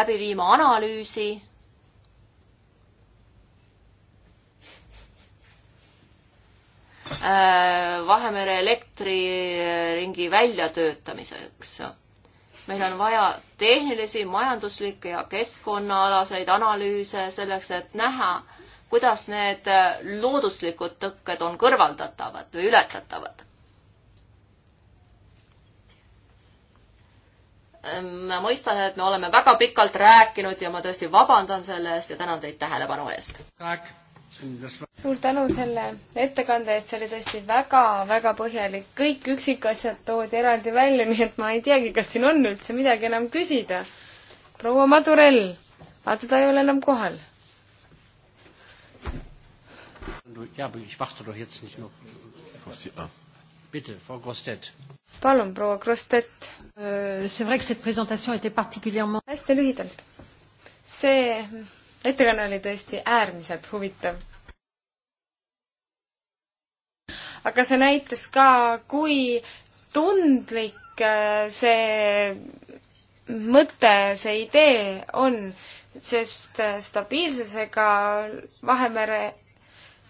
läbi viima analüüsi Äh, Vahemere elektriringi väljatöötamiseks. meil on vaja tehnilisi, majanduslikke ja keskkonnaalaseid analüüse selleks, et näha, kuidas need äh, looduslikud tõkked on kõrvaldatavad või ületatavad. Ähm, ma mõistan, et me oleme väga pikalt rääkinud ja ma tõesti vabandan selle eest ja tänan teid tähelepanu eest suur tänu selle ettekande eest, see oli tõesti väga-väga põhjalik, kõik üksikasjad toodi eraldi välja, nii et ma ei teagi, kas siin on üldse midagi enam küsida. proua Madurell, aga teda ei ole enam kohal. palun, proua Krostet. Euh, hästi lühidalt. see ettekanne oli tõesti äärmiselt huvitav aga see näitas ka, kui tundlik äh, see mõte, see idee on, sest äh, stabiilsusega Vahemere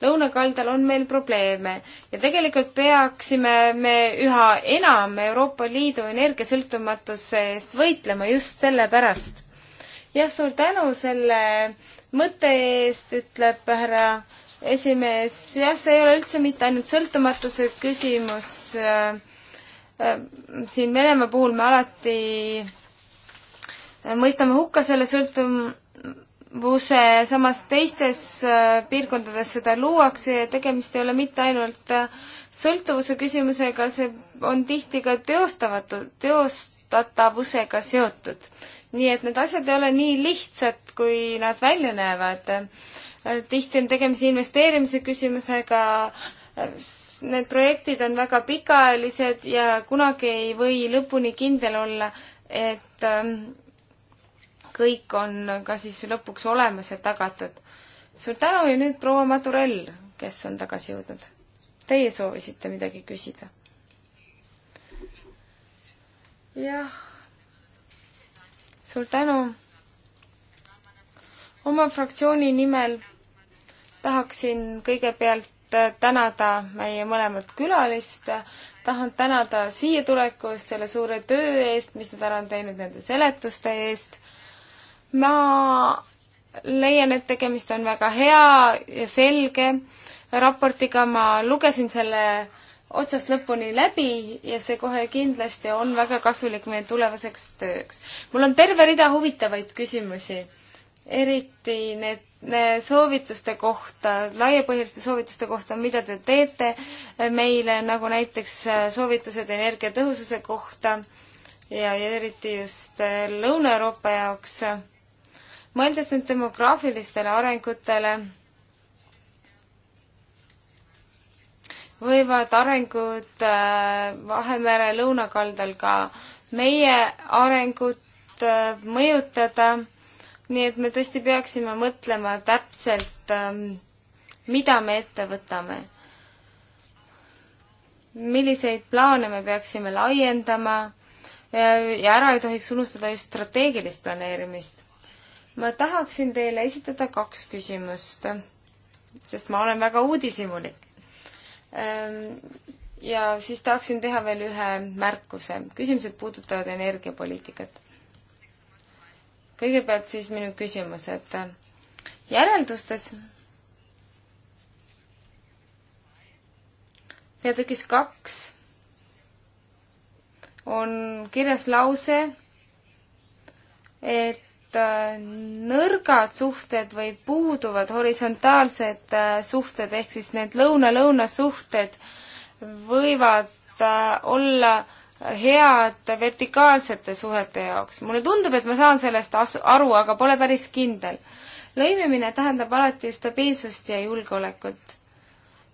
lõunakaldal on meil probleeme ja tegelikult peaksime me üha enam Euroopa Liidu energiasõltumatuse eest võitlema just sellepärast. jah, suur tänu selle mõtte eest, ütleb härra esimees, jah, see ei ole üldse mitte ainult sõltumatuse küsimus. Äh, äh, siin Venemaa puhul me alati äh, mõistame hukka selle sõltuvuse, samas teistes piirkondades seda luuakse ja tegemist ei ole mitte ainult sõltuvuse küsimusega, see on tihti ka teostamatu, teostatavusega seotud. nii et need asjad ei ole nii lihtsad, kui nad välja näevad tihti on tegemist investeerimise küsimusega, need projektid on väga pikaajalised ja kunagi ei või lõpuni kindel olla, et ähm, kõik on ka siis lõpuks olemas ja tagatud. suur tänu ja nüüd proua Madurell, kes on tagasi jõudnud. Teie soovisite midagi küsida? jah, suur tänu. oma fraktsiooni nimel tahaksin kõigepealt tänada meie mõlemat külalist, tahan tänada siia tuleku eest, selle suure töö eest, mis nad ära on teinud, nende seletuste eest. ma leian, et tegemist on väga hea ja selge raportiga, ma lugesin selle otsast lõpuni läbi ja see kohe kindlasti on väga kasulik meie tulevaseks tööks. mul on terve rida huvitavaid küsimusi eriti need, need soovituste kohta, laiapõhjaliste soovituste kohta, mida te teete meile, nagu näiteks äh, soovitused energiatõhususe kohta ja, ja eriti just äh, Lõuna-Euroopa jaoks. mõeldes nüüd demograafilistele arengutele, võivad arengud äh, Vahemere lõunakaldal ka meie arengut mõjutada nii et me tõesti peaksime mõtlema täpselt, ähm, mida me ette võtame. milliseid plaane me peaksime laiendama ja ära ei tohiks unustada just strateegilist planeerimist. ma tahaksin teile esitada kaks küsimust, sest ma olen väga uudishimulik. Ähm, ja siis tahaksin teha veel ühe märkuse. küsimused puudutavad energiapoliitikat kõigepealt siis minu küsimused. Äh, järeldustes peatükis kaks on kirjas lause, et äh, nõrgad suhted või puuduvad horisontaalsed äh, suhted ehk siis need lõuna-lõuna suhted võivad olla head vertikaalsete suhete jaoks. mulle tundub, et ma saan sellest aru, aga pole päris kindel. lõimimine tähendab alati stabiilsust ja julgeolekut.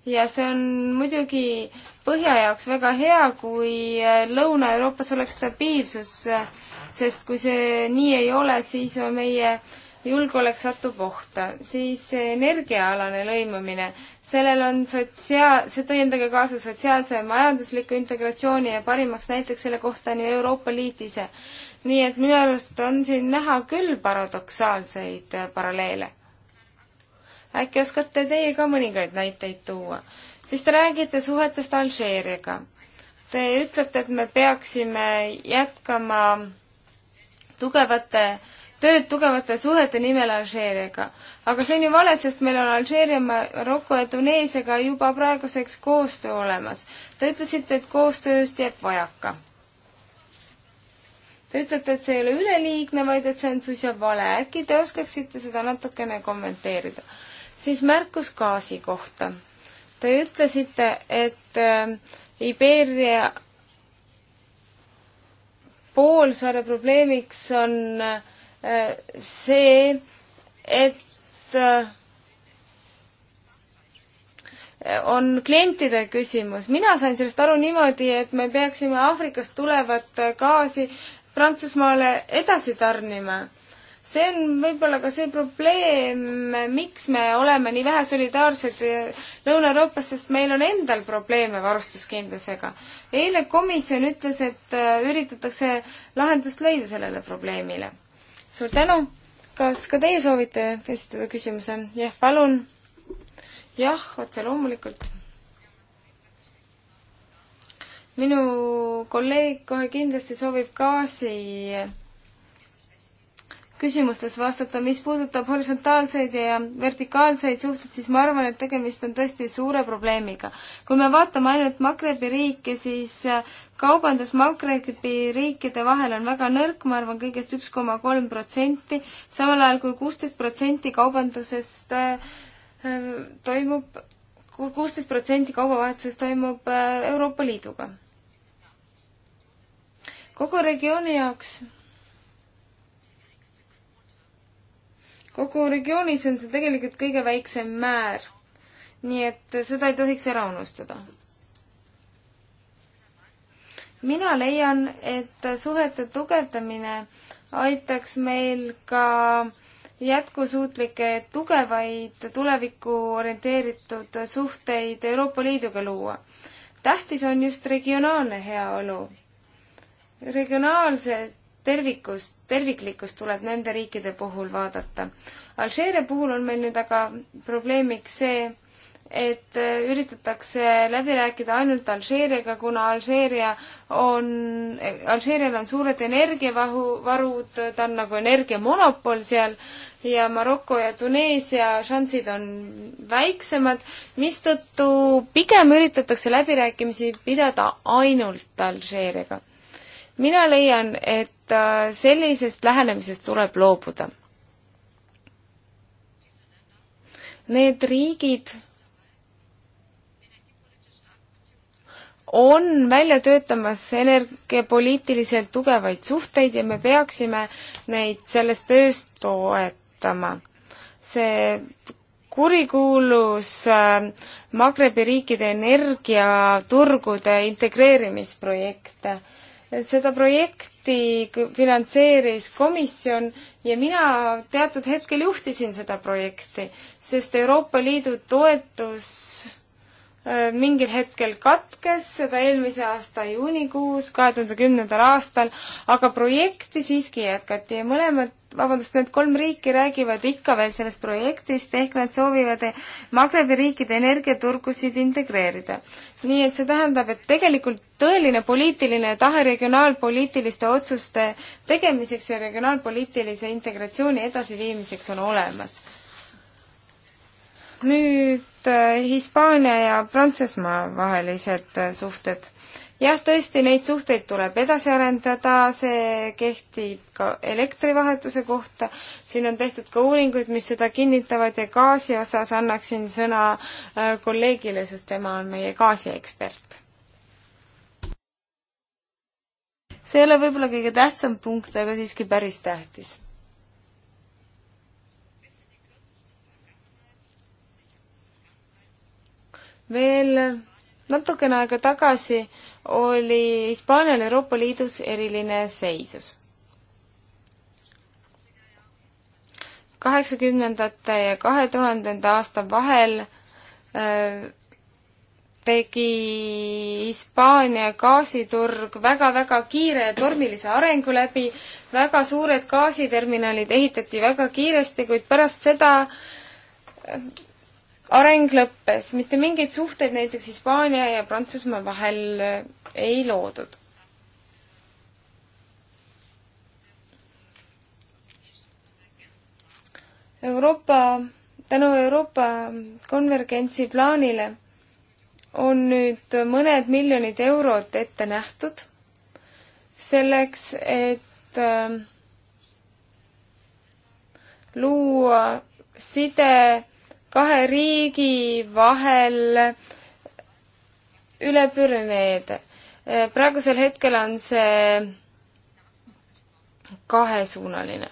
ja see on muidugi Põhja jaoks väga hea, kui Lõuna-Euroopas oleks stabiilsus, sest kui see nii ei ole, siis on meie äh, julgeolek satub ohta, siis energiaalane lõimumine, sellel on sotsiaal, see tõi endaga kaasa sotsiaalse ja majandusliku integratsiooni ja parimaks näiteks selle kohta on ju Euroopa Liit ise. nii et minu arust on siin näha küll paradoksaalseid äh, paralleele. äkki oskate teie ka mõningaid näiteid tuua? siis te räägite suhetest Alžeeriaga. Te ütlete, et me peaksime jätkama tugevate tööd tugevate suhete nimel Alžeeriaga. aga see on ju vale, sest meil on Alžeeria, Maroko ja Tuneesiaga juba praeguseks koostöö olemas. Te ütlesite, et koostööst jääb vajaka. Te ütlete, et see ei ole üleliigne, vaid et see on suisa vale. äkki te oskaksite seda natukene kommenteerida? siis märkus gaasi kohta. Te ütlesite, et äh, Iberia poolsaare probleemiks on äh, see, et äh, on klientide küsimus. mina sain sellest aru niimoodi, et me peaksime Aafrikast tulevat gaasi Prantsusmaale edasi tarnima. see on võib-olla ka see probleem, miks me oleme nii vähe solidaarsed Lõuna-Euroopas, sest meil on endal probleeme varustuskindlusega. eile komisjon ütles, et äh, üritatakse lahendust leida sellele probleemile suur tänu! kas ka teie soovite esitada küsimuse? jah, palun. jah, otse loomulikult. minu kolleeg kohe kindlasti soovib gaasi küsimustes vastata. mis puudutab horisontaalseid ja vertikaalseid suhteid, siis ma arvan, et tegemist on tõesti suure probleemiga. kui me vaatame ainult Magrebi riike, siis äh, kaubandus Magrebi riikide vahel on väga nõrk, ma arvan kõigest üks koma kolm protsenti, samal ajal kui kuusteist protsenti kaubandusest äh, äh, toimub, kuusteist protsenti kaubavahetusest toimub Euroopa Liiduga. kogu regiooni jaoks kogu regioonis on see tegelikult kõige väiksem määr. nii et seda ei tohiks ära unustada. mina leian, et suhete tugevdamine aitaks meil ka jätkusuutlikke, tugevaid, tulevikku orienteeritud suhteid Euroopa Liiduga luua. tähtis on just regionaalne heaolu. regionaalsed tervikust, terviklikkust tuleb nende riikide puhul vaadata. Alžeeria puhul on meil nüüd aga probleemiks see, et äh, üritatakse läbi rääkida ainult Alžeeriaga, kuna Alžeeria on, äh, Alžeerial on suured energiavahu, varud, ta on nagu energiamonopol seal ja Maroko ja Tuneesia šansid on väiksemad, mistõttu pigem üritatakse läbirääkimisi pidada ainult Alžeeriaga mina leian, et äh, sellisest lähenemisest tuleb loobuda. Need riigid on välja töötamas energiapoliitiliselt tugevaid suhteid ja me peaksime neid selles töös toetama. see kurikuulus äh, Magrebi riikide energiaturgude integreerimisprojekt äh, seda projekti finantseeris komisjon ja mina teatud hetkel juhtisin seda projekti, sest Euroopa Liidu toetus Äh, mingil hetkel katkes, seda eelmise aasta juunikuus, kahe tuhande kümnendal aastal, aga projekti siiski jätkati ja mõlemad, vabandust, need kolm riiki räägivad ikka veel sellest projektist, ehk nad soovivad Magrebi riikide energiaturgusid integreerida. nii et see tähendab, et tegelikult tõeline poliitiline tahe regionaalpoliitiliste otsuste tegemiseks ja regionaalpoliitilise integratsiooni edasiviimiseks on olemas. nüüd nüüd äh, Hispaania ja Prantsusmaa vahelised äh, suhted. jah, tõesti, neid suhteid tuleb edasi arendada, see kehtib ka elektrivahetuse kohta, siin on tehtud ka uuringuid, mis seda kinnitavad ja gaasi osas annaksin sõna äh, kolleegile, sest tema on meie gaasiekspert. see ei ole võib-olla kõige tähtsam punkt, aga siiski päris tähtis veel natukene aega tagasi oli Hispaanial Euroopa Liidus eriline seisus. kaheksakümnendate ja kahe tuhandenda aasta vahel öö, äh, tegi Hispaania gaasiturg väga-väga kiire ja tormilise arengu läbi, väga suured gaasiterminalid ehitati väga kiiresti, kuid pärast seda areng lõppes, mitte mingeid suhteid näiteks Hispaania ja Prantsusmaa vahel äh, ei loodud. Euroopa, tänu Euroopa konvergentsi plaanile on nüüd mõned miljonid eurot ette nähtud selleks, et äh, luua side kahe riigi vahel üle Pürineede. praegusel hetkel on see kahesuunaline.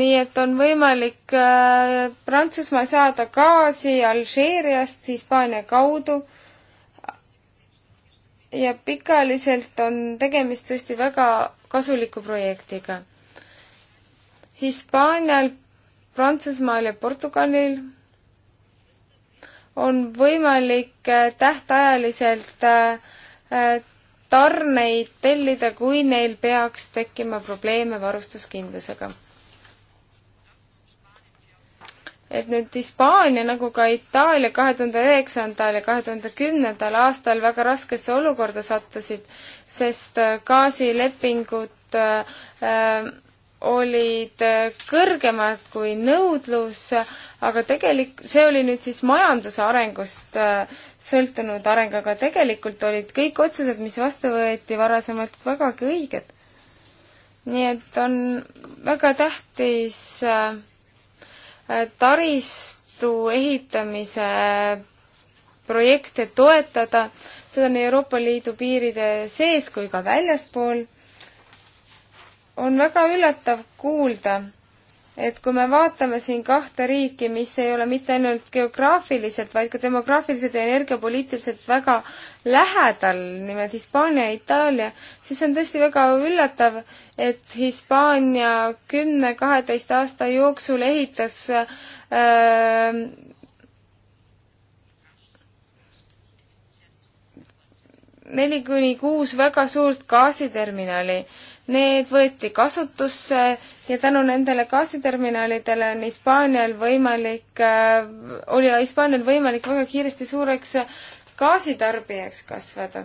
nii et on võimalik äh, Prantsusmaa saada gaasi Alžeeriast Hispaania kaudu ja pikaajaliselt on tegemist tõesti väga kasuliku projektiga. Hispaanial, Prantsusmaal ja Portugalil on võimalik äh, tähtajaliselt äh, äh, tarneid tellida, kui neil peaks tekkima probleeme varustuskindlusega. et nüüd Hispaania nagu ka Itaalia kahe tuhande üheksandal ja kahe tuhande kümnendal aastal väga raskesse olukorda sattusid, sest gaasilepingud äh, olid äh, kõrgemad kui nõudlus, aga tegelik, see oli nüüd siis majanduse arengust äh, sõltunud areng, aga tegelikult olid kõik otsused, mis vastu võeti varasemalt, vägagi õiged. nii et on väga tähtis äh, taristu ehitamise projekte toetada, seda nii Euroopa Liidu piiride sees kui ka väljaspool on väga üllatav kuulda, et kui me vaatame siin kahte riiki, mis ei ole mitte ainult geograafiliselt, vaid ka demograafiliselt ja energiapoliitiliselt väga lähedal, nimelt Hispaania ja Itaalia, siis on tõesti väga üllatav, et Hispaania kümne-kaheteist aasta jooksul ehitas äh, neli kuni kuus väga suurt gaasiterminali äh, Need võeti kasutusse ja tänu nendele gaasiterminalidele on Hispaanial võimalik, äh, oli Hispaanial võimalik väga kiiresti suureks gaasitarbijaks kasvada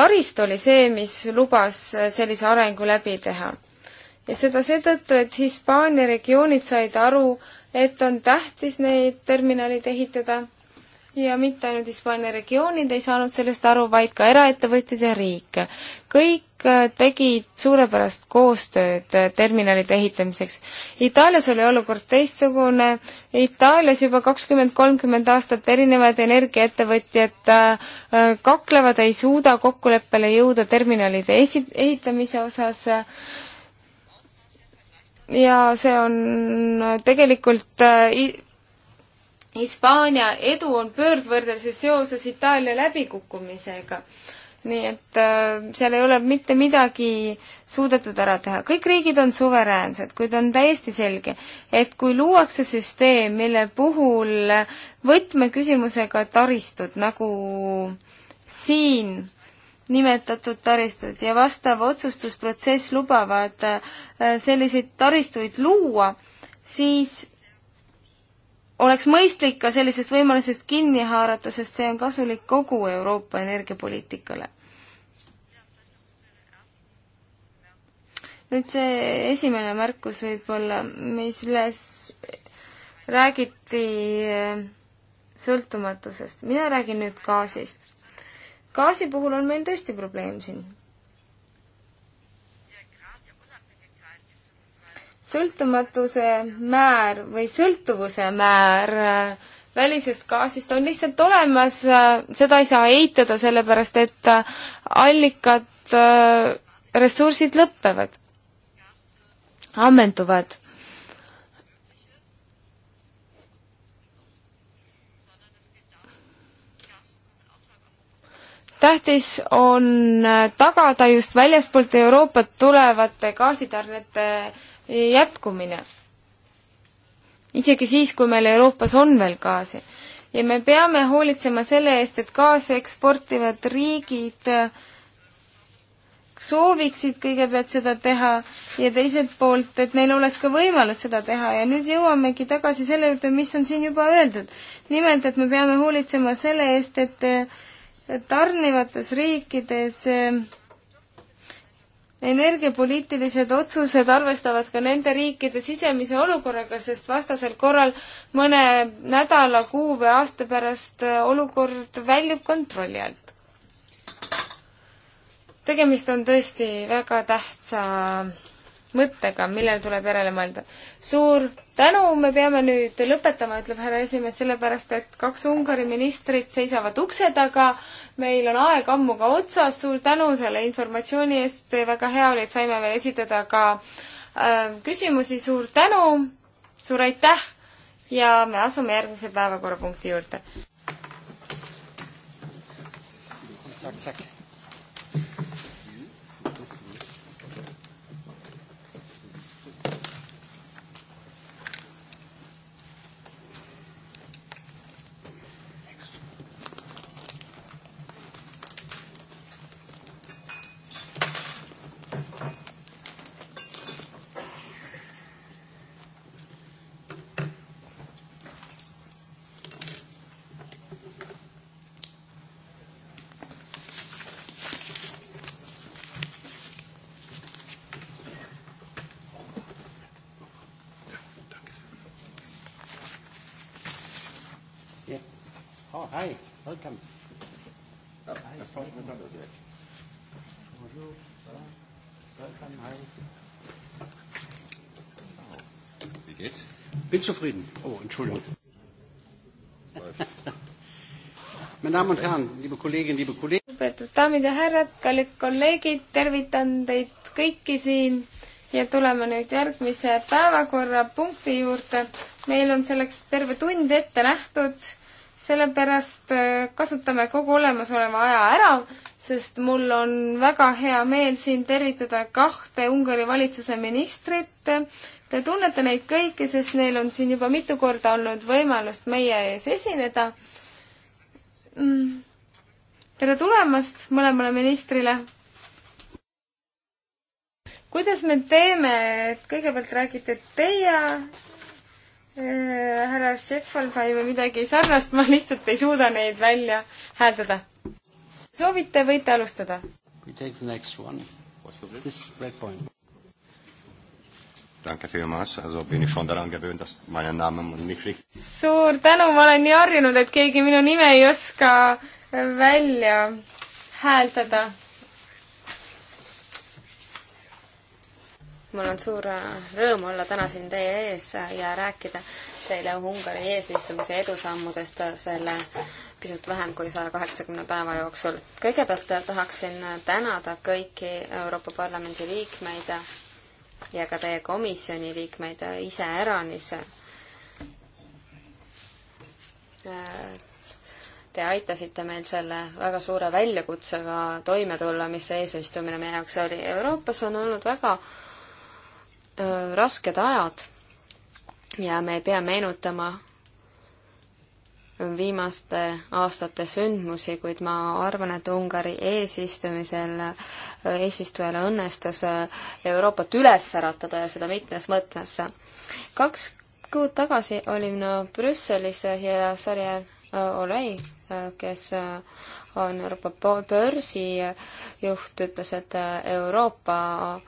taristu oli see, mis lubas sellise arengu läbi teha. ja seda seetõttu, et Hispaania regioonid said aru, et on tähtis neid terminalid ehitada ja mitte ainult Hispaania regioonid ei saanud sellest aru, vaid ka eraettevõtjad ja riik. kõik äh, tegid suurepärast koostööd äh, terminalide ehitamiseks. Itaalias oli olukord teistsugune, Itaalias juba kakskümmend, kolmkümmend aastat erinevad energiaettevõtjad äh, kaklevad, ei suuda kokkuleppele jõuda terminalide esi-, ehitamise osas ja see on tegelikult Hispaania edu on pöördvõrdelises seoses Itaalia läbikukkumisega. nii et äh, seal ei ole mitte midagi suudetud ära teha. kõik riigid on suveräänsed, kuid on täiesti selge, et kui luuakse süsteem, mille puhul võtmeküsimusega taristud nagu siin nimetatud taristud ja vastav otsustusprotsess lubavad äh, selliseid taristuid luua, siis oleks mõistlik ka sellisest võimalusest kinni haarata, sest see on kasulik kogu Euroopa energiapoliitikale. nüüd see esimene märkus võib-olla, milles räägiti äh, sõltumatusest. mina räägin nüüd gaasist. gaasi puhul on meil tõesti probleem siin sõltumatuse määr või sõltuvuse määr välisest gaasist on lihtsalt olemas, seda ei saa eitada, sellepärast et allikad, äh, ressursid lõpevad, ammenduvad. tähtis on tagada just väljastpoolt Euroopat tulevate gaasitarnete äh, jätkumine. isegi siis, kui meil Euroopas on veel gaasi. ja me peame hoolitsema selle eest, et gaasi eksportivad riigid sooviksid kõigepealt seda teha ja teiselt poolt, et neil oleks ka võimalus seda teha ja nüüd jõuamegi tagasi selle juurde, mis on siin juba öeldud. nimelt, et me peame hoolitsema selle eest, et tarnivates riikides äh, energiapoliitilised otsused arvestavad ka nende riikide sisemise olukorraga, sest vastasel korral mõne nädala, kuu või aasta pärast äh, olukord väljub kontrolli alt. tegemist on tõesti väga tähtsa mõttega, millele tuleb järele mõelda. suur tänu, me peame nüüd lõpetama, ütleb härra esimees, sellepärast et kaks Ungari ministrit seisavad ukse taga. meil on aeg ammu ka otsas, suur tänu selle informatsiooni eest, väga hea oli, et saime veel esitada ka äh, küsimusi, suur tänu, suur aitäh ja me asume järgmise päevakorrapunkti juurde. Zack, zack. Bin zufrieden. Oh, Entschuldigung. Meine Damen und Herren, liebe Kolleginnen, liebe Kollegen. lugupeetud daamid ja härrad, kallid kolleegid, tervitan teid kõiki siin ja tuleme nüüd järgmise päevakorrapunkti juurde. meil on selleks terve tund ette nähtud, sellepärast äh, kasutame kogu olemasoleva aja ära sest mul on väga hea meel siin tervitada kahte Ungari valitsuse ministrit. Te tunnete neid kõiki, sest neil on siin juba mitu korda olnud võimalust meie ees esineda. Mm. tere tulemast mõlemale ministrile. kuidas me teeme, et kõigepealt räägite teie eh, härra Šefalfai või midagi sarnast, ma lihtsalt ei suuda neid välja hääldada soovite, võite alustada. We take the next one. This red point. Danke vielmals, also bin ich schon daran gewöhnt, dass meinen Namen nicht richtig. suur tänu, ma olen nii harjunud, et keegi minu nime ei oska välja hääldada. mul on suur äh, rõõm olla täna siin teie ees ja rääkida teile Ungari eesistumise edusammudest selle äh, pisut vähem kui saja kaheksakümne päeva jooksul. kõigepealt tahaksin tänada kõiki Euroopa Parlamendi liikmeid ja ka teie komisjoni liikmeid iseäranis. Te aitasite meil selle väga suure väljakutsega toime tulla, mis see eesistumine meie jaoks oli. Euroopas on olnud väga äh, rasked ajad ja me ei pea meenutama viimaste aastate sündmusi, kuid ma arvan, et Ungari eesistumisel, eesistujal õnnestus Euroopat üles äratada ja seda mitmes mõttes. kaks kuud tagasi olin no Brüsselis ja Sarjel Olei, kes on Euroopa börsijuht, ütles, et Euroopa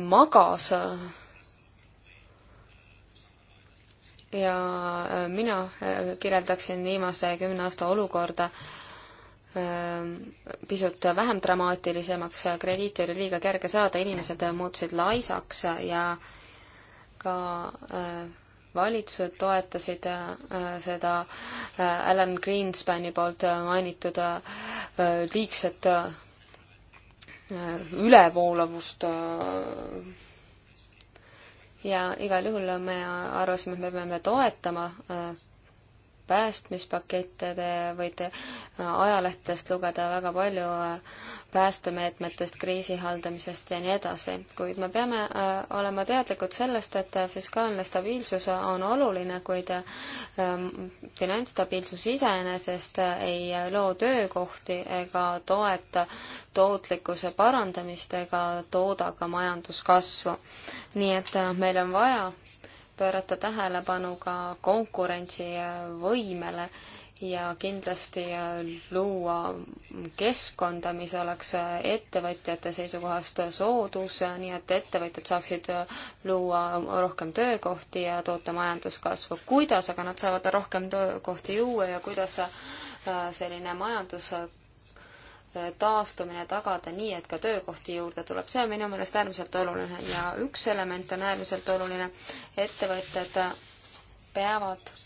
magas ja äh, mina äh, kirjeldaksin viimase kümne aasta olukorda ähm, pisut vähem dramaatilisemaks, krediiti oli liiga kerge saada, inimesed muutusid laisaks ja ka äh, valitsused toetasid seda Alan Greenspani poolt mainitud liigset ülevoolavust ja igal juhul me arvasime, et me peame toetama äh, päästmispakette, te võite ajalehtedest lugeda väga palju päästemeetmetest, kriisihaldamisest ja nii edasi. kuid me peame äh, olema teadlikud sellest, et fiskaalne stabiilsus on oluline, kuid ähm, finantsstabiilsus iseenesest ei loo töökohti ega toeta tootlikkuse parandamist ega tooda ka majanduskasvu. nii et äh, meil on vaja pöörata tähelepanu ka konkurentsivõimele ja kindlasti luua keskkonda, mis oleks ettevõtjate seisukohast soodus, nii et ettevõtjad saaksid luua rohkem töökohti ja toota majanduskasvu. kuidas aga nad saavad rohkem töökohti juua ja kuidas selline majandus taastumine tagada nii, et ka töökohti juurde tuleb, see on minu meelest äärmiselt oluline ja üks element on äärmiselt oluline, ettevõtjad peavad äh,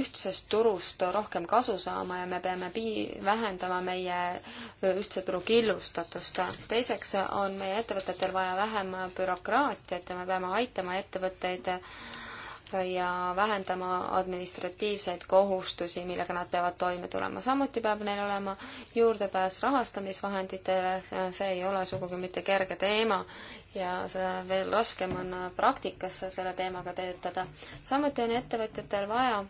ühtsest turust rohkem kasu saama ja me peame pii-, vähendama meie äh, ühtse turu killustatust. teiseks on meie ettevõtetel vaja vähem bürokraatiat ja me peame aitama ettevõtteid et äh, ja vähendama administratiivseid kohustusi, millega nad peavad toime tulema. samuti peab neil olema juurdepääs rahastamisvahenditele, see ei ole sugugi mitte kerge teema ja see veel raskem on praktikas selle teemaga töötada. samuti on ettevõtjatel vaja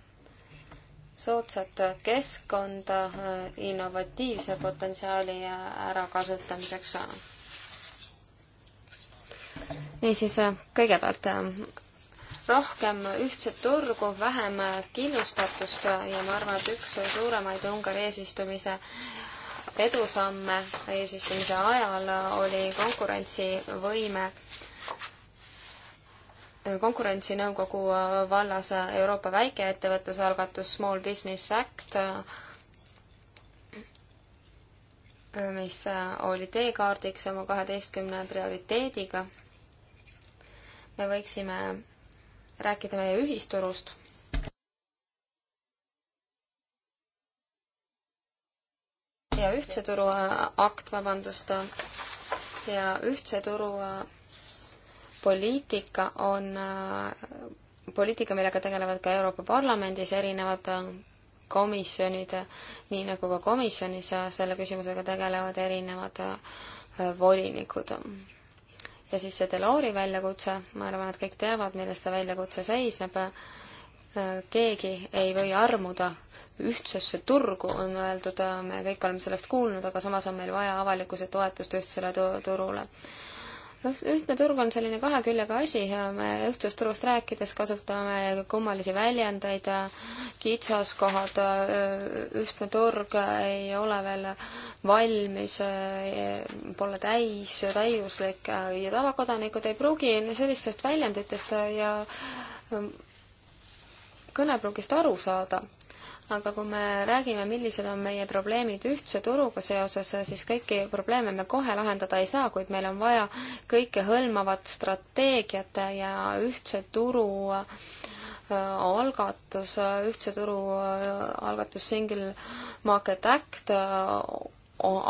soodsat keskkonda innovatiivse potentsiaali ärakasutamiseks. niisiis, kõigepealt rohkem ühtset turgu, vähem killustatust ja ma arvan, et üks suuremaid Ungari eesistumise edusamme eesistumise ajal oli konkurentsivõime konkurentsinõukogu vallas Euroopa väikeettevõtluse algatus Small Business Act, mis oli teekaardiks oma kaheteistkümne prioriteediga. me võiksime rääkida meie ühisturust. ja ühtse turu äh, akt, vabandust, äh, ja ühtse turu äh, poliitika on poliitika, millega tegelevad ka Euroopa Parlamendis erinevad komisjonid, nii nagu ka komisjonis selle küsimusega tegelevad erinevad volinikud ja siis see Delori väljakutse, ma arvan, et kõik teavad, milles see väljakutse seisneb. Äh, keegi ei või armuda ühtsesse turgu, on öeldud, äh, me kõik oleme sellest kuulnud, aga samas on meil vaja avalikkuse toetust ühtsele turule. Turule noh, ühtne turg on selline kahe küljega asi ja me ühtsest turust rääkides kasutame kummalisi väljendeid, kitsaskohad, ühtne turg ei ole veel valmis, pole täis, täiuslik ja tavakodanikud ei pruugi sellistest väljenditest ja kõnepruugist aru saada aga kui me räägime, millised on meie probleemid ühtse turuga seoses, siis kõiki probleeme me kohe lahendada ei saa, kuid meil on vaja kõikehõlmavat strateegiat ja ühtse turu äh, algatus, ühtse turu äh, algatus Single Market Act äh,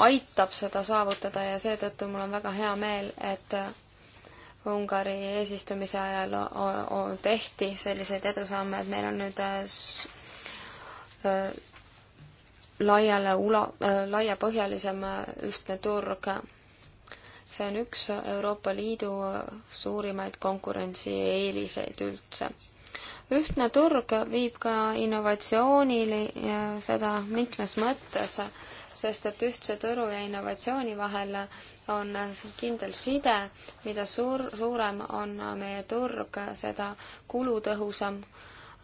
aitab seda saavutada ja seetõttu mul on väga hea meel, et Ungari eesistumise ajal tehti selliseid edusamme, et meil on nüüd Äh, laiale ula-, äh, laiapõhjalisem äh, ühtne turg. see on üks Euroopa Liidu suurimaid konkurentsieeliseid üldse. ühtne turg viib ka innovatsioonile ja seda mitmes mõttes, sest et ühtse turu ja innovatsiooni vahel on kindel side, mida suur, suurem on meie turg, seda kulutõhusam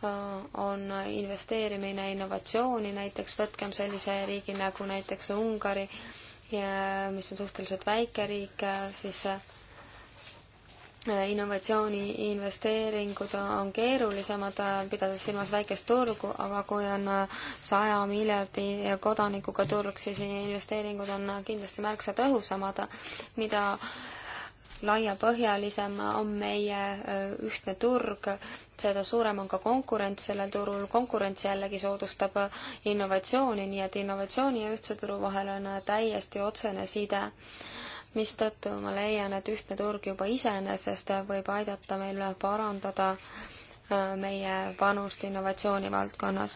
Äh, on investeerimine innovatsiooni, näiteks võtkem sellise riigi nagu näiteks Ungari, mis on suhteliselt väike riik, äh, siis äh, innovatsiooni investeeringud on keerulisemad, pidades silmas väikest turgu, aga kui on saja miljardi kodanikuga turg, siis investeeringud on kindlasti märksa tõhusamad, mida laiapõhjalisem on meie äh, ühtne turg, seda suurem on ka konkurents sellel turul, konkurents jällegi soodustab äh, innovatsiooni, nii et innovatsiooni ja ühtse turu vahel on äh, täiesti otsene side. mistõttu ma leian, et ühtne turg juba iseenesest võib aidata meil parandada meie panust innovatsiooni valdkonnas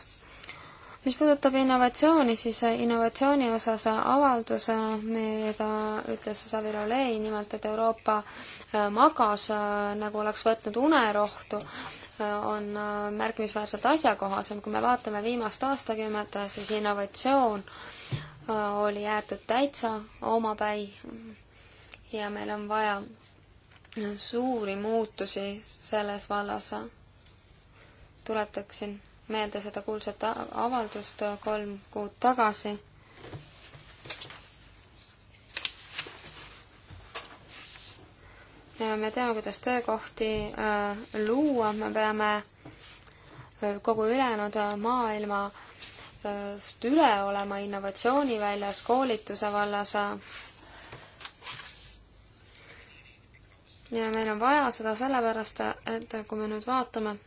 mis puudutab innovatsiooni, siis äh, innovatsiooni osas äh, avalduse, äh, mida ütles Savi Rolei, nimelt et Euroopa magas, nagu oleks võtnud unerohtu, on märkimisväärselt asjakohasem. kui me vaatame viimast aastakümmet, siis innovatsioon oli jäetud täitsa omapäi ja meil on vaja suuri muutusi selles vallas. tuletaksin meelde seda kuulsat avaldust äh, kolm kuud tagasi. me teame, kuidas töökohti äh, luua, me peame äh, kogu ülejäänud maailmast üle olema innovatsiooni väljas, koolituse vallas. ja meil on vaja seda sellepärast, et kui me nüüd vaatame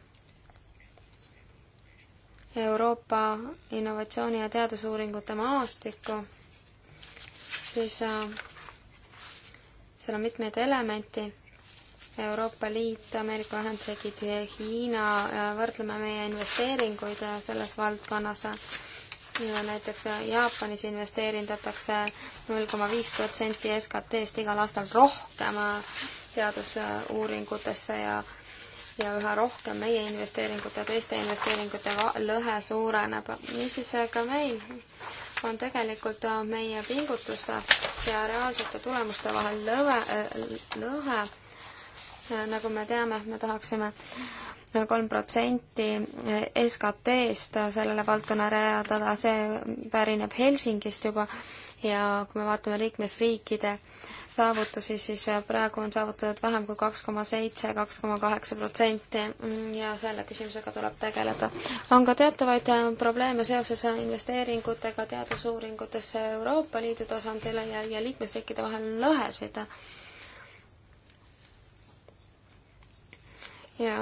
Euroopa innovatsiooni ja teadusuuringute maastikku, siis äh, seal on mitmeid elemente. Euroopa Liit, Ameerika Ühendriigid ja Hiina, äh, võrdleme meie investeeringuid äh, selles valdkonnas. Ja näiteks Jaapanis investeerindatakse null koma viis protsenti SKT-st igal aastal rohkem teadusuuringutesse ja ja üha rohkem meie investeeringute ja teiste investeeringute lõhe suureneb. niisiis ka meil on tegelikult meie pingutuste ja reaalsete tulemuste vahel lõve, lõhe. nagu me teame, me tahaksime kolm protsenti SKT-st sellele valdkonnale rajada, see pärineb Helsingist juba ja kui me vaatame liikmesriikide saavutusi, siis praegu on saavutatud vähem kui kaks koma seitse, kaks koma kaheksa protsenti ja selle küsimusega tuleb tegeleda. on ka teatavaid probleeme seoses investeeringutega teadusuuringutesse Euroopa Liidu tasandil ja, ja liikmesriikide vahel on lõhesid. ja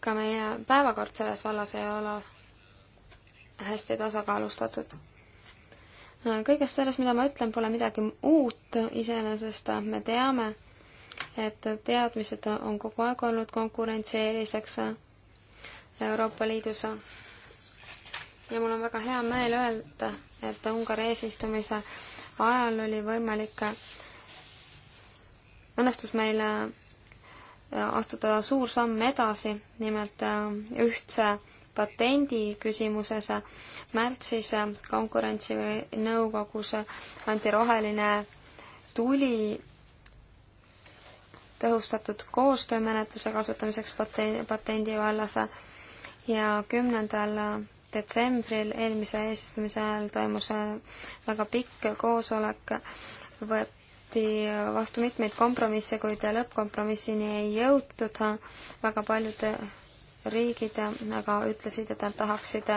ka meie päevakord selles vallas ei ole hästi tasakaalustatud kõigest sellest, mida ma ütlen, pole midagi uut, iseenesest me teame, et teadmised on kogu aeg olnud konkurentsieeliseks Euroopa Liidus. ja mul on väga hea meel öelda, et Ungari eesistumise ajal oli võimalik, õnnestus meil astuda suur samm edasi, nimelt ühtse patendi küsimuses märtsis konkurentsinõukogus anti roheline tuli tõhustatud koostöömenetluse kasutamiseks patendi vallas ja kümnendal detsembril eelmise eesistumise ajal toimus väga pikk koosolek, võeti vastu mitmeid kompromisse, kuid lõppkompromissini ei jõutud, väga paljude riigid aga ütlesid, et nad tahaksid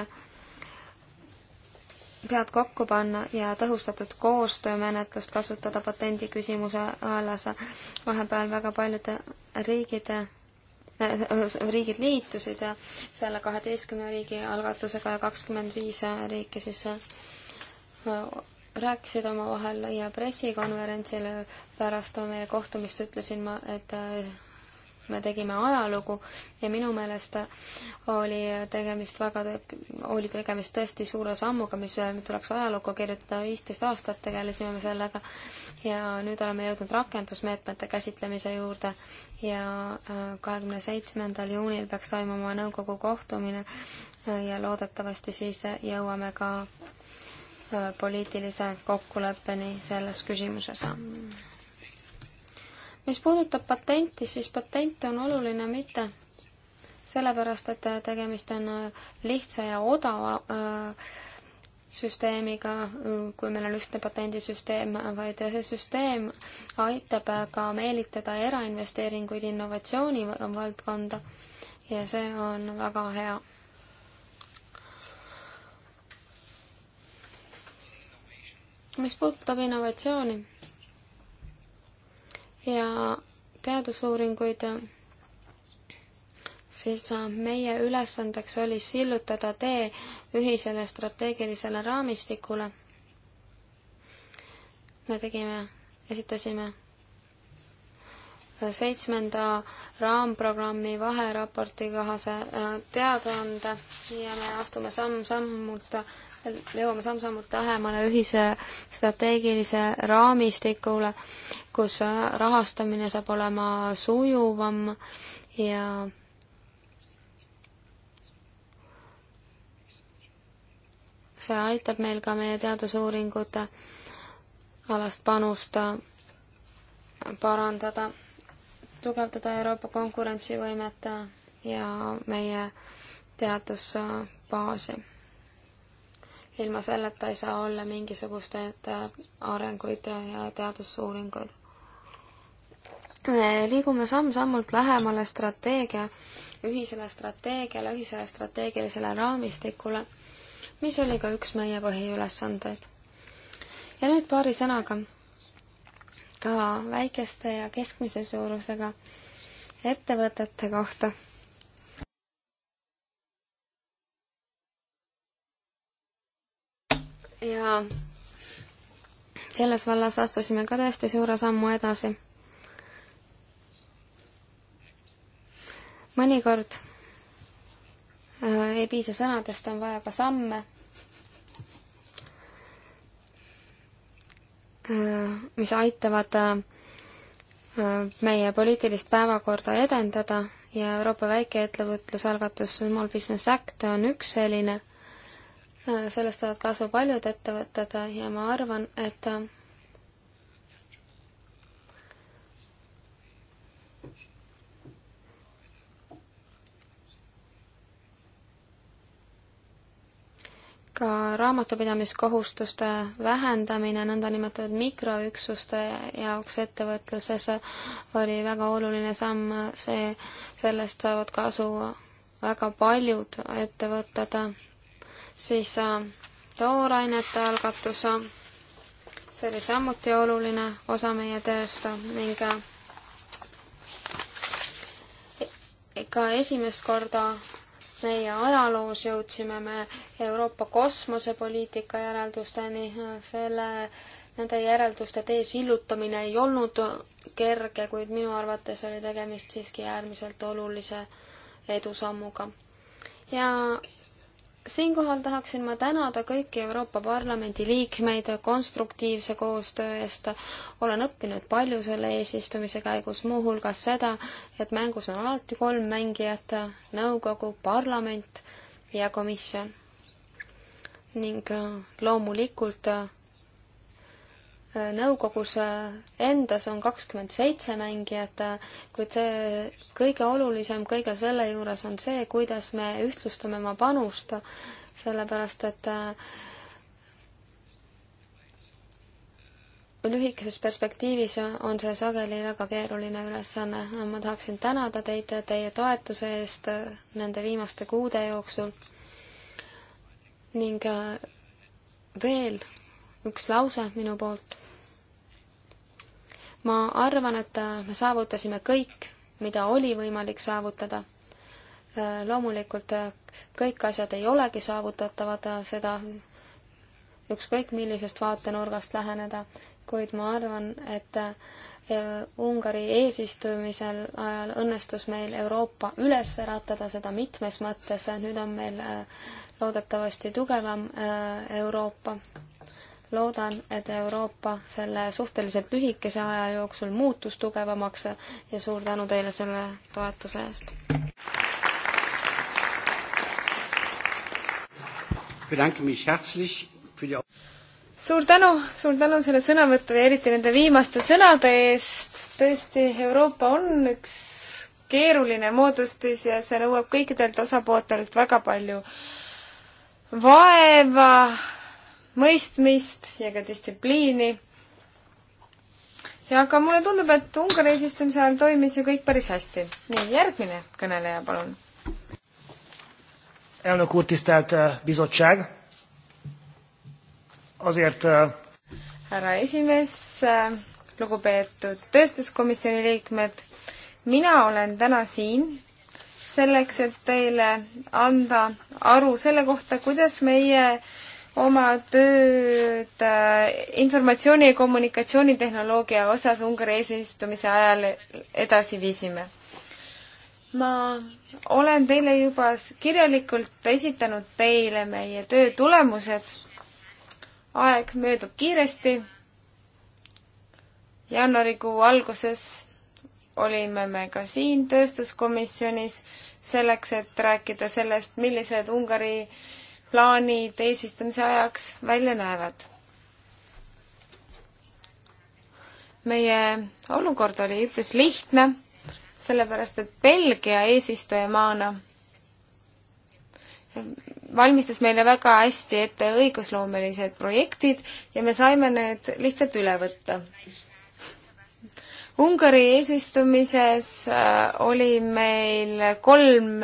pead kokku panna ja tõhustatud koostöömenetlust kasutada patendiküsimuse alas. vahepeal väga paljud riigid riigid liitusid ja selle kaheteistkümne riigi algatusega ja kakskümmend viis riiki siis rääkisid omavahel ja pressikonverentsil pärast meie kohtumist ütlesin ma, et me tegime ajalugu ja minu meelest oli tegemist väga, oli tegemist tõesti suure sammuga, mis tuleks ajalukku kirjutada, viisteist aastat tegelesime me sellega ja nüüd oleme jõudnud rakendusmeetmete käsitlemise juurde ja äh, kahekümne seitsmendal juunil peaks toimuma nõukogu kohtumine äh, ja loodetavasti siis jõuame ka äh, poliitilise kokkuleppeni selles küsimuses mis puudutab patenti, siis patent on oluline mitte sellepärast, et tegemist on äh, lihtsa ja odava äh, süsteemiga, äh, kui meil on ühtne patendisüsteem, vaid see süsteem aitab äh, ka meelitada erainvesteeringuid innovatsiooni valdkonda ja see on väga hea. mis puudutab innovatsiooni, ja teadusuuringuid, siis äh, meie ülesandeks oli sillutada tee ühisele strateegilisele raamistikule. me tegime, esitasime seitsmenda raamprogrammi vaheraporti kohase äh, teadaande ja me astume samm-sammult jõuame samm-sammult lähemale ühise strateegilise raamistikule, kus rahastamine saab olema sujuvam ja see aitab meil ka meie teadusuuringute alast panust parandada, tugevdada Euroopa konkurentsivõimet ja meie teadusbaasi ilma selleta ei saa olla mingisuguseid äh, arenguid ja teadusuuringuid. me liigume samm-sammult lähemale strateegia, ühisele strateegiale, ühisele strateegilisele raamistikule, mis oli ka üks meie põhiülesandeid. ja nüüd paari sõnaga ka väikeste ja keskmise suurusega ettevõtete kohta ja selles vallas astusime ka tõesti suure sammu edasi. mõnikord äh, ei piisa sõnadest, on vaja ka samme äh,, mis aitavad äh, meie poliitilist päevakorda edendada ja Euroopa väikeettevõtlusalgatus Small Business Act on üks selline äh, sellest saavad kasu paljud ettevõtted ja ma arvan, et ka raamatupidamiskohustuste vähendamine nõndanimetatud mikroüksuste jaoks ettevõtluses oli väga oluline samm, see, sellest saavad kasu väga paljud ettevõtted siis äh, toorainete algatus, see oli samuti oluline osa meie tööst ning äh, ka esimest korda meie ajaloos jõudsime me Euroopa kosmosepoliitika järeldusteni, selle, nende järelduste teesillutamine ei olnud kerge, kuid minu arvates oli tegemist siiski äärmiselt olulise edusammuga. ja siinkohal tahaksin ma tänada kõiki Euroopa Parlamendi liikmeid konstruktiivse koostöö eest. olen õppinud palju selle eesistumise käigus, muuhulgas seda, et mängus on alati kolm mängijat, nõukogu, parlament ja komisjon. ning loomulikult nõukogus äh, endas on kakskümmend seitse mängijat, äh, kuid see kõige olulisem kõige selle juures on see, kuidas me ühtlustame oma panust, sellepärast et äh, lühikeses perspektiivis on see sageli väga keeruline ülesanne. ma tahaksin tänada teid teie toetuse eest nende viimaste kuude jooksul ning veel üks lause minu poolt. ma arvan, et äh, me saavutasime kõik, mida oli võimalik saavutada. Äh, loomulikult äh, kõik asjad ei olegi saavutatavad, seda ükskõik millisest vaatenurgast läheneda, kuid ma arvan, et Ungari eesistumisel ajal õnnestus meil Euroopa üles äratada seda mitmes mõttes, nüüd on meil loodetavasti tugevam Euroopa loodan, et Euroopa selle suhteliselt lühikese aja jooksul muutus tugevamaks ja suur tänu teile selle toetuse eest. suur tänu, suur tänu selle sõnavõtu ja eriti nende viimaste sõnade eest. tõesti, Euroopa on üks keeruline moodustis ja see nõuab kõikidelt osapooltelt väga palju vaeva mõistmist ja ka distsipliini. ja aga mulle tundub, et Ungari eesistumise ajal toimis ju kõik päris hästi. nii, järgmine kõneleja, palun. elnök úr, tisztelt eh, bizottság! Azért eh, härra esimees, eh, lugupeetud tööstuskomisjoni liikmed, mina olen täna siin selleks, et teile anda aru selle kohta, kuidas meie äh, oma tööd äh, informatsiooni- ja kommunikatsioonitehnoloogia osas Ungari eesistumise ajal edasi viisime. ma olen teile juba kirjalikult esitanud teile meie töö tulemused. aeg möödub kiiresti. jaanuarikuu alguses olime me ka siin tööstuskomisjonis selleks, et rääkida sellest, millised Ungari plaanid eesistumise ajaks välja näevad? meie olukord oli üpris lihtne, sellepärast et Belgia eesistujamaana valmistas meile väga hästi ette õigusloomelised projektid ja me saime need lihtsalt üle võtta. Ungari eesistumises äh, oli meil kolm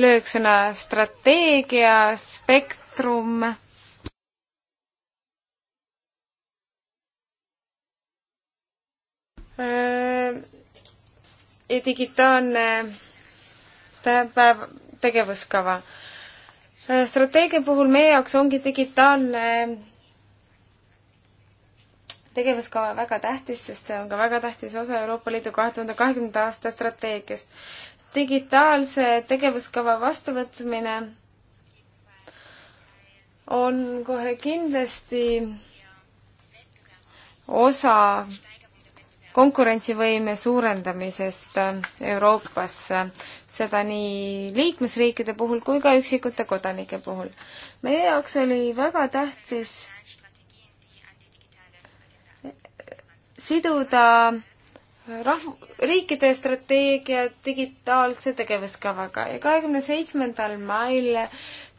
lööksõna strateegia, spektrum. Äh, ja digitaalne päev, tegevuskava. Äh, strateegia puhul meie jaoks ongi digitaalne tegevuskava väga tähtis, sest see on ka väga tähtis osa Euroopa Liidu kahe tuhande kahekümnenda aasta strateegiast digitaalse tegevuskava vastuvõtmine on kohe kindlasti osa konkurentsivõime suurendamisest Euroopas, seda nii liikmesriikide puhul kui ka üksikute kodanike puhul. meie jaoks oli väga tähtis siduda rahv-, riikide strateegia digitaalse tegevuskavaga ja kahekümne seitsmendal mail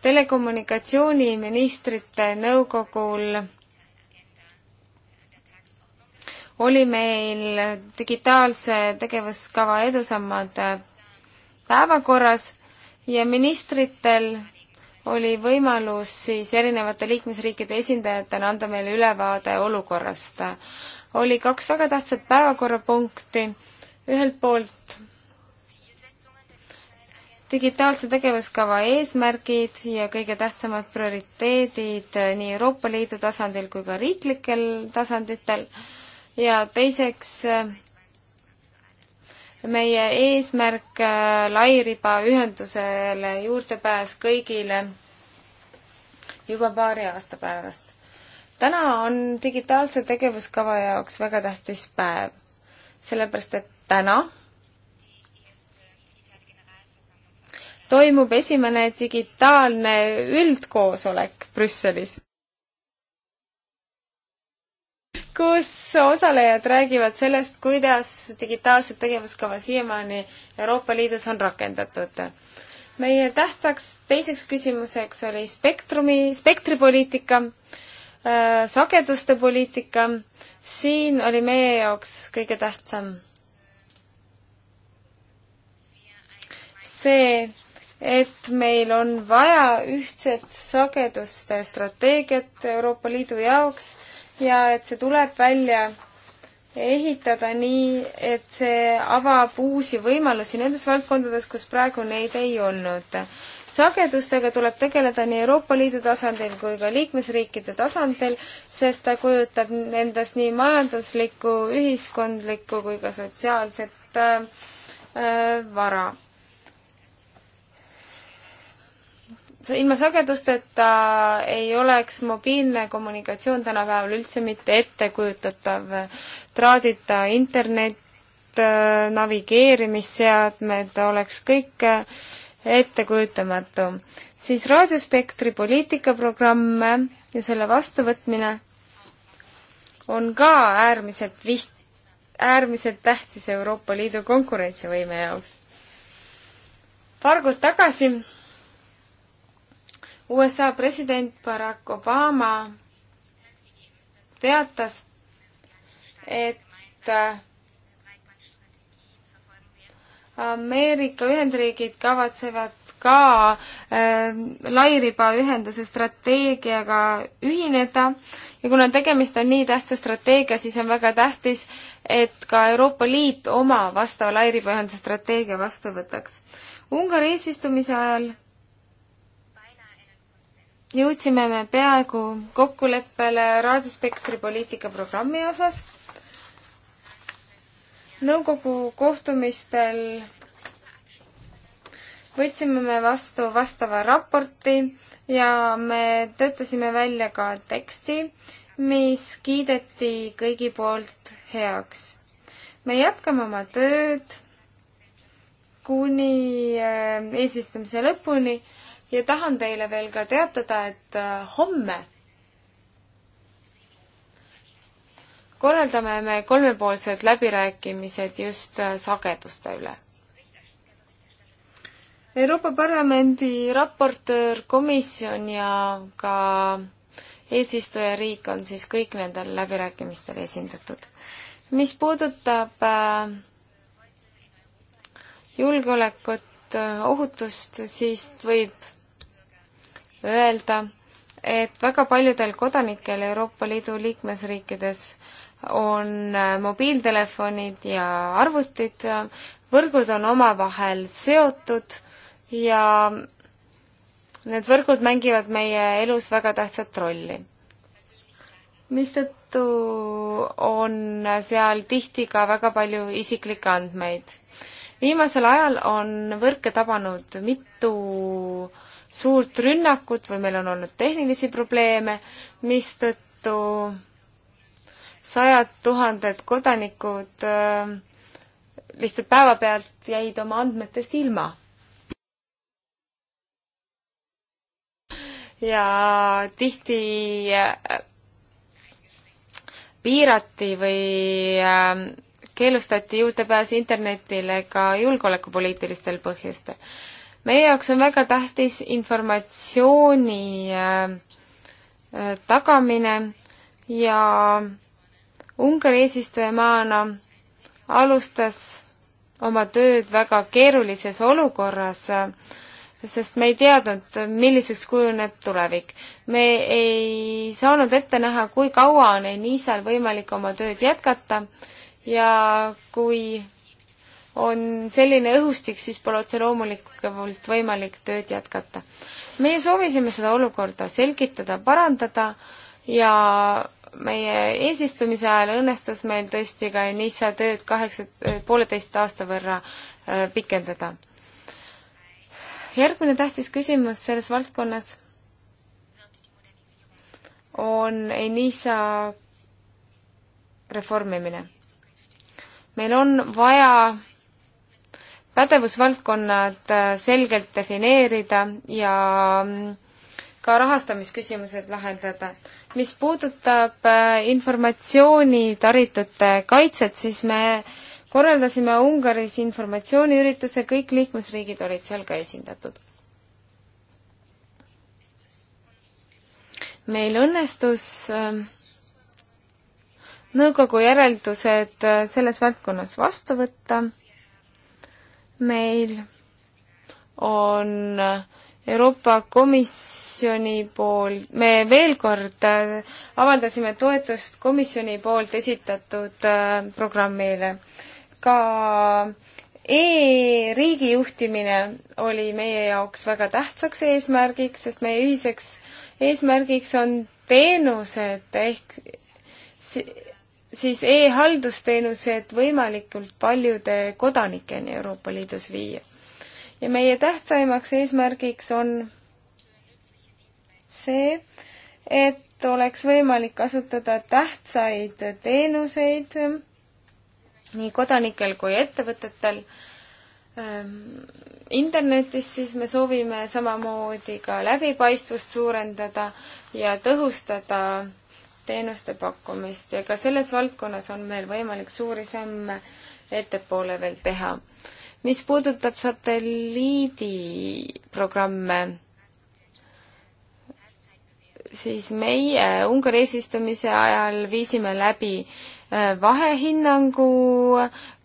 telekommunikatsiooniministrite nõukogul oli meil digitaalse tegevuskava edusammad päevakorras ja ministritel oli võimalus siis erinevate liikmesriikide esindajatena anda meile ülevaade olukorrast oli kaks väga tähtsat päevakorrapunkti. ühelt poolt digitaalse tegevuskava eesmärgid ja kõige tähtsamad prioriteedid nii Euroopa Liidu tasandil kui ka riiklikel tasanditel ja teiseks meie eesmärk äh, lairibaühendusele juurdepääs kõigile juba paari aasta pärast täna on digitaalse tegevuskava jaoks väga tähtis päev, sellepärast et täna toimub esimene digitaalne üldkoosolek Brüsselis, kus osalejad räägivad sellest, kuidas digitaalset tegevuskava siiamaani Euroopa Liidus on rakendatud meie tähtsaks teiseks küsimuseks oli spektrumi, spektripoliitika. Äh, sageduste poliitika, siin oli meie jaoks kõige tähtsam see, et meil on vaja ühtset sageduste strateegiat Euroopa Liidu jaoks ja et see tuleb välja ehitada nii, et see avab uusi võimalusi nendes valdkondades, kus praegu neid ei olnud sagedustega tuleb tegeleda nii Euroopa Liidu tasandil kui ka liikmesriikide tasandil, sest ta kujutab endast nii majanduslikku, ühiskondlikku kui ka sotsiaalset äh, äh vara. ilma sagedusteta ei oleks mobiilne kommunikatsioon tänapäeval üldse mitte ettekujutatav. traadita internet, äh, navigeerimisseadmed oleks kõik äh, ettekujutamatu. siis raadiospektri poliitikaprogramme ja selle vastuvõtmine on ka äärmiselt viht-, äärmiselt tähtis Euroopa Liidu konkurentsivõime jaoks. paar kuud tagasi USA president Barack Obama teatas, et Ameerika Ühendriigid kavatsevad ka äh, lairibaühenduse strateegiaga ühineda ja kuna tegemist on nii tähtsa strateegia, siis on väga tähtis, et ka Euroopa Liit oma vastava lairibaühenduse strateegia vastu võtaks. Ungari eesistumise ajal jõudsime me peaaegu kokkuleppele raadiospektri poliitikaprogrammi osas nõukogu kohtumistel võtsime me vastu vastava raporti ja me töötasime välja ka teksti, mis kiideti kõigi poolt heaks. me jätkame oma tööd kuni äh, eesistumise lõpuni ja tahan teile veel ka teatada, et äh, homme korraldame me kolmepoolsed läbirääkimised just äh, sageduste üle. Euroopa Parlamendi raportöör, komisjon ja ka eesistujariik on siis kõik nendel läbirääkimistel esindatud. mis puudutab äh, julgeolekut, äh, ohutust, siis võib öelda, et väga paljudel kodanikel Euroopa Liidu liikmesriikides äh, on äh, mobiiltelefonid ja arvutid, võrgud on omavahel seotud ja need võrgud mängivad meie elus väga tähtsat rolli. mistõttu on seal tihti ka väga palju isiklikke andmeid. viimasel ajal on võrke tabanud mitu suurt rünnakut või meil on olnud tehnilisi probleeme, mistõttu sajad tuhanded kodanikud äh, lihtsalt päevapealt jäid oma andmetest ilma. ja tihti äh, piirati või äh, keelustati juurdepääs internetile ka julgeolekupoliitilistel põhjustel. meie jaoks on väga tähtis informatsiooni tagamine ja Ungari eesistujamaana alustas oma tööd väga keerulises olukorras, sest me ei teadnud, milliseks kujuneb tulevik. me ei saanud ette näha, kui kaua on Enisal võimalik oma tööd jätkata ja kui on selline õhustik, siis pole otse loomulikult võimalik tööd jätkata. meie soovisime seda olukorda selgitada, parandada ja meie eesistumise ajal õnnestus meil tõesti ka NISA tööd kaheksa, pooleteist aasta võrra äh, pikendada. järgmine tähtis küsimus selles valdkonnas on NISA reformimine. meil on vaja pädevusvaldkonnad äh, selgelt defineerida ja äh, ka rahastamisküsimused lahendada. mis puudutab äh, informatsiooni taritute kaitset, siis me korraldasime Ungaris informatsiooniürituse, kõik liikmesriigid olid seal ka esindatud. meil õnnestus ähm, nõukogu järeldused äh, selles valdkonnas vastu võtta. meil on äh, Euroopa Komisjoni poolt, me veel kord äh, avaldasime toetust komisjoni poolt esitatud äh, programmile. ka e-riigi juhtimine oli meie jaoks väga tähtsaks eesmärgiks, sest meie ühiseks eesmärgiks on teenused ehk siis e-haldusteenused võimalikult paljude kodanikeni Euroopa Liidus viia ja meie tähtsaimaks eesmärgiks on see, et oleks võimalik kasutada tähtsaid teenuseid nii kodanikel kui ettevõtetel ehm, internetis, siis me soovime samamoodi ka läbipaistvust suurendada ja tõhustada teenuste pakkumist ja ka selles valdkonnas on meil võimalik suuri samme ettepoole veel teha mis puudutab satelliidiprogramme, siis meie Ungari eesistumise ajal viisime läbi äh, vahehinnangu,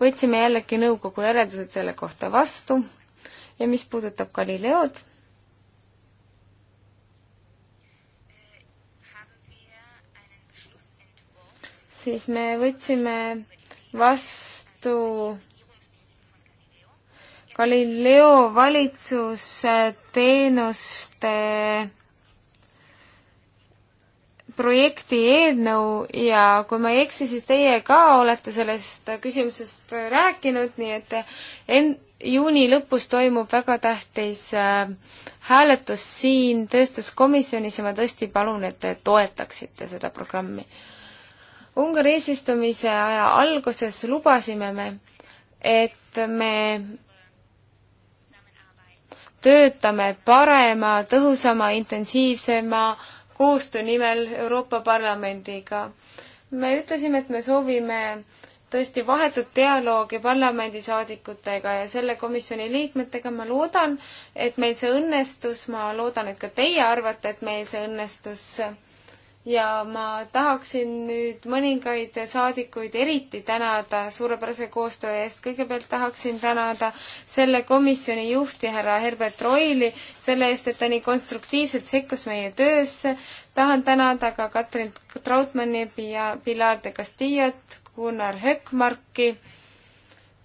võtsime jällegi nõukogu järeldused selle kohta vastu ja mis puudutab Galileod, siis me võtsime vastu Galileo valitsusteenuste äh, projekti eelnõu ja kui ma ei eksi, siis teie ka olete sellest küsimusest rääkinud, nii et en-, juuni lõpus toimub väga tähtis äh, hääletus siin tööstuskomisjonis ja ma tõesti palun, et te toetaksite seda programmi. Ungari eesistumise aja alguses lubasime me, et me töötame parema, tõhusama, intensiivsema koostöö nimel Euroopa Parlamendiga. me ütlesime, et me soovime tõesti vahetut dialoogi parlamendisaadikutega ja selle komisjoni liikmetega. ma loodan, et meil see õnnestus, ma loodan, et ka teie arvate, et meil see õnnestus ja ma tahaksin nüüd mõningaid saadikuid eriti tänada suurepärase koostöö eest. kõigepealt tahaksin tänada selle komisjoni juhti, härra Herbert Roili, selle eest, et ta nii konstruktiivselt sekkus meie töösse. tahan tänada ka Katrin Trautmanni, Pia, Pilar de Castillot, Gunnar Höckmarki,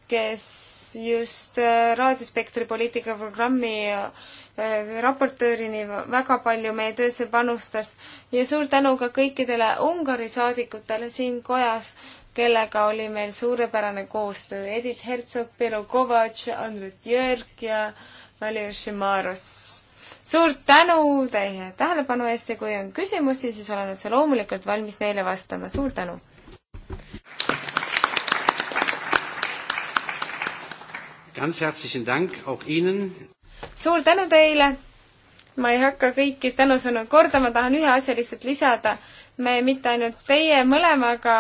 kes just äh, raadiospektri poliitikaprogrammi Äh, raportöörini väga palju meie töösse panustas ja suur tänu ka kõikidele Ungari saadikutele siin kojas, kellega oli meil suurepärane koostöö. Edith Herzog, Pero Kovač, Andrus Jörg ja Valir Šimaros. suur tänu teie tähelepanu eest ja kui on küsimusi, siis olen otse loomulikult valmis neile vastama. suur tänu! Ganz herzlichen Dank auch Ihnen suur tänu teile! ma ei hakka kõiki tänusõnu kordama, tahan ühe asja lihtsalt lisada. me mitte ainult teie mõlemaga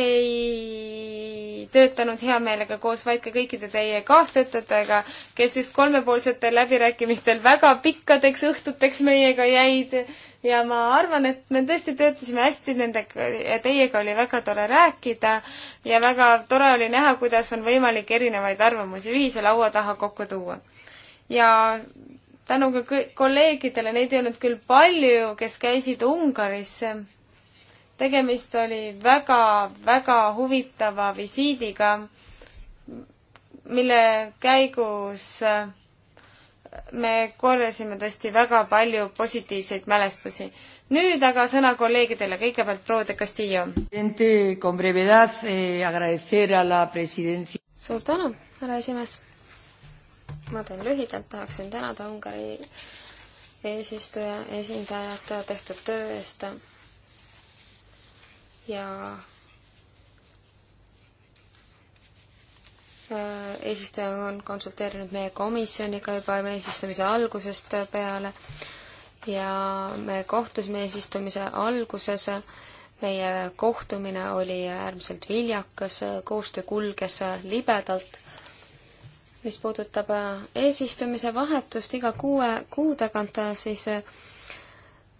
ei töötanud hea meelega koos, vaid ka kõikide teie kaastöötajatega, kes just kolmepoolsetel läbirääkimistel väga pikkadeks õhtuteks meiega jäid ja ma arvan, et me tõesti töötasime hästi nendega ja teiega oli väga tore rääkida ja väga tore oli näha, kuidas on võimalik erinevaid arvamusi ühise laua taha kokku tuua ja tänu ka kolleegidele, neid ei olnud küll palju, kes käisid Ungaris. tegemist oli väga-väga huvitava visiidiga, mille käigus äh, me korjasime tõesti väga palju positiivseid mälestusi. nüüd aga sõna kolleegidele, kõigepealt proua de Castillo. Eh, suur tänu, härra esimees ma teen lühidalt, tahaksin tänada Ungari eesistuja esindajat tehtud töö eest ja äh, eesistuja on konsulteerinud meie komisjoniga juba meie eesistumise algusest peale ja me kohtusime eesistumise alguses. meie kohtumine oli äärmiselt viljakas, koostöö kulges libedalt mis puudutab äh, eesistumise vahetust iga kuue kuu tagant, äh, siis äh,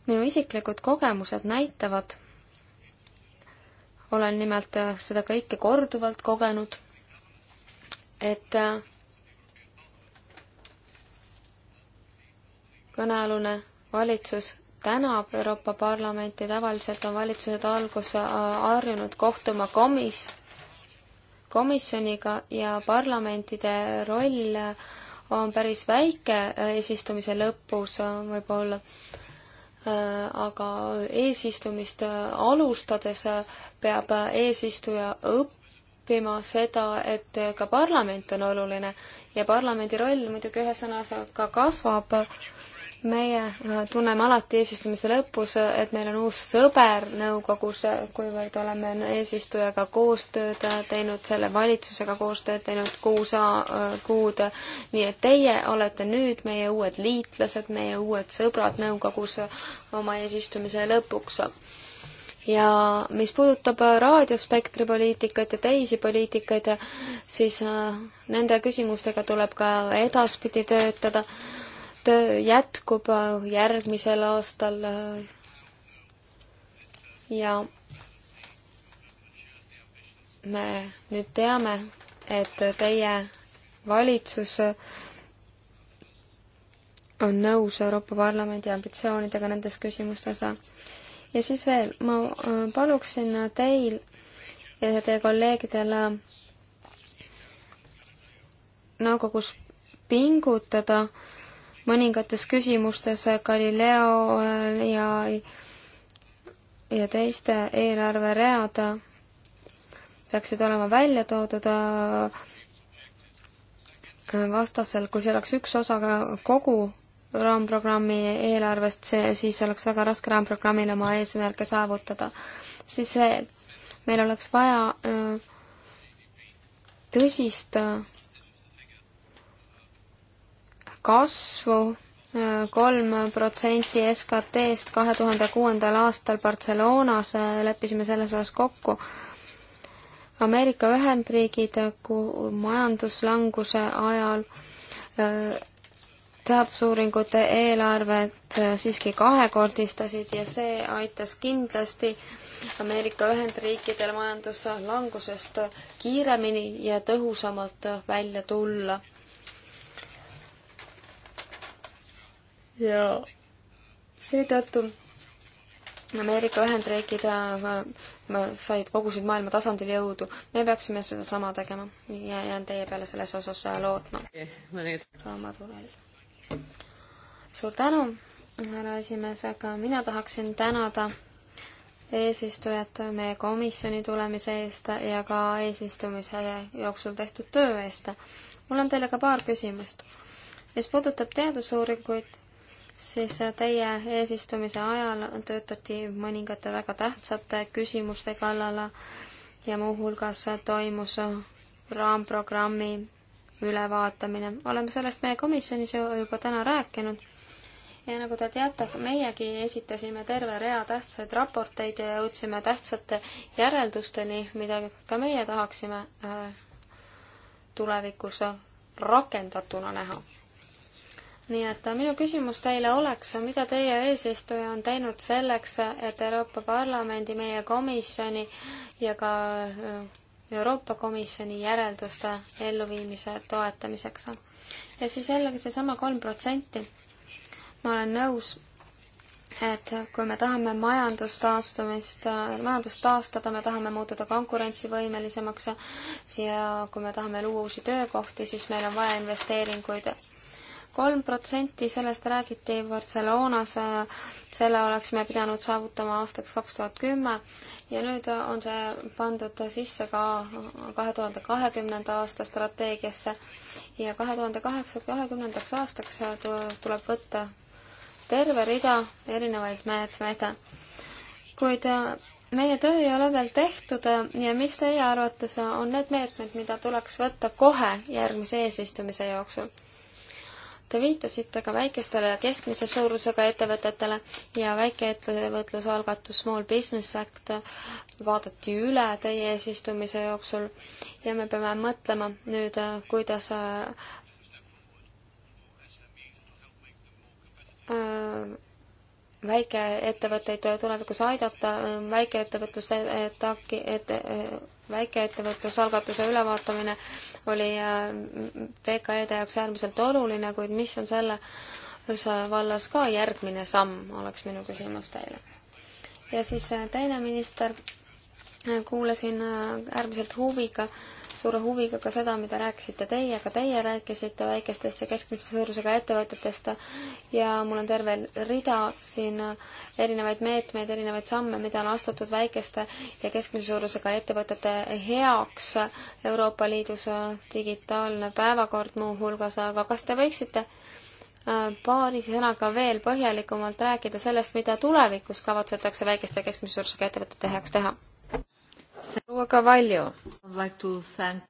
minu isiklikud kogemused näitavad, olen nimelt seda kõike korduvalt kogenud, et kõnealune valitsus tänab Euroopa Parlamenti, tavaliselt on valitsused alguses harjunud kohtuma komis-, komisjoniga ja parlamentide roll on päris väike eesistumise lõpus võib-olla, äh, aga eesistumist alustades peab eesistuja õppima seda, et ka parlament on oluline ja parlamendi roll muidugi ühe sõnaga kasvab meie äh, tunneme alati eesistumise lõpus, et meil on uus sõber nõukogus, kuivõrd oleme eesistujaga koostööd teinud, selle valitsusega koostööd teinud kuus äh, kuud. nii et teie olete nüüd meie uued liitlased, meie uued sõbrad nõukogus oma eesistumise lõpuks ja mis puudutab äh, raadiospektri poliitikat ja teisi poliitikaid, siis nende küsimustega tuleb ka edaspidi töötada töö jätkub järgmisel aastal ja me nüüd teame, et teie valitsus on nõus Euroopa Parlamendi ambitsioonidega nendes küsimustes. ja siis veel, ma äh, paluksin teil ja teie kolleegidel äh, nõukogus pingutada no, mõningates küsimustes Galileo äh, ja, ja teiste eelarveread peaksid olema välja toodud äh, vastasel, kui see oleks üks osa ka kogu raamprogrammi eelarvest, see, siis oleks väga raske raamprogrammil oma eesmärke saavutada. siis veel, meil oleks vaja äh, tõsist kasvu äh, kolm protsenti SKT-st kahe tuhande kuuendal aastal Barcelonas, äh, leppisime selles osas kokku. Ameerika Ühendriigid äh, majanduslanguse ajal teadusuuringute eelarvet siiski kahekordistasid ja see aitas kindlasti Ameerika Ühendriikidel majanduslangusest kiiremini ja tõhusamalt välja tulla ja seetõttu Ameerika Ühendriigid äh, said kogusid maailma tasandil jõudu. me peaksime sedasama tegema ja jään teie peale selles osas äh, lootma. suur tänu, härra esimees, aga mina tahaksin tänada eesistujat meie komisjoni tulemise eest ja ka eesistumise jooksul tehtud töö eest. mul on teile ka paar küsimust. mis puudutab teadusuuringuid siis teie eesistumise ajal töötati mõningate väga tähtsate küsimuste kallale ja muuhulgas toimus raamprogrammi ülevaatamine. oleme sellest meie komisjonis juba täna rääkinud ja nagu te teate, meiegi esitasime terve rea tähtsaid raporteid ja jõudsime tähtsate järeldusteni, mida ka meie tahaksime äh, tulevikus rakendatuna näha nii et äh, minu küsimus teile oleks, äh, mida teie eesistuja on teinud selleks, äh, et Euroopa Parlamendi, meie komisjoni ja ka Euroopa Komisjoni järelduste elluviimise toetamiseks. ja siis jällegi seesama kolm protsenti. ma olen nõus, et kui me tahame majandustaastumist, majandust taastada, me tahame muutuda konkurentsivõimelisemaks ja kui me tahame luua uusi töökohti, siis meil on vaja investeeringuid kolm protsenti, sellest räägiti Barcelonas, selle oleksime pidanud saavutama aastaks kaks tuhat kümme ja nüüd on see pandud sisse ka kahe tuhande kahekümnenda aasta strateegiasse ja kahe tuhande kaheksa, kahekümnendaks aastaks tuleb võtta terve rida erinevaid meetmeid. kuid meie töö ei ole veel tehtud ja mis teie arvates on need meetmed, mida tuleks võtta kohe järgmise eesistumise jooksul? Te viitasite ka väikestele ja keskmise suurusega ettevõtetele ja väikeettevõtluse algatus Small Business Act vaadati üle teie eesistumise jooksul ja me peame mõtlema nüüd, kuidas äh, väikeettevõtteid tulevikus aidata, väikeettevõtluse et, et, et, väikeettevõtlusalgatuse ülevaatamine oli äh, VKE-de jaoks äärmiselt oluline, kuid mis on selle vallas ka järgmine samm, oleks minu küsimus teile. ja siis äh, teine minister, äh, kuulasin äärmiselt huviga suure huviga ka seda, mida rääkisite teie, ka teie rääkisite väikestest ja keskmise suurusega ettevõtetest ja mul on terve rida siin erinevaid meetmeid, erinevaid samme, mida on astutud väikeste ja keskmise suurusega ettevõtete heaks Euroopa Liidus digitaalne päevakord muuhulgas, aga kas te võiksite äh, paari sõnaga veel põhjalikumalt rääkida sellest, mida tulevikus kavatsetakse väikeste ja keskmise suurusega ettevõtete heaks teha? proua Kavaljo.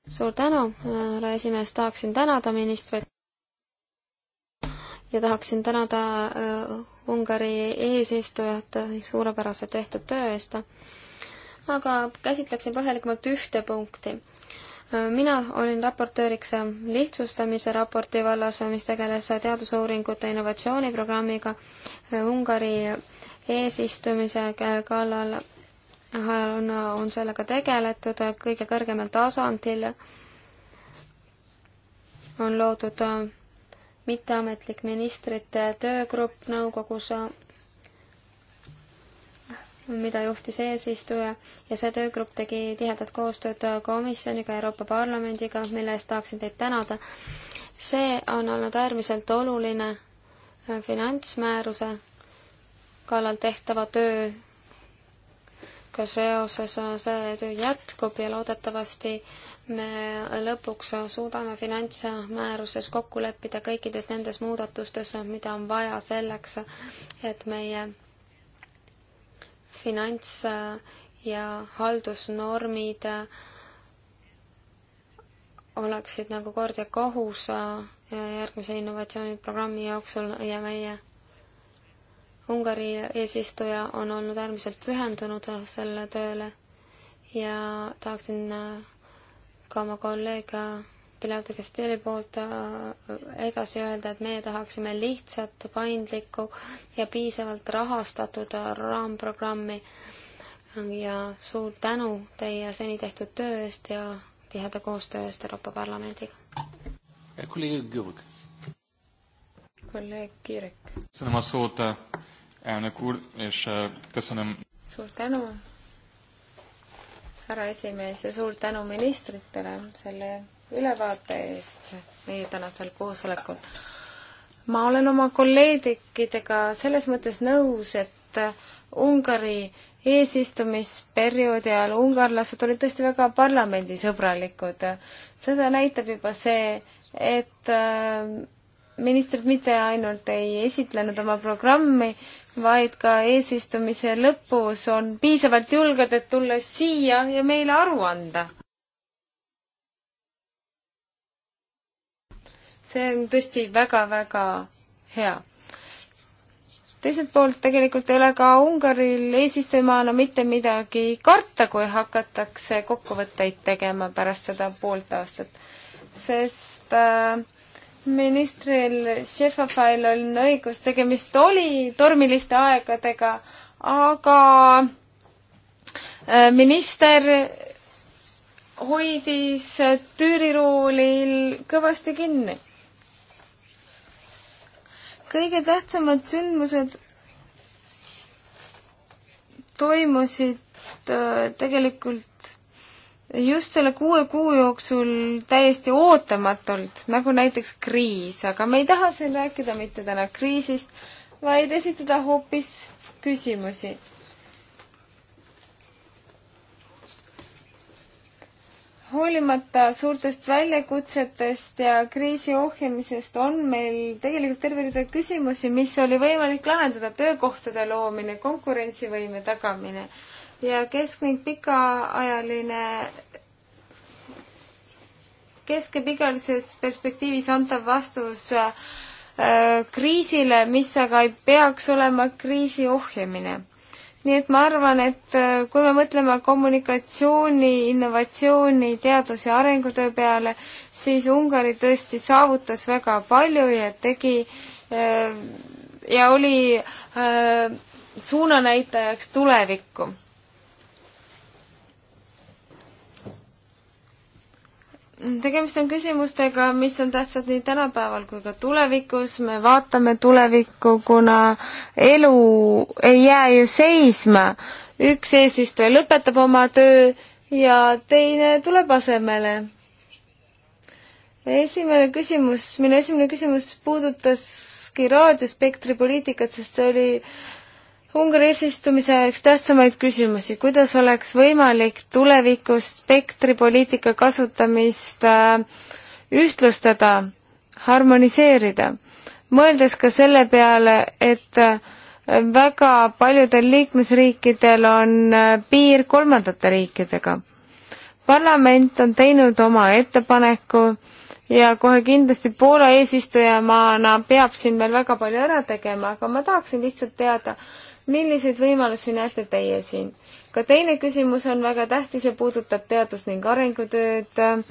suur tänu, härra esimees, tahaksin tänada ministrit ja tahaksin tänada äh, Ungari eesistujat suurepärase tehtud töö eest. aga käsitleksin põhjalikumalt ühte punkti äh, mina olin raportööriks lihtsustamise raporti vallas, mis tegeles teadusuuringute innovatsiooniprogrammiga äh, Ungari eesistumise kallal on, on sellega tegeletud kõige kõrgemal tasandil. on loodud mitteametlik ministrite töögrupp nõukogus, mida juhtis eesistuja ja see töögrupp tegi tihedat koostööd komisjoniga, Euroopa Parlamendiga, mille eest tahaksin teid tänada. see on olnud äärmiselt oluline finantsmääruse kallal tehtava töö sellega seoses see töö jätkub ja loodetavasti me lõpuks suudame finantsmääruses kokku leppida kõikides nendes muudatustes, mida on vaja selleks, et meie finants- ja haldusnormid oleksid nagu kord ja kohus järgmise innovatsiooniprogrammi jooksul ja meie Ungari eesistuja on olnud äärmiselt pühendunud sellele tööle ja tahaksin äh, ka oma kolleega äh, Pilar de Castelli poolt äh, edasi öelda, et meie tahaksime lihtsat, paindlikku ja piisavalt rahastatud raamprogrammi ja suur tänu teie seni tehtud töö eest ja tiheda koostöö eest Euroopa Parlamendiga. kolleeg Kürg. kolleeg Kiirek. sõna suurt elnök úr, és köszönöm. Suur tänu, härra esimees ja suur tänu ministritele selle ülevaate eest meie tänasel koosolekul. ma olen oma kolleegidega selles mõttes nõus, et Ungari eesistumisperioodi ajal ungarlased olid tõesti väga parlamendisõbralikud. seda näitab juba see, et äh, ministrid mitte ainult ei esitlenud oma programmi, vaid ka eesistumise lõpus on piisavalt julged, et tulla siia ja meile aru anda. see on tõesti väga-väga hea. teiselt poolt tegelikult ei ole ka Ungaril eesistujamaana mitte midagi karta, kui hakatakse kokkuvõtteid tegema pärast seda poolt aastat, sest äh, ministril Šefafail on õigus, tegemist oli tormiliste aegadega, aga äh, minister hoidis tüüriruulil kõvasti kinni. kõige tähtsamad sündmused toimusid äh, tegelikult just selle kuue kuu jooksul täiesti ootamatult, nagu näiteks kriis, aga me ei taha siin rääkida mitte täna kriisist, vaid esitada hoopis küsimusi. hoolimata suurtest väljakutsetest ja kriisi ohjamisest on meil tegelikult terve rida küsimusi, mis oli võimalik lahendada, töökohtade loomine, konkurentsivõime tagamine ja kesk- ning pikaajaline kesk- ja pikaajalises perspektiivis antav vastus äh, kriisile, mis aga ei peaks olema kriisi ohjamine. nii et ma arvan, et äh, kui me mõtleme kommunikatsiooni, innovatsiooni, teadus- ja arengutöö peale, siis Ungari tõesti saavutas väga palju ja tegi äh, ja oli äh, suunanäitajaks tulevikku tegemist on küsimustega, mis on tähtsad nii tänapäeval kui ka tulevikus, me vaatame tulevikku, kuna elu ei jää ju seisma. üks eesistuja lõpetab oma töö ja teine tuleb asemele. esimene küsimus, minu esimene küsimus puudutaski raadiospektri poliitikat, sest see oli äh, Ungari eesistumise üks tähtsamaid küsimusi, kuidas oleks võimalik tulevikus spektripoliitika kasutamist äh, ühtlustada, harmoniseerida, mõeldes ka selle peale, et äh, väga paljudel liikmesriikidel on äh, piir kolmandate riikidega. parlament on teinud oma ettepaneku ja kohe kindlasti Poola eesistujamaana peab siin veel väga palju ära tegema, aga ma tahaksin lihtsalt teada, milliseid võimalusi näete teie siin? ka teine küsimus on väga tähtis ja puudutab teadus- ning arengutööd.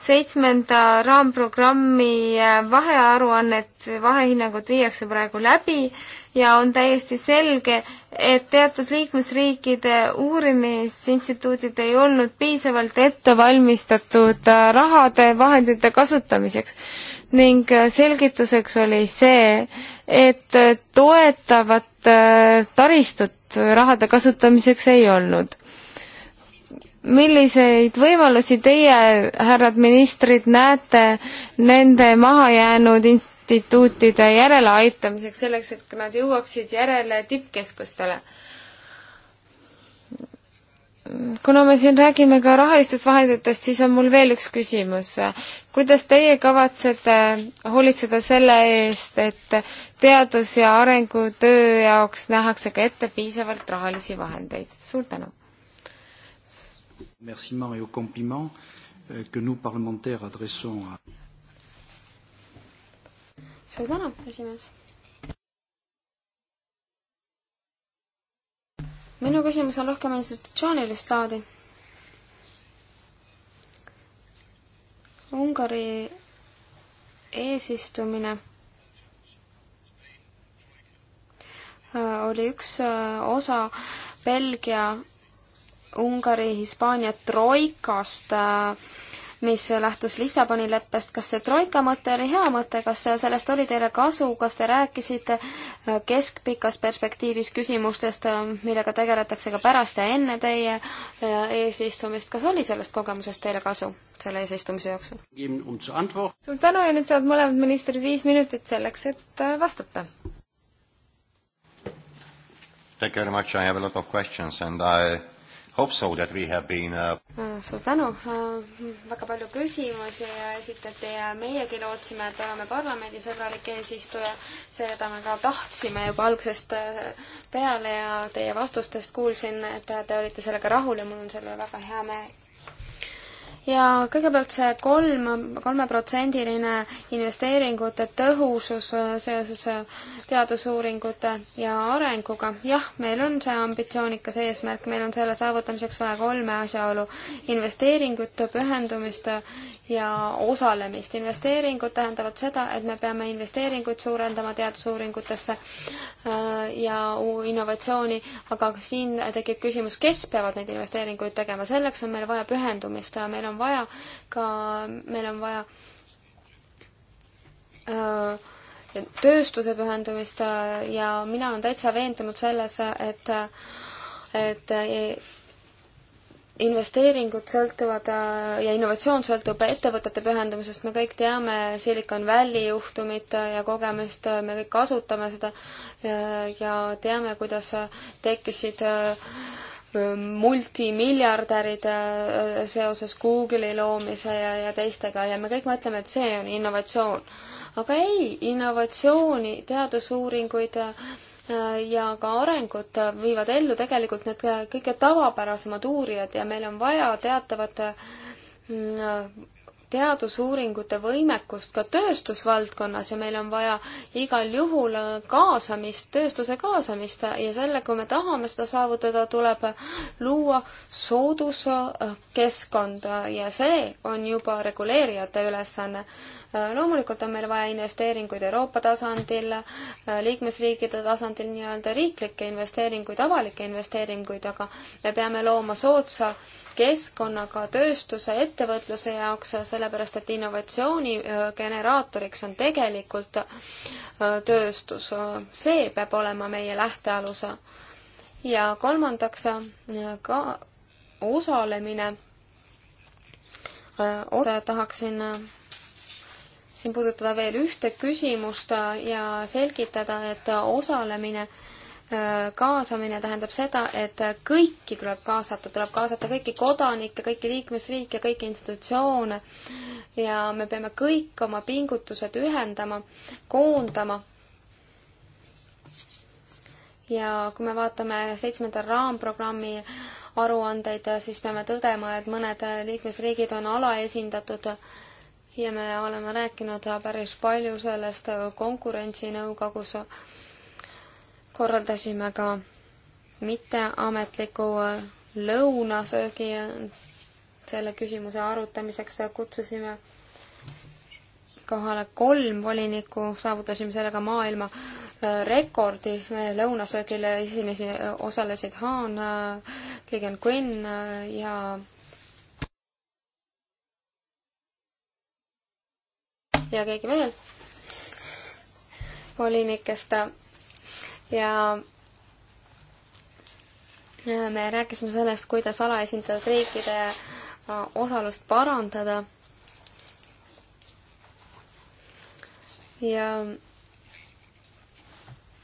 seitsmenda raamprogrammi vahearuannet, vahehinnangut viiakse praegu läbi ja on täiesti selge, et teatud liikmesriikide uurimisinstituudid ei olnud piisavalt ette valmistatud äh, rahade, vahendite kasutamiseks ning äh, selgituseks oli see, et äh, toetavat äh, taristut rahade kasutamiseks ei olnud. milliseid võimalusi teie, härrad ministrid, näete nende mahajäänud instituutide järeleaitamiseks, selleks et nad jõuaksid järele tippkeskustele? kuna me siin räägime ka rahalistest vahenditest, siis on mul veel üks küsimus. kuidas teie kavatsete hoolitseda selle eest, et teadus- ja arengutöö jaoks nähakse ka ette piisavalt rahalisi vahendeid? suur tänu! Euh, suur tänu, esimees! minu küsimus on rohkem institutsioonilist laadi. Ungari eesistumine äh, oli üks äh, osa Belgia, Ungari, Hispaania troikast äh, mis lähtus Lissaboni leppest. kas see troika mõte oli hea mõte, kas sellest oli teile kasu, kas te rääkisite äh, keskpikas perspektiivis küsimustest, äh, millega tegeletakse ka pärast ja enne teie äh, eesistumist, kas oli sellest kogemusest teile kasu selle eesistumise jooksul? Um suur tänu ja nüüd saavad mõlemad ministrid viis minutit selleks, et vastata. Thank you very much, I have a lot of questions and I So been, uh... Ah, suur tänu uh,, väga palju küsimusi esitati ja meiegi lootsime, et oleme parlamendisõbralik eesistuja, seda me ka tahtsime juba algusest äh, peale ja teie vastustest kuulsin, et te olite sellega rahul ja mul on selle väga hea meel ja kõigepealt see kolm, kolmeprotsendiline investeeringute tõhusus äh, seoses äh, teadusuuringute ja arenguga. jah, meil on see ambitsioonikas eesmärk, meil on selle saavutamiseks vaja kolme asjaolu. investeeringut, pühendumist ja osalemist. investeeringud tähendavad seda, et me peame investeeringuid suurendama teadusuuringutesse äh, ja innovatsiooni, aga siin tekib küsimus, kes peavad neid investeeringuid tegema, selleks on meil vaja pühendumist, meil on on vaja ka, meil on vaja öö, tööstuse pühendumist äh, ja mina olen täitsa veendunud selles, et, et äh, investeeringud sõltuvad äh, ja innovatsioon sõltub ettevõtete pühendumisest, me kõik teame Silicon Valley juhtumit ja kogemust, me kõik kasutame seda ja, ja teame, kuidas tekkisid äh, multimiljardärid äh, seoses Google'i loomise ja, ja teistega ja me kõik mõtleme, et see on innovatsioon. aga ei, innovatsiooni, teadusuuringuid äh, ja ka arengut viivad ellu tegelikult need kõige tavapärasemad uurijad ja meil on vaja teatavat mm, teadusuuringute võimekust ka tööstusvaldkonnas ja meil on vaja igal juhul kaasamist, tööstuse kaasamist ja selle, kui me tahame seda saavutada, tuleb luua soodus keskkond ja see on juba reguleerijate ülesanne loomulikult on meil vaja investeeringuid Euroopa tasandil, liikmesriikide tasandil nii-öelda riiklikke investeeringuid, avalikke investeeringuid, aga me peame looma soodsa keskkonnaga tööstuse, ettevõtluse jaoks, sellepärast et innovatsiooni äh, generaatoriks on tegelikult äh, tööstus. see peab olema meie lähtealus. ja kolmandaks äh, ka osalemine. tahaksin siin puudutada veel ühte küsimust ja selgitada, et osalemine, äh, kaasamine tähendab seda, et kõiki tuleb kaasata, tuleb kaasata kõiki kodanikke, kõiki liikmesriike, kõiki institutsioone ja me peame kõik oma pingutused ühendama, koondama ja kui me vaatame seitsmenda raamprogrammi aruandeid, siis peame tõdema, et mõned liikmesriigid on alaesindatud ja me oleme rääkinud päris palju sellest konkurentsinõukogus. korraldasime ka mitteametliku lõunasöögi selle küsimuse arutamiseks kutsusime kohale kolm volinikku, saavutasime sellega maailma rekordi, lõunasöögil esinesid, osalesid Haan, Keegan Quinn ja ja keegi veel volinikest ja me rääkisime sellest, kuidas alaesindatud riikide äh, osalust parandada. ja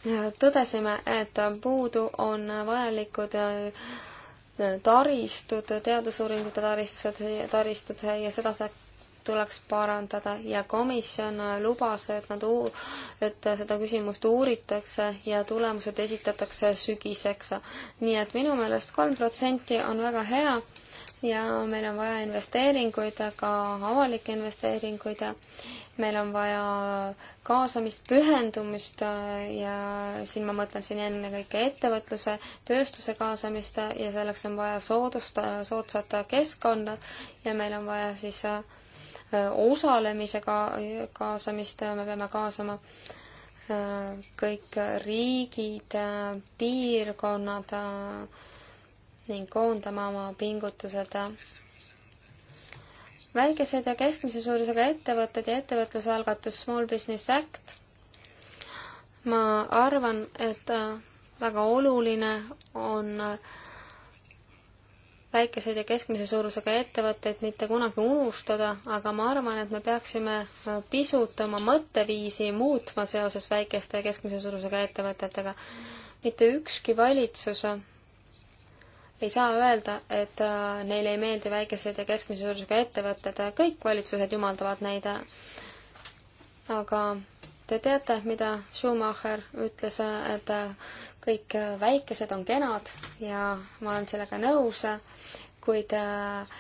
äh, tõdesime, et puudu on vajalikud äh, taristud, teadusuuringute taristused, taristud ja seda saab tuleks parandada ja komisjon lubas, et nad, et seda küsimust uuritakse ja tulemused esitatakse sügiseks. nii et minu meelest kolm protsenti on väga hea ja meil on vaja investeeringuid, ka avalikke investeeringuid ja meil on vaja kaasamist, pühendumist ja siin ma mõtlen siin ennekõike ettevõtluse, tööstuse kaasamist ja selleks on vaja soodusta, soodsat keskkonda ja meil on vaja siis äh, osalemisega kaasamist, me peame kaasama äh, kõik riigid, äh, piirkonnad äh, ning koondama oma pingutused. väikesed ja keskmise suurusega ettevõtted ja ettevõtluse algatus Small Business Act. ma arvan, et väga oluline on äh, väikeseid ja keskmise suurusega ettevõtteid mitte kunagi unustada, aga ma arvan, et me peaksime äh, pisut oma mõtteviisi muutma seoses väikeste ja keskmise suurusega ettevõtetega. mitte ükski valitsus äh, ei saa öelda, et äh, neile ei meeldi väikesed ja keskmise suurusega ettevõtted, kõik valitsused jumaldavad neid. aga Te teate, mida Schumacher ütles, et kõik väikesed on kenad ja ma olen sellega nõus, kuid äh,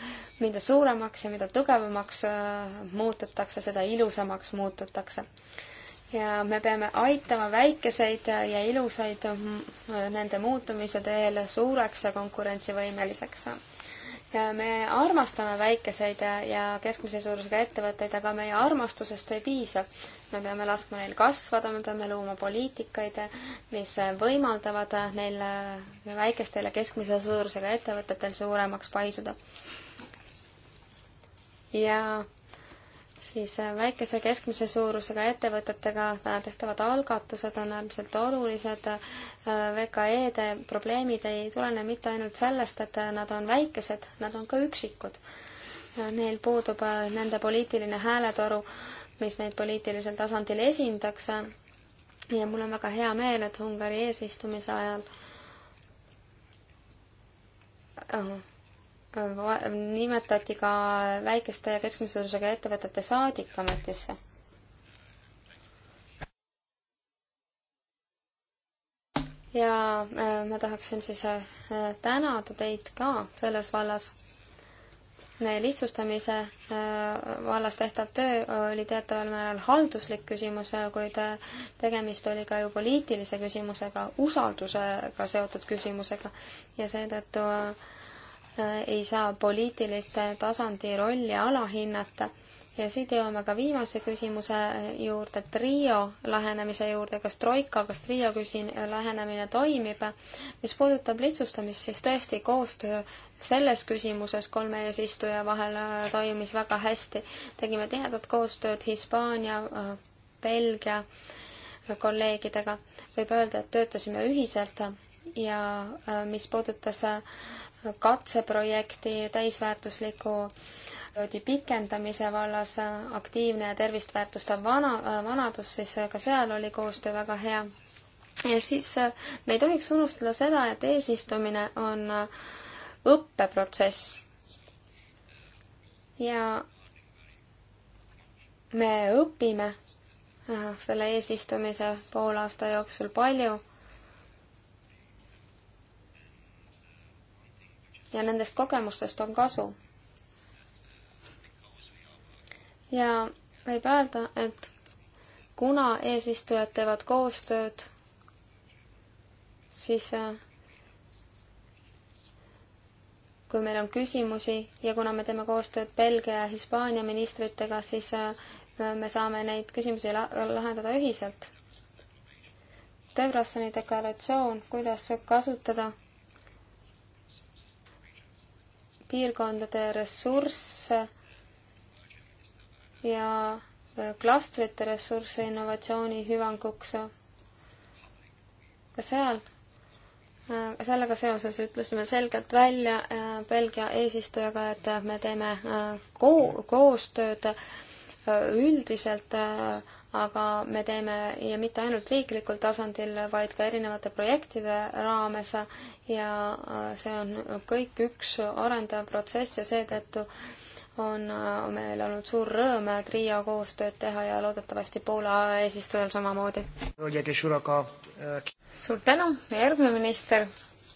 mida suuremaks ja mida tugevamaks äh, muututakse, seda ilusamaks muututakse. ja me peame aitama väikeseid ja ilusaid nende muutumise teel suureks ja konkurentsivõimeliseks me armastame väikeseid ja keskmise suurusega ettevõtteid, aga meie armastusest ei piisa. me peame laskma neil kasvada, me peame looma poliitikaid, mis võimaldavad neil väikestele keskmise suurusega ettevõtetel suuremaks paisuda. ja siis väikese keskmise suurusega ettevõtetega tehtavad algatused on äärmiselt olulised. VKE-de probleemid ei tulene mitte ainult sellest, et nad on väikesed, nad on ka üksikud. Neil puudub nende poliitiline hääletoru, mis neid poliitilisel tasandil esindaks. ja mul on väga hea meel, et Ungari eesistumise ajal nimetati ka väikeste ja keskmise suurusega ettevõtete saadik ametisse. ja äh, ma tahaksin siis äh, tänada teid ka selles vallas lihtsustamise äh, vallas tehtav töö oli teataval määral halduslik küsimus, kuid tegemist oli ka ju poliitilise küsimusega, usaldusega seotud küsimusega ja seetõttu ei saa poliitiliste tasandi rolli alahinnata. ja siit jõuame ka viimase küsimuse juurde, trio lähenemise juurde, kas troika, kas trio küsin-, lähenemine toimib. mis puudutab lihtsustamist, siis tõesti koostöö selles küsimuses kolme eesistuja vahel toimis väga hästi. tegime tihedat koostööd Hispaania, Belgia kolleegidega. võib öelda, et töötasime ühiselt ja mis puudutas katseprojekti täisväärtusliku perioodi pikendamise vallas aktiivne ja tervist väärtustav vana, vanadus, siis ka seal oli koostöö väga hea. ja siis me ei tohiks unustada seda, et eesistumine on õppeprotsess. ja me õpime selle eesistumise poolaasta jooksul palju ja nendest kogemustest on kasu. ja võib öelda, et kuna eesistujad teevad koostööd, siis äh, kui meil on küsimusi ja kuna me teeme koostööd Belgia ja Hispaania ministritega, siis äh, me saame neid küsimusi lahendada ühiselt. Debrossoni deklaratsioon, kuidas kasutada piirkondade ressursse ja äh, klastrite ressursse innovatsiooni hüvanguks. ka seal, äh, sellega seoses ütlesime selgelt välja äh, Belgia eesistujaga, et me teeme ko koostööd üldiselt äh, aga me teeme ja mitte ainult riiklikul tasandil, vaid ka erinevate projektide raames ja äh, see on kõik üks arendav protsess ja seetõttu on äh, meil olnud suur rõõm Trio koostööd teha ja loodetavasti Poola eesistujal samamoodi. suur tänu, järgmine minister.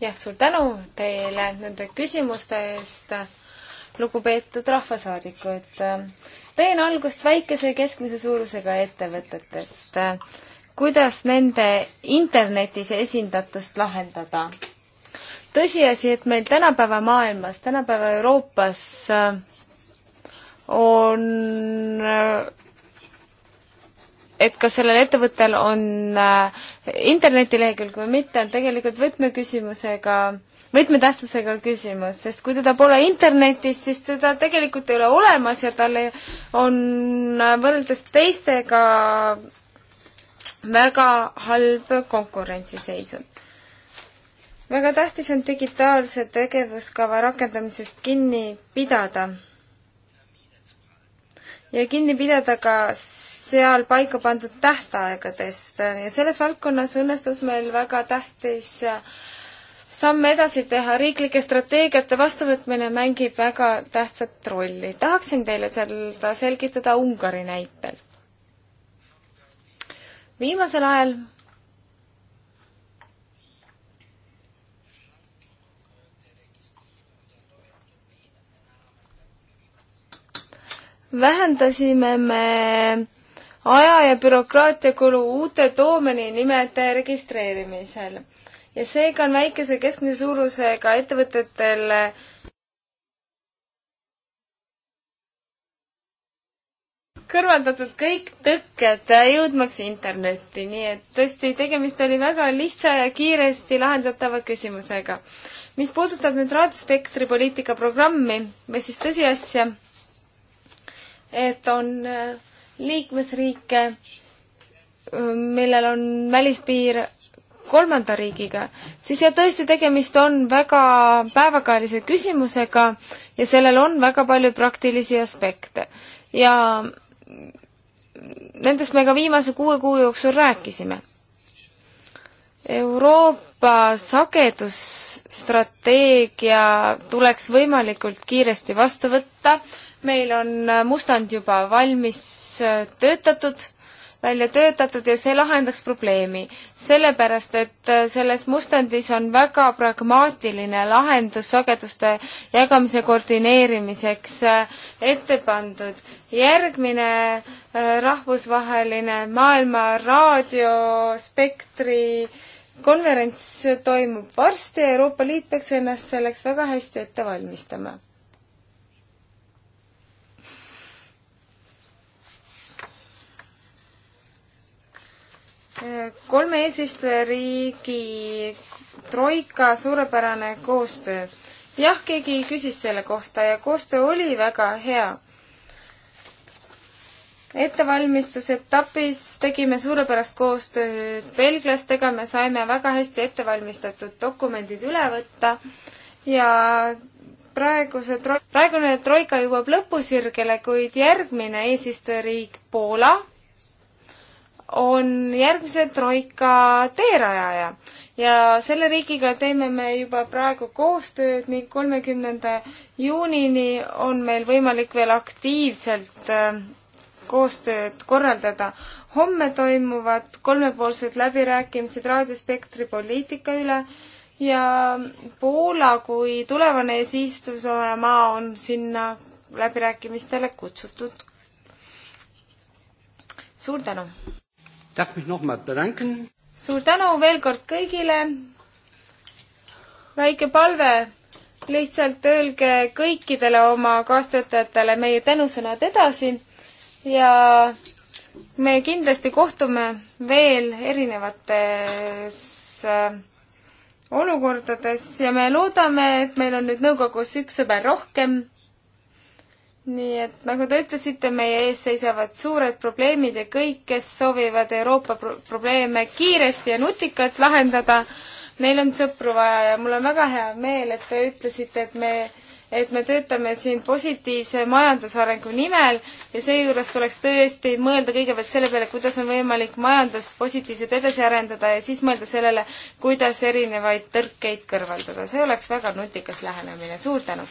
jah, suur tänu teile nende küsimuste eest, lugupeetud rahvasaadikud teen algust väikese ja keskmise suurusega ettevõtetest. kuidas nende internetis esindatust lahendada? tõsiasi, et meil tänapäeva maailmas, tänapäeva Euroopas äh, on, äh, et kas sellel ettevõttel on äh, internetilehekülg või mitte, on tegelikult võtmeküsimusega võtmetähtsusega küsimus, sest kui teda pole internetis, siis teda tegelikult ei ole olemas ja tal on võrreldes teistega väga halb konkurentsiseisund. väga tähtis on digitaalse tegevuskava rakendamisest kinni pidada ja kinni pidada ka seal paika pandud tähtaegadest ja selles valdkonnas õnnestus meil väga tähtis äh, samme edasi teha, riiklike strateegiate vastuvõtmine mängib väga tähtsat rolli. tahaksin teile seda selgitada Ungari näitel. viimasel ajal vähendasime me aja ja bürokraatia kulu uute doomeni nimede registreerimisel ja seega on väikese keskmise suurusega ettevõtetel kõrvaldatud kõik tõkked jõudmaks internetti, nii et tõesti, tegemist oli väga lihtsa ja kiiresti lahendatava küsimusega. mis puudutab nüüd raadiospektri poliitika programmi või siis tõsiasja, et on äh, liikmesriike, äh, millel on välispiir kolmanda riigiga, siis ja tõesti, tegemist on väga päevakajalise küsimusega ja sellel on väga palju praktilisi aspekte. ja nendest me ka viimase kuue kuu jooksul rääkisime. Euroopa sagedusstrateegia tuleks võimalikult kiiresti vastu võtta, meil on mustand juba valmis töötatud välja töötatud ja see lahendaks probleemi. sellepärast, et äh, selles mustandis on väga pragmaatiline lahendus sageduste jagamise koordineerimiseks äh, ette pandud. järgmine äh, rahvusvaheline maailma raadiospektri konverents toimub varsti ja Euroopa Liit peaks ennast selleks väga hästi ette valmistama kolme eesistujariigi troika suurepärane koostöö. jah, keegi küsis selle kohta ja koostöö oli väga hea. ettevalmistusetapis tegime suurepärast koostööd belglastega, me saime väga hästi ettevalmistatud dokumendid üle võtta ja praeguse tro-, praegune troika jõuab lõpusirgele, kuid järgmine eesistujariik Poola on järgmise troika teerajaja ja selle riigiga teeme me juba praegu koostööd ning kolmekümnenda juunini on meil võimalik veel aktiivselt äh, koostööd korraldada. homme toimuvad kolmepoolsed läbirääkimised raadiospektri poliitika üle ja Poola kui tulevane eesistujamaa on sinna läbirääkimistele kutsutud. suur tänu! suur tänu veel kord kõigile. väike palve, lihtsalt öelge kõikidele oma kaastöötajatele meie tänusõnad edasi ja me kindlasti kohtume veel erinevates äh, olukordades ja me loodame, et meil on nüüd nõukogus üks sõber rohkem nii et nagu te ütlesite, meie ees seisavad suured probleemid ja kõik, kes soovivad Euroopa pro probleeme kiiresti ja nutikalt lahendada, neil on sõpru vaja ja mul on väga hea meel, et te ütlesite, et me, et me töötame siin positiivse majandusarengu nimel ja seejuures tuleks tõesti mõelda kõigepealt selle peale, kuidas on võimalik majandust positiivselt edasi arendada ja siis mõelda sellele, kuidas erinevaid tõrkeid kõrvaldada. see oleks väga nutikas lähenemine, suur tänu!